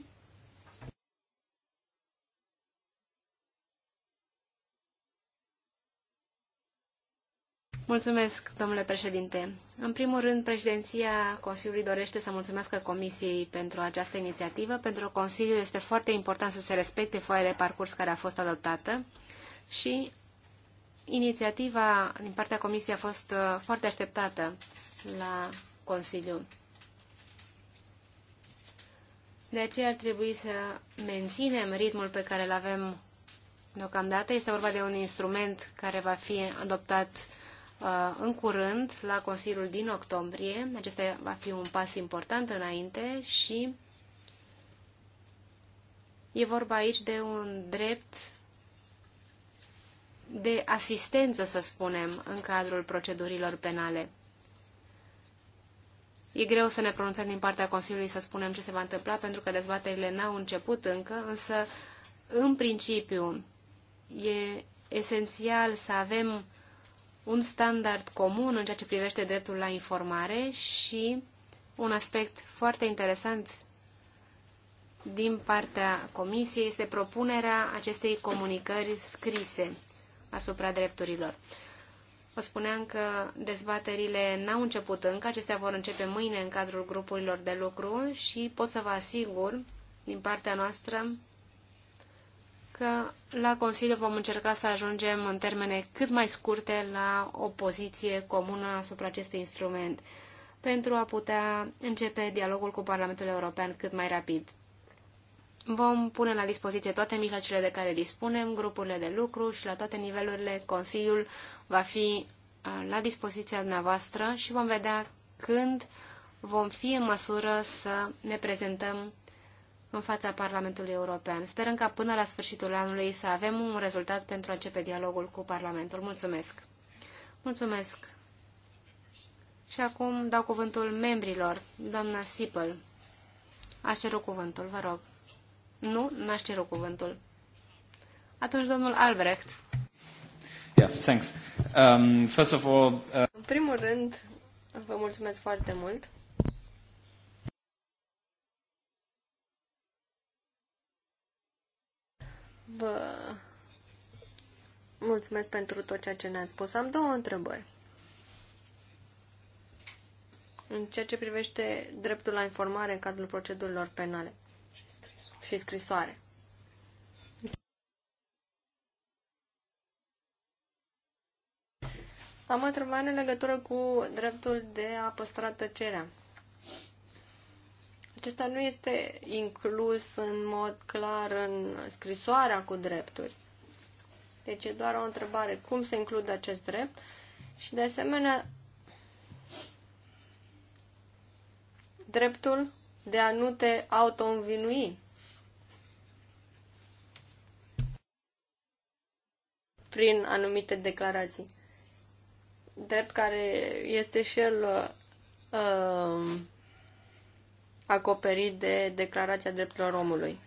Mulțumesc, domnule președinte. În primul rând, președinția Consiliului dorește să mulțumească Comisiei pentru această inițiativă. Pentru Consiliu este foarte important să se respecte foaia de parcurs care a fost adoptată și inițiativa din partea Comisiei a fost uh, foarte așteptată la Consiliu. De aceea ar trebui să menținem ritmul pe care îl avem deocamdată. Este vorba de un instrument care va fi adoptat Uh, în curând la Consiliul din octombrie. Acesta va fi un pas important înainte și e vorba aici de un drept de asistență, să spunem, în cadrul procedurilor penale. E greu să ne pronunțăm din partea Consiliului să spunem ce se va întâmpla, pentru că dezbaterile n-au început încă, însă, în principiu, e esențial să avem un standard comun în ceea ce privește dreptul la informare și un aspect foarte interesant din partea Comisiei este propunerea acestei comunicări scrise asupra drepturilor. Vă spuneam că dezbaterile n-au început încă, acestea vor începe mâine în cadrul grupurilor de lucru și pot să vă asigur din partea noastră că la Consiliu vom încerca să ajungem în termene cât mai scurte la o poziție comună asupra acestui instrument pentru a putea începe dialogul cu Parlamentul European cât mai rapid. Vom pune la dispoziție toate mijloacele de care dispunem, grupurile de lucru și la toate nivelurile Consiliul va fi uh, la dispoziția dumneavoastră și vom vedea când vom fi în măsură să ne prezentăm în fața Parlamentului European. Sperăm ca până la sfârșitul anului să avem un rezultat pentru a începe dialogul cu Parlamentul. Mulțumesc! Mulțumesc! Și acum dau cuvântul membrilor. Doamna Sipăl, aș ceru cuvântul, vă rog. Nu, n-aș ceru cuvântul. Atunci, domnul Albrecht. Yeah, thanks. Um, first of all, uh... În primul rând, vă mulțumesc foarte mult. Vă mulțumesc pentru tot ceea ce ne-ați spus. Am două întrebări. În ceea ce privește dreptul la informare în cadrul procedurilor penale și scrisoare. Am întrebare în legătură cu dreptul de a păstra tăcerea acesta nu este inclus în mod clar în scrisoarea cu drepturi. Deci e doar o întrebare. Cum se include acest drept? Și de asemenea, dreptul de a nu te auto-învinui. prin anumite declarații. Drept care este și el uh, acoperit de Declarația Drepturilor Omului.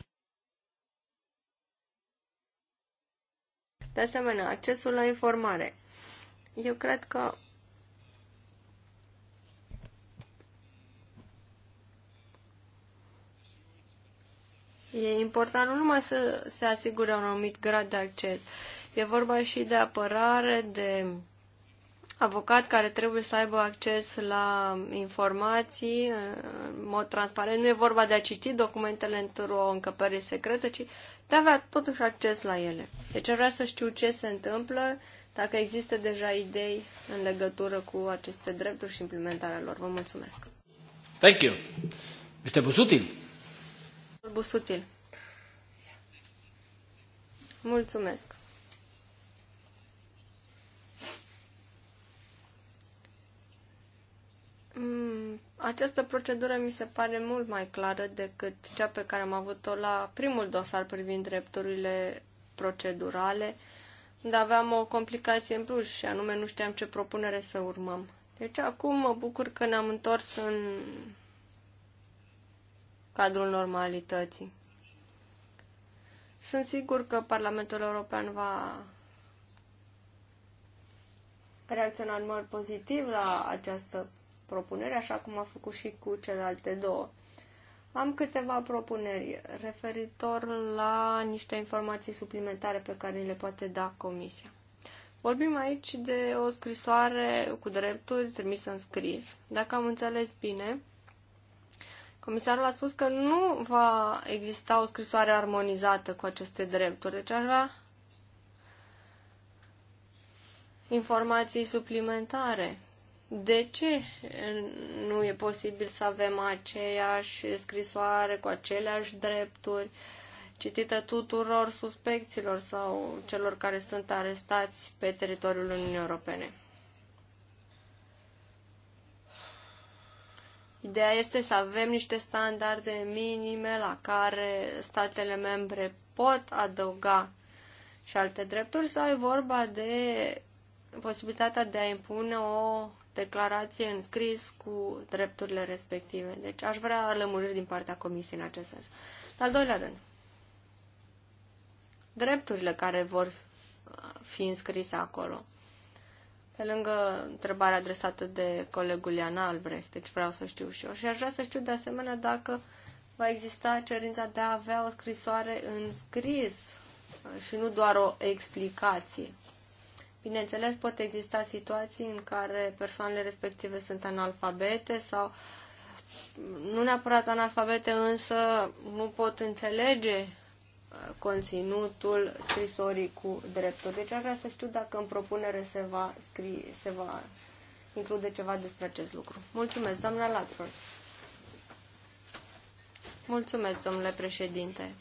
De asemenea, accesul la informare. Eu cred că E important nu numai să se asigure un anumit grad de acces. E vorba și de apărare, de avocat care trebuie să aibă acces la informații în mod transparent. Nu e vorba de a citi documentele într-o încăpere secretă, ci de a avea totuși acces la ele. Deci vrea să știu ce se întâmplă, dacă există deja idei în legătură cu aceste drepturi și implementarea lor. Vă mulțumesc. Thank you. Este Busutil. Busutil. Mulțumesc. Mm, această procedură mi se pare mult mai clară decât cea pe care am avut-o la primul dosar privind drepturile procedurale, unde aveam o complicație în plus și anume nu știam ce propunere să urmăm. Deci acum mă bucur că ne-am întors în cadrul normalității. Sunt sigur că Parlamentul European va reacționa în mod pozitiv la această propunere, așa cum a făcut și cu celelalte două. Am câteva propuneri referitor la niște informații suplimentare pe care ni le poate da Comisia. Vorbim aici de o scrisoare cu drepturi trimisă în scris. Dacă am înțeles bine, comisarul a spus că nu va exista o scrisoare armonizată cu aceste drepturi, deci ar vrea informații suplimentare de ce nu e posibil să avem aceeași scrisoare cu aceleași drepturi citită tuturor suspecților sau celor care sunt arestați pe teritoriul Uniunii Europene? Ideea este să avem niște standarde minime la care statele membre pot adăuga și alte drepturi sau e vorba de posibilitatea de a impune o declarație în scris cu drepturile respective. Deci aș vrea lămuriri din partea comisiei în acest sens. La Al doilea rând, drepturile care vor fi înscrise acolo. Pe lângă întrebarea adresată de colegul Ian Albrecht, deci vreau să știu și eu. Și aș vrea să știu de asemenea dacă va exista cerința de a avea o scrisoare în scris și nu doar o explicație Bineînțeles, pot exista situații în care persoanele respective sunt analfabete sau nu neapărat analfabete, însă nu pot înțelege uh, conținutul scrisorii cu drepturi. Deci ar vrea să știu dacă în propunere se va, scrie, se va include ceva despre acest lucru. Mulțumesc, doamna Latford. Mulțumesc, domnule președinte.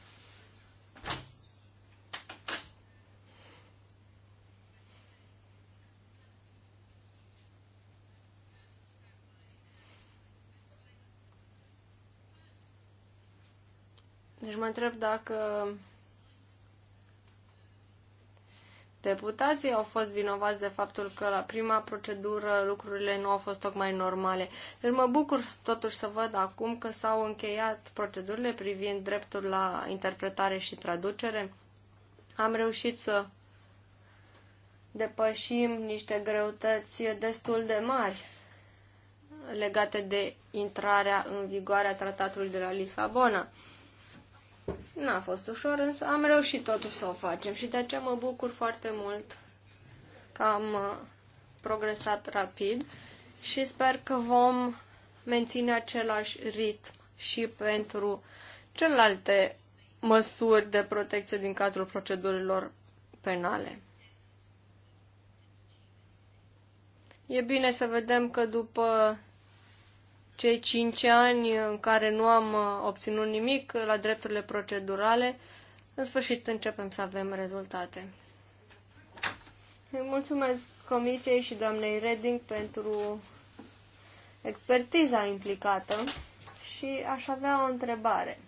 Deci mă întreb dacă deputații au fost vinovați de faptul că la prima procedură lucrurile nu au fost tocmai normale. Deci mă bucur totuși să văd acum că s-au încheiat procedurile privind dreptul la interpretare și traducere. Am reușit să depășim niște greutăți destul de mari legate de intrarea în vigoare a tratatului de la Lisabona. N-a fost ușor, însă am reușit totuși să o facem și de aceea mă bucur foarte mult că am uh, progresat rapid și sper că vom menține același ritm și pentru celelalte măsuri de protecție din cadrul procedurilor penale. E bine să vedem că după cei cinci ani în care nu am uh, obținut nimic la drepturile procedurale, în sfârșit începem să avem rezultate. mulțumesc Comisiei și doamnei Reding pentru expertiza implicată și aș avea o întrebare.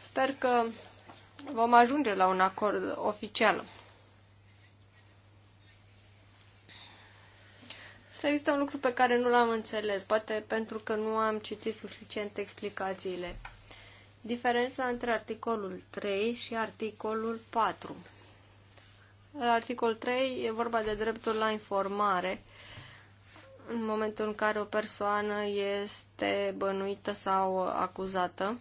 Sper că vom ajunge la un acord oficial. Să există un lucru pe care nu l-am înțeles, poate pentru că nu am citit suficient explicațiile. Diferența între articolul 3 și articolul 4. La articolul 3 e vorba de dreptul la informare în momentul în care o persoană este bănuită sau acuzată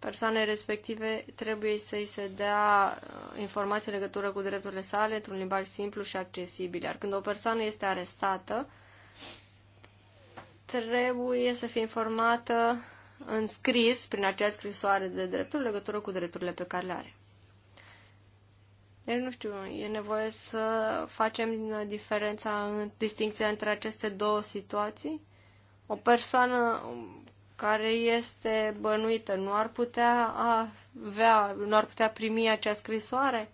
persoanei respective trebuie să-i se dea uh, informații în legătură cu drepturile sale într-un limbaj simplu și accesibil. Iar când o persoană este arestată, trebuie să fie informată în scris, prin acea scrisoare de drepturi, legătură cu drepturile pe care le are. Deci, nu știu, e nevoie să facem uh, diferența, distinția între aceste două situații. O persoană um, care este bănuită nu ar putea avea, nu ar putea primi acea scrisoare?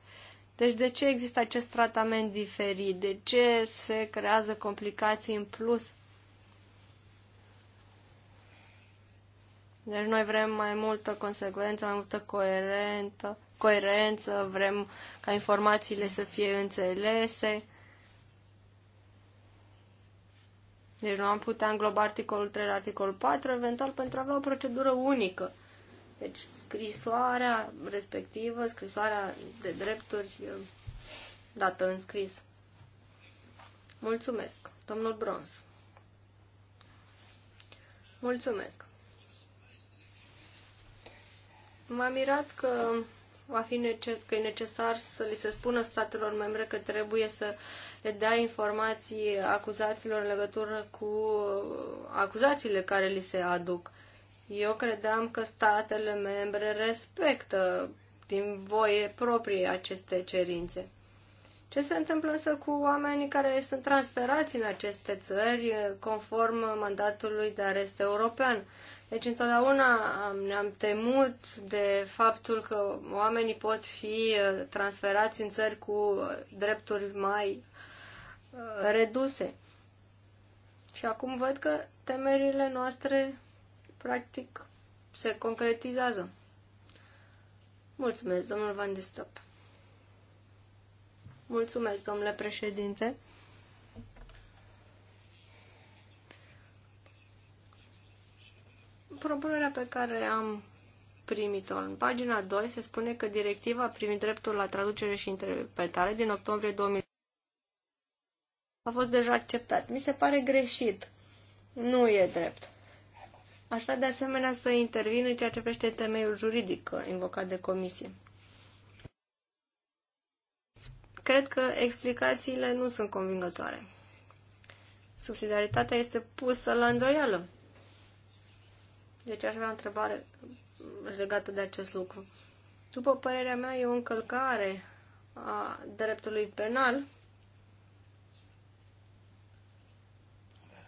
Deci de ce există acest tratament diferit? De ce se creează complicații în plus? Deci noi vrem mai multă consecvență, mai multă coerentă, coerență, vrem ca informațiile să fie înțelese. Deci nu am putea îngloba articolul 3 la articolul 4, eventual pentru a avea o procedură unică. Deci scrisoarea respectivă, scrisoarea de drepturi dată în scris. Mulțumesc, domnul Brons. Mulțumesc. m am mirat că va fi neces- că e necesar să li se spună statelor membre că trebuie să le dea informații acuzaților în legătură cu acuzațiile care li se aduc. Eu credeam că statele membre respectă din voie proprie aceste cerințe. Ce se întâmplă însă cu oamenii care sunt transferați în aceste țări eh, conform mandatului de arest european? Deci întotdeauna ne-am temut de faptul că oamenii pot fi eh, transferați în țări cu eh, drepturi mai reduse. Și acum văd că temerile noastre practic se concretizează. Mulțumesc, domnul Van de Stăp. Mulțumesc, domnule președinte. Propunerea pe care am primit-o. În pagina 2 se spune că directiva privind dreptul la traducere și interpretare din octombrie 2000 a fost deja acceptat. Mi se pare greșit. Nu e drept. Aș vrea de asemenea să intervin în ceea ce privește temeiul juridic invocat de comisie. Cred că explicațiile nu sunt convingătoare. Subsidiaritatea este pusă la îndoială. Deci aș avea o întrebare legată de acest lucru. După părerea mea, e o încălcare a dreptului penal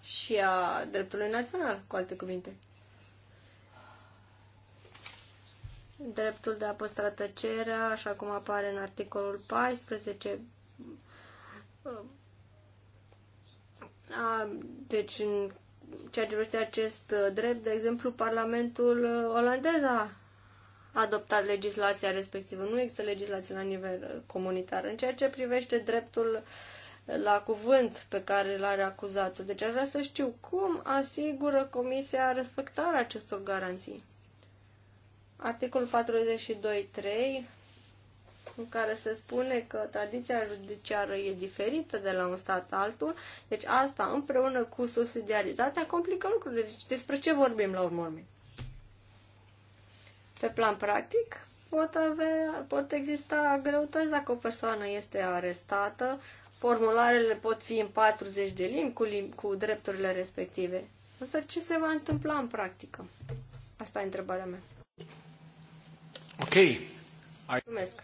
și a dreptului național, cu alte cuvinte. dreptul de a păstra tăcerea, așa cum apare în articolul 14. A, deci, în ceea ce vrește acest drept, de exemplu, Parlamentul olandez a adoptat legislația respectivă. Nu există legislație la nivel comunitar. În ceea ce privește dreptul la cuvânt pe care l are acuzatul. Deci ar vrea să știu cum asigură Comisia respectarea acestor garanții articolul 42.3 în care se spune că tradiția judiciară e diferită de la un stat altul, deci asta împreună cu subsidiaritatea complică lucrurile. Deci despre ce vorbim la urmă? Pe plan practic, pot, avea, pot exista greutăți dacă o persoană este arestată, formularele pot fi în 40 de limbi cu, lim- cu drepturile respective. Însă ce se va întâmpla în practică? Asta e întrebarea mea. Ok. Mulțumesc.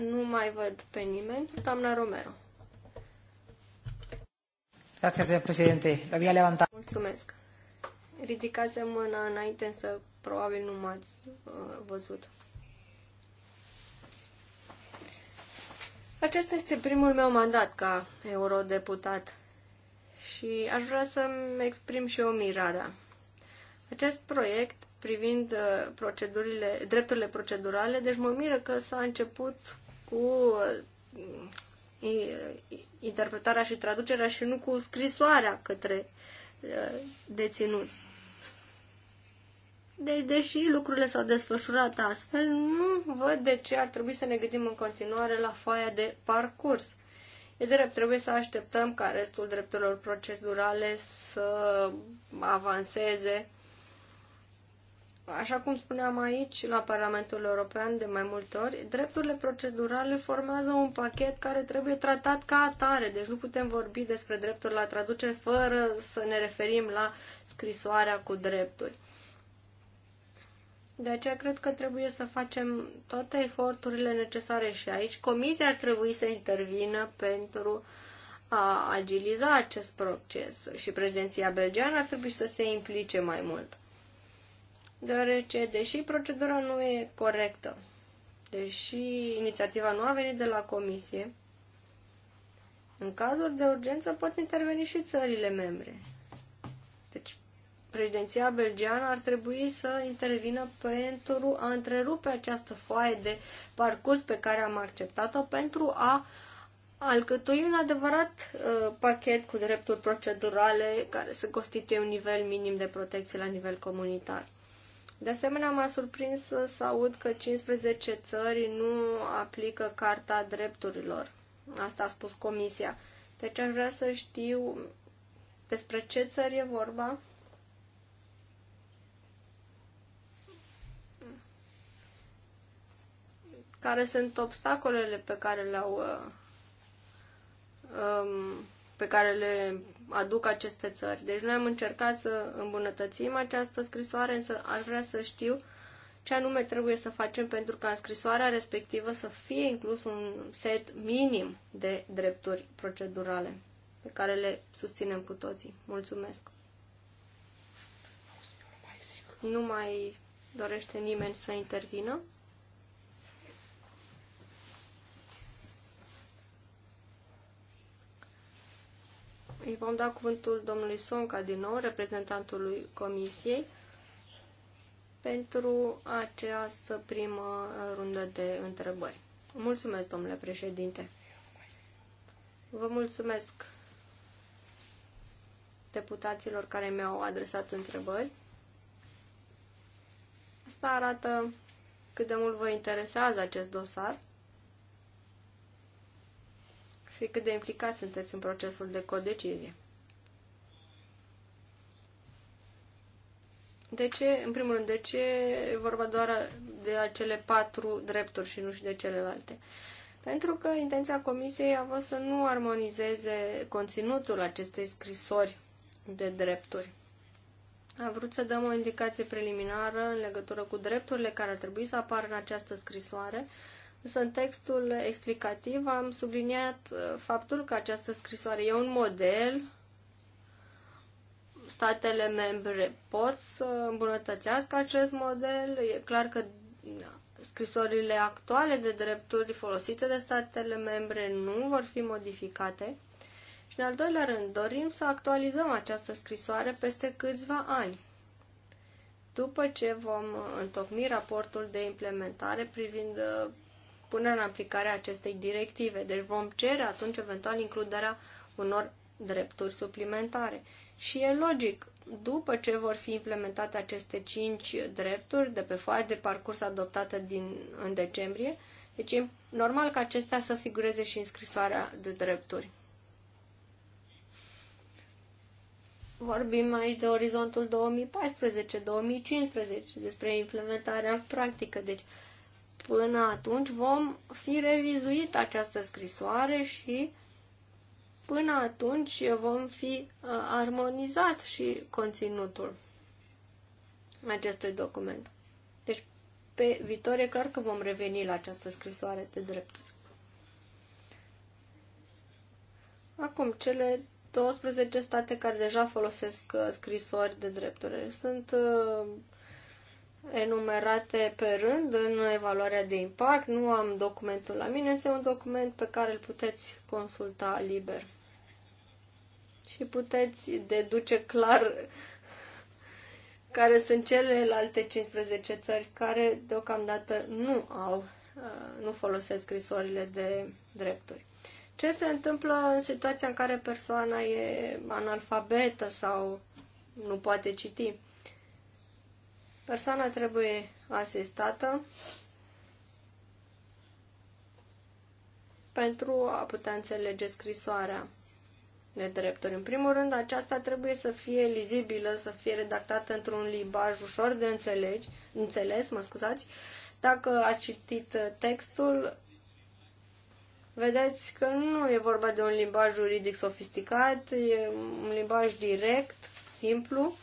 Nu mai văd pe nimeni. Doamna Romero. Grazie, señor presidente. La via levantat. Mulțumesc. Ridicase mâna înainte, însă probabil nu m-ați uh, văzut. Acesta este primul meu mandat ca eurodeputat și aș vrea să-mi exprim și eu mirarea acest proiect privind uh, procedurile, drepturile procedurale, deci mă miră că s-a început cu uh, interpretarea și traducerea și nu cu scrisoarea către uh, deținuți. De, deși lucrurile s-au desfășurat astfel, nu văd de ce ar trebui să ne gândim în continuare la foaia de parcurs. E drept, trebuie să așteptăm ca restul drepturilor procedurale să avanseze Așa cum spuneam aici, la Parlamentul European, de mai multe ori, drepturile procedurale formează un pachet care trebuie tratat ca atare, deci nu putem vorbi despre drepturi la traducere fără să ne referim la scrisoarea cu drepturi. De aceea cred că trebuie să facem toate eforturile necesare și aici. Comisia ar trebui să intervină pentru a agiliza acest proces și președinția belgeană ar trebui să se implice mai mult deoarece, deși procedura nu e corectă, deși inițiativa nu a venit de la Comisie, în cazuri de urgență pot interveni și țările membre. Deci, președinția belgeană ar trebui să intervină pentru a întrerupe această foaie de parcurs pe care am acceptat-o pentru a alcătui un adevărat uh, pachet cu drepturi procedurale care să constituie un nivel minim de protecție la nivel comunitar. De asemenea, m-a surprins să aud că 15 țări nu aplică Carta Drepturilor. Asta a spus Comisia. Deci aș vrea să știu despre ce țări e vorba. Care sunt obstacolele pe care le-au uh, um, pe care le aduc aceste țări. Deci noi am încercat să îmbunătățim această scrisoare, însă aș vrea să știu ce anume trebuie să facem pentru ca în scrisoarea respectivă să fie inclus un set minim de drepturi procedurale pe care le susținem cu toții. Mulțumesc! Nu mai dorește nimeni să intervină? Îi vom da cuvântul domnului Sonca din nou, reprezentantului Comisiei, pentru această primă rundă de întrebări. Mulțumesc, domnule președinte. Vă mulțumesc deputaților care mi-au adresat întrebări. Asta arată cât de mult vă interesează acest dosar și cât de implicați sunteți în procesul de codecizie. De ce, în primul rând, de ce e vorba doar de acele patru drepturi și nu și de celelalte? Pentru că intenția comisiei a fost să nu armonizeze conținutul acestei scrisori de drepturi. A vrut să dăm o indicație preliminară în legătură cu drepturile care ar trebui să apară în această scrisoare, Însă în textul explicativ am subliniat uh, faptul că această scrisoare e un model. Statele membre pot să îmbunătățească acest model. E clar că da, scrisorile actuale de drepturi folosite de statele membre nu vor fi modificate. Și în al doilea rând, dorim să actualizăm această scrisoare peste câțiva ani, după ce vom întocmi raportul de implementare privind uh, punerea în aplicare a acestei directive. Deci vom cere atunci eventual includerea unor drepturi suplimentare. Și e logic, după ce vor fi implementate aceste cinci drepturi de pe foaia de parcurs adoptată din, în decembrie, deci e normal ca acestea să figureze și în scrisoarea de drepturi. Vorbim aici de orizontul 2014-2015, despre implementarea practică, deci Până atunci vom fi revizuit această scrisoare și până atunci vom fi uh, armonizat și conținutul acestui document. Deci, pe viitor e clar că vom reveni la această scrisoare de drept. Acum, cele 12 state care deja folosesc uh, scrisori de drepturi sunt uh, enumerate pe rând în evaluarea de impact. Nu am documentul la mine, este un document pe care îl puteți consulta liber. Și puteți deduce clar care sunt celelalte 15 țări care deocamdată nu au, uh, nu folosesc scrisorile de drepturi. Ce se întâmplă în situația în care persoana e analfabetă sau nu poate citi? Persoana trebuie asistată pentru a putea înțelege scrisoarea de drepturi. În primul rând, aceasta trebuie să fie lizibilă, să fie redactată într-un limbaj ușor de înțelegi, înțeles, mă scuzați. Dacă ați citit textul, vedeți că nu e vorba de un limbaj juridic sofisticat, e un limbaj direct, simplu,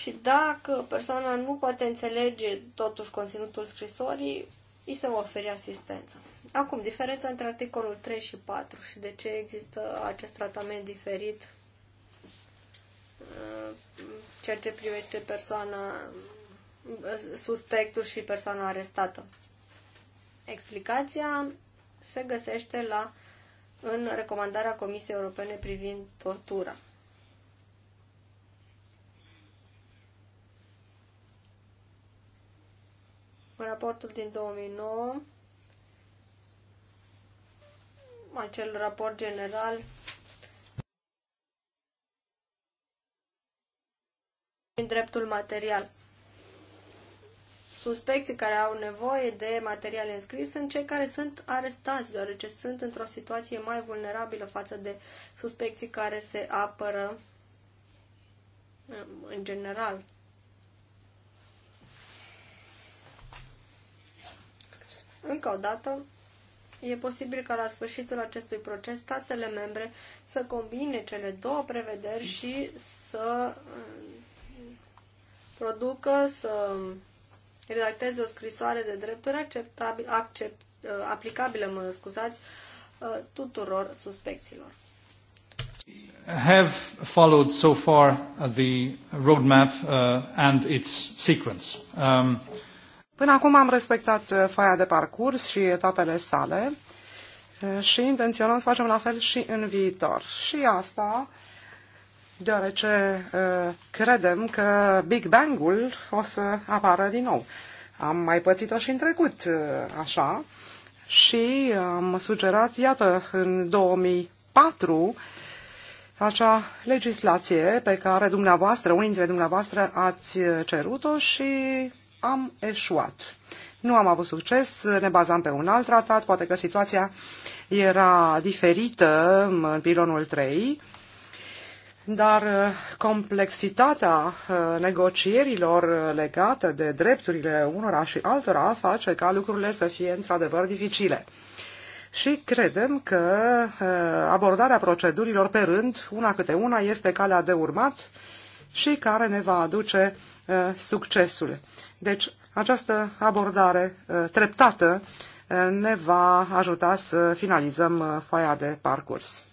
și dacă persoana nu poate înțelege totuși conținutul scrisorii, îi se oferă oferi asistență. Acum, diferența între articolul 3 și 4 și de ce există acest tratament diferit uh, ceea ce privește persoana uh, suspectul și persoana arestată. Explicația se găsește la în recomandarea Comisiei Europene privind tortura. raportul din 2009, acel raport general din dreptul material. Suspecții care au nevoie de materiale înscris sunt cei care sunt arestați, deoarece sunt într-o situație mai vulnerabilă față de suspecții care se apără în general. Încă o dată, e posibil ca la sfârșitul acestui proces statele membre să combine cele două prevederi și să uh, producă, să redacteze o scrisoare de drepturi acceptabil, accept, uh, aplicabilă, mă scuzați, uh, tuturor suspecțiilor. Have followed so far the roadmap uh, and its sequence. Um, Până acum am respectat uh, foaia de parcurs și etapele sale uh, și intenționăm să facem la fel și în viitor. Și asta deoarece uh, credem că Big Bang-ul o să apară din nou. Am mai pățit-o și în trecut așa și am sugerat, iată, în 2004 acea legislație pe care dumneavoastră, unii dintre dumneavoastră ați cerut-o și am eșuat. Nu am avut succes, ne bazam pe un alt tratat, poate că situația era diferită în pilonul 3, dar uh, complexitatea uh, negocierilor legate de drepturile unora și altora face ca lucrurile să fie într-adevăr dificile. Și credem că uh, abordarea procedurilor pe rând, una câte una, este calea de urmat și care ne va aduce Uh, succesul. Deci, această abordare uh, treptată uh, ne va ajuta să finalizăm foaia de parcurs.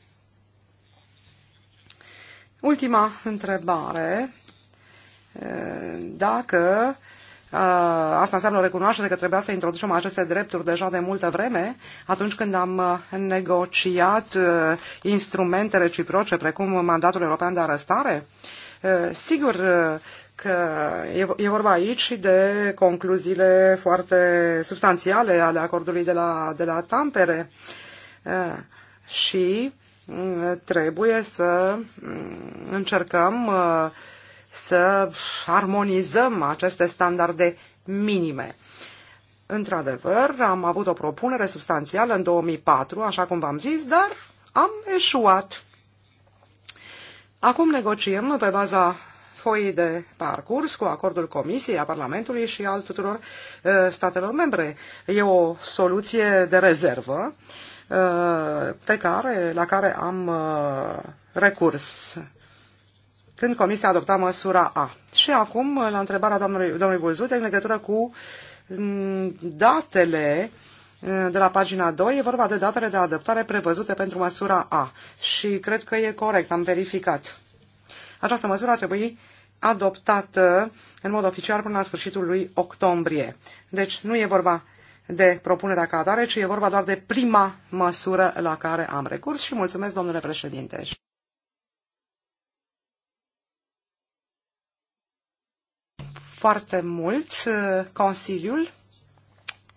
Ultima întrebare. Dacă asta înseamnă o recunoaștere că trebuia să introducem aceste drepturi deja de multă vreme, atunci când am negociat instrumente reciproce, precum mandatul european de arestare, Sigur, că e vorba aici și de concluziile foarte substanțiale ale acordului de la, de la Tampere și mm, trebuie să mm, încercăm să armonizăm aceste standarde minime. Într-adevăr, am avut o propunere substanțială în 2004, așa cum v-am zis, dar am eșuat. Acum negociem pe baza foi de parcurs cu acordul Comisiei, a Parlamentului și al tuturor uh, statelor membre. E o soluție de rezervă uh, pe care, la care am uh, recurs când Comisia adopta măsura A. Și acum, la întrebarea domnului, domnului Bulzute, în legătură cu mm, datele de la pagina 2, e vorba de datele de adaptare prevăzute pentru măsura A. Și cred că e corect, am verificat. Această măsură ar trebui adoptată în mod oficial până la sfârșitul lui octombrie. Deci nu e vorba de propunerea ca atare, ci e vorba doar de prima măsură la care am recurs și mulțumesc, domnule președinte. Foarte mult Consiliul,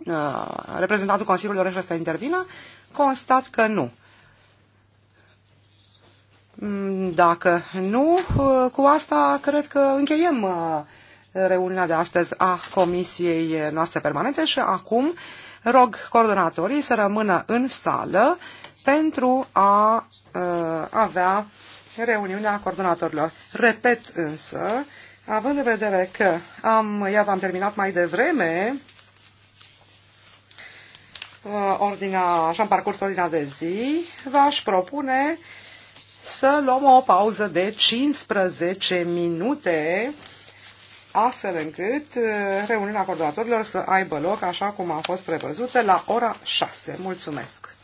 uh, reprezentantul Consiliului dorește să intervină, constat că nu. Mm, dacă nu, uh, cu asta cred că încheiem uh, reuniunea de astăzi a Comisiei noastre permanente și acum rog coordonatorii să rămână în sală pentru a uh, avea reuniunea coordonatorilor. Repet însă, având în vedere că am, iată, am terminat mai devreme ordinea, așa am parcurs ordinea de zi, v-aș propune să luăm o pauză de 15 minute astfel încât uh, reuniunea coordonatorilor să aibă loc, așa cum a fost prevăzută, la ora 6. Mulțumesc!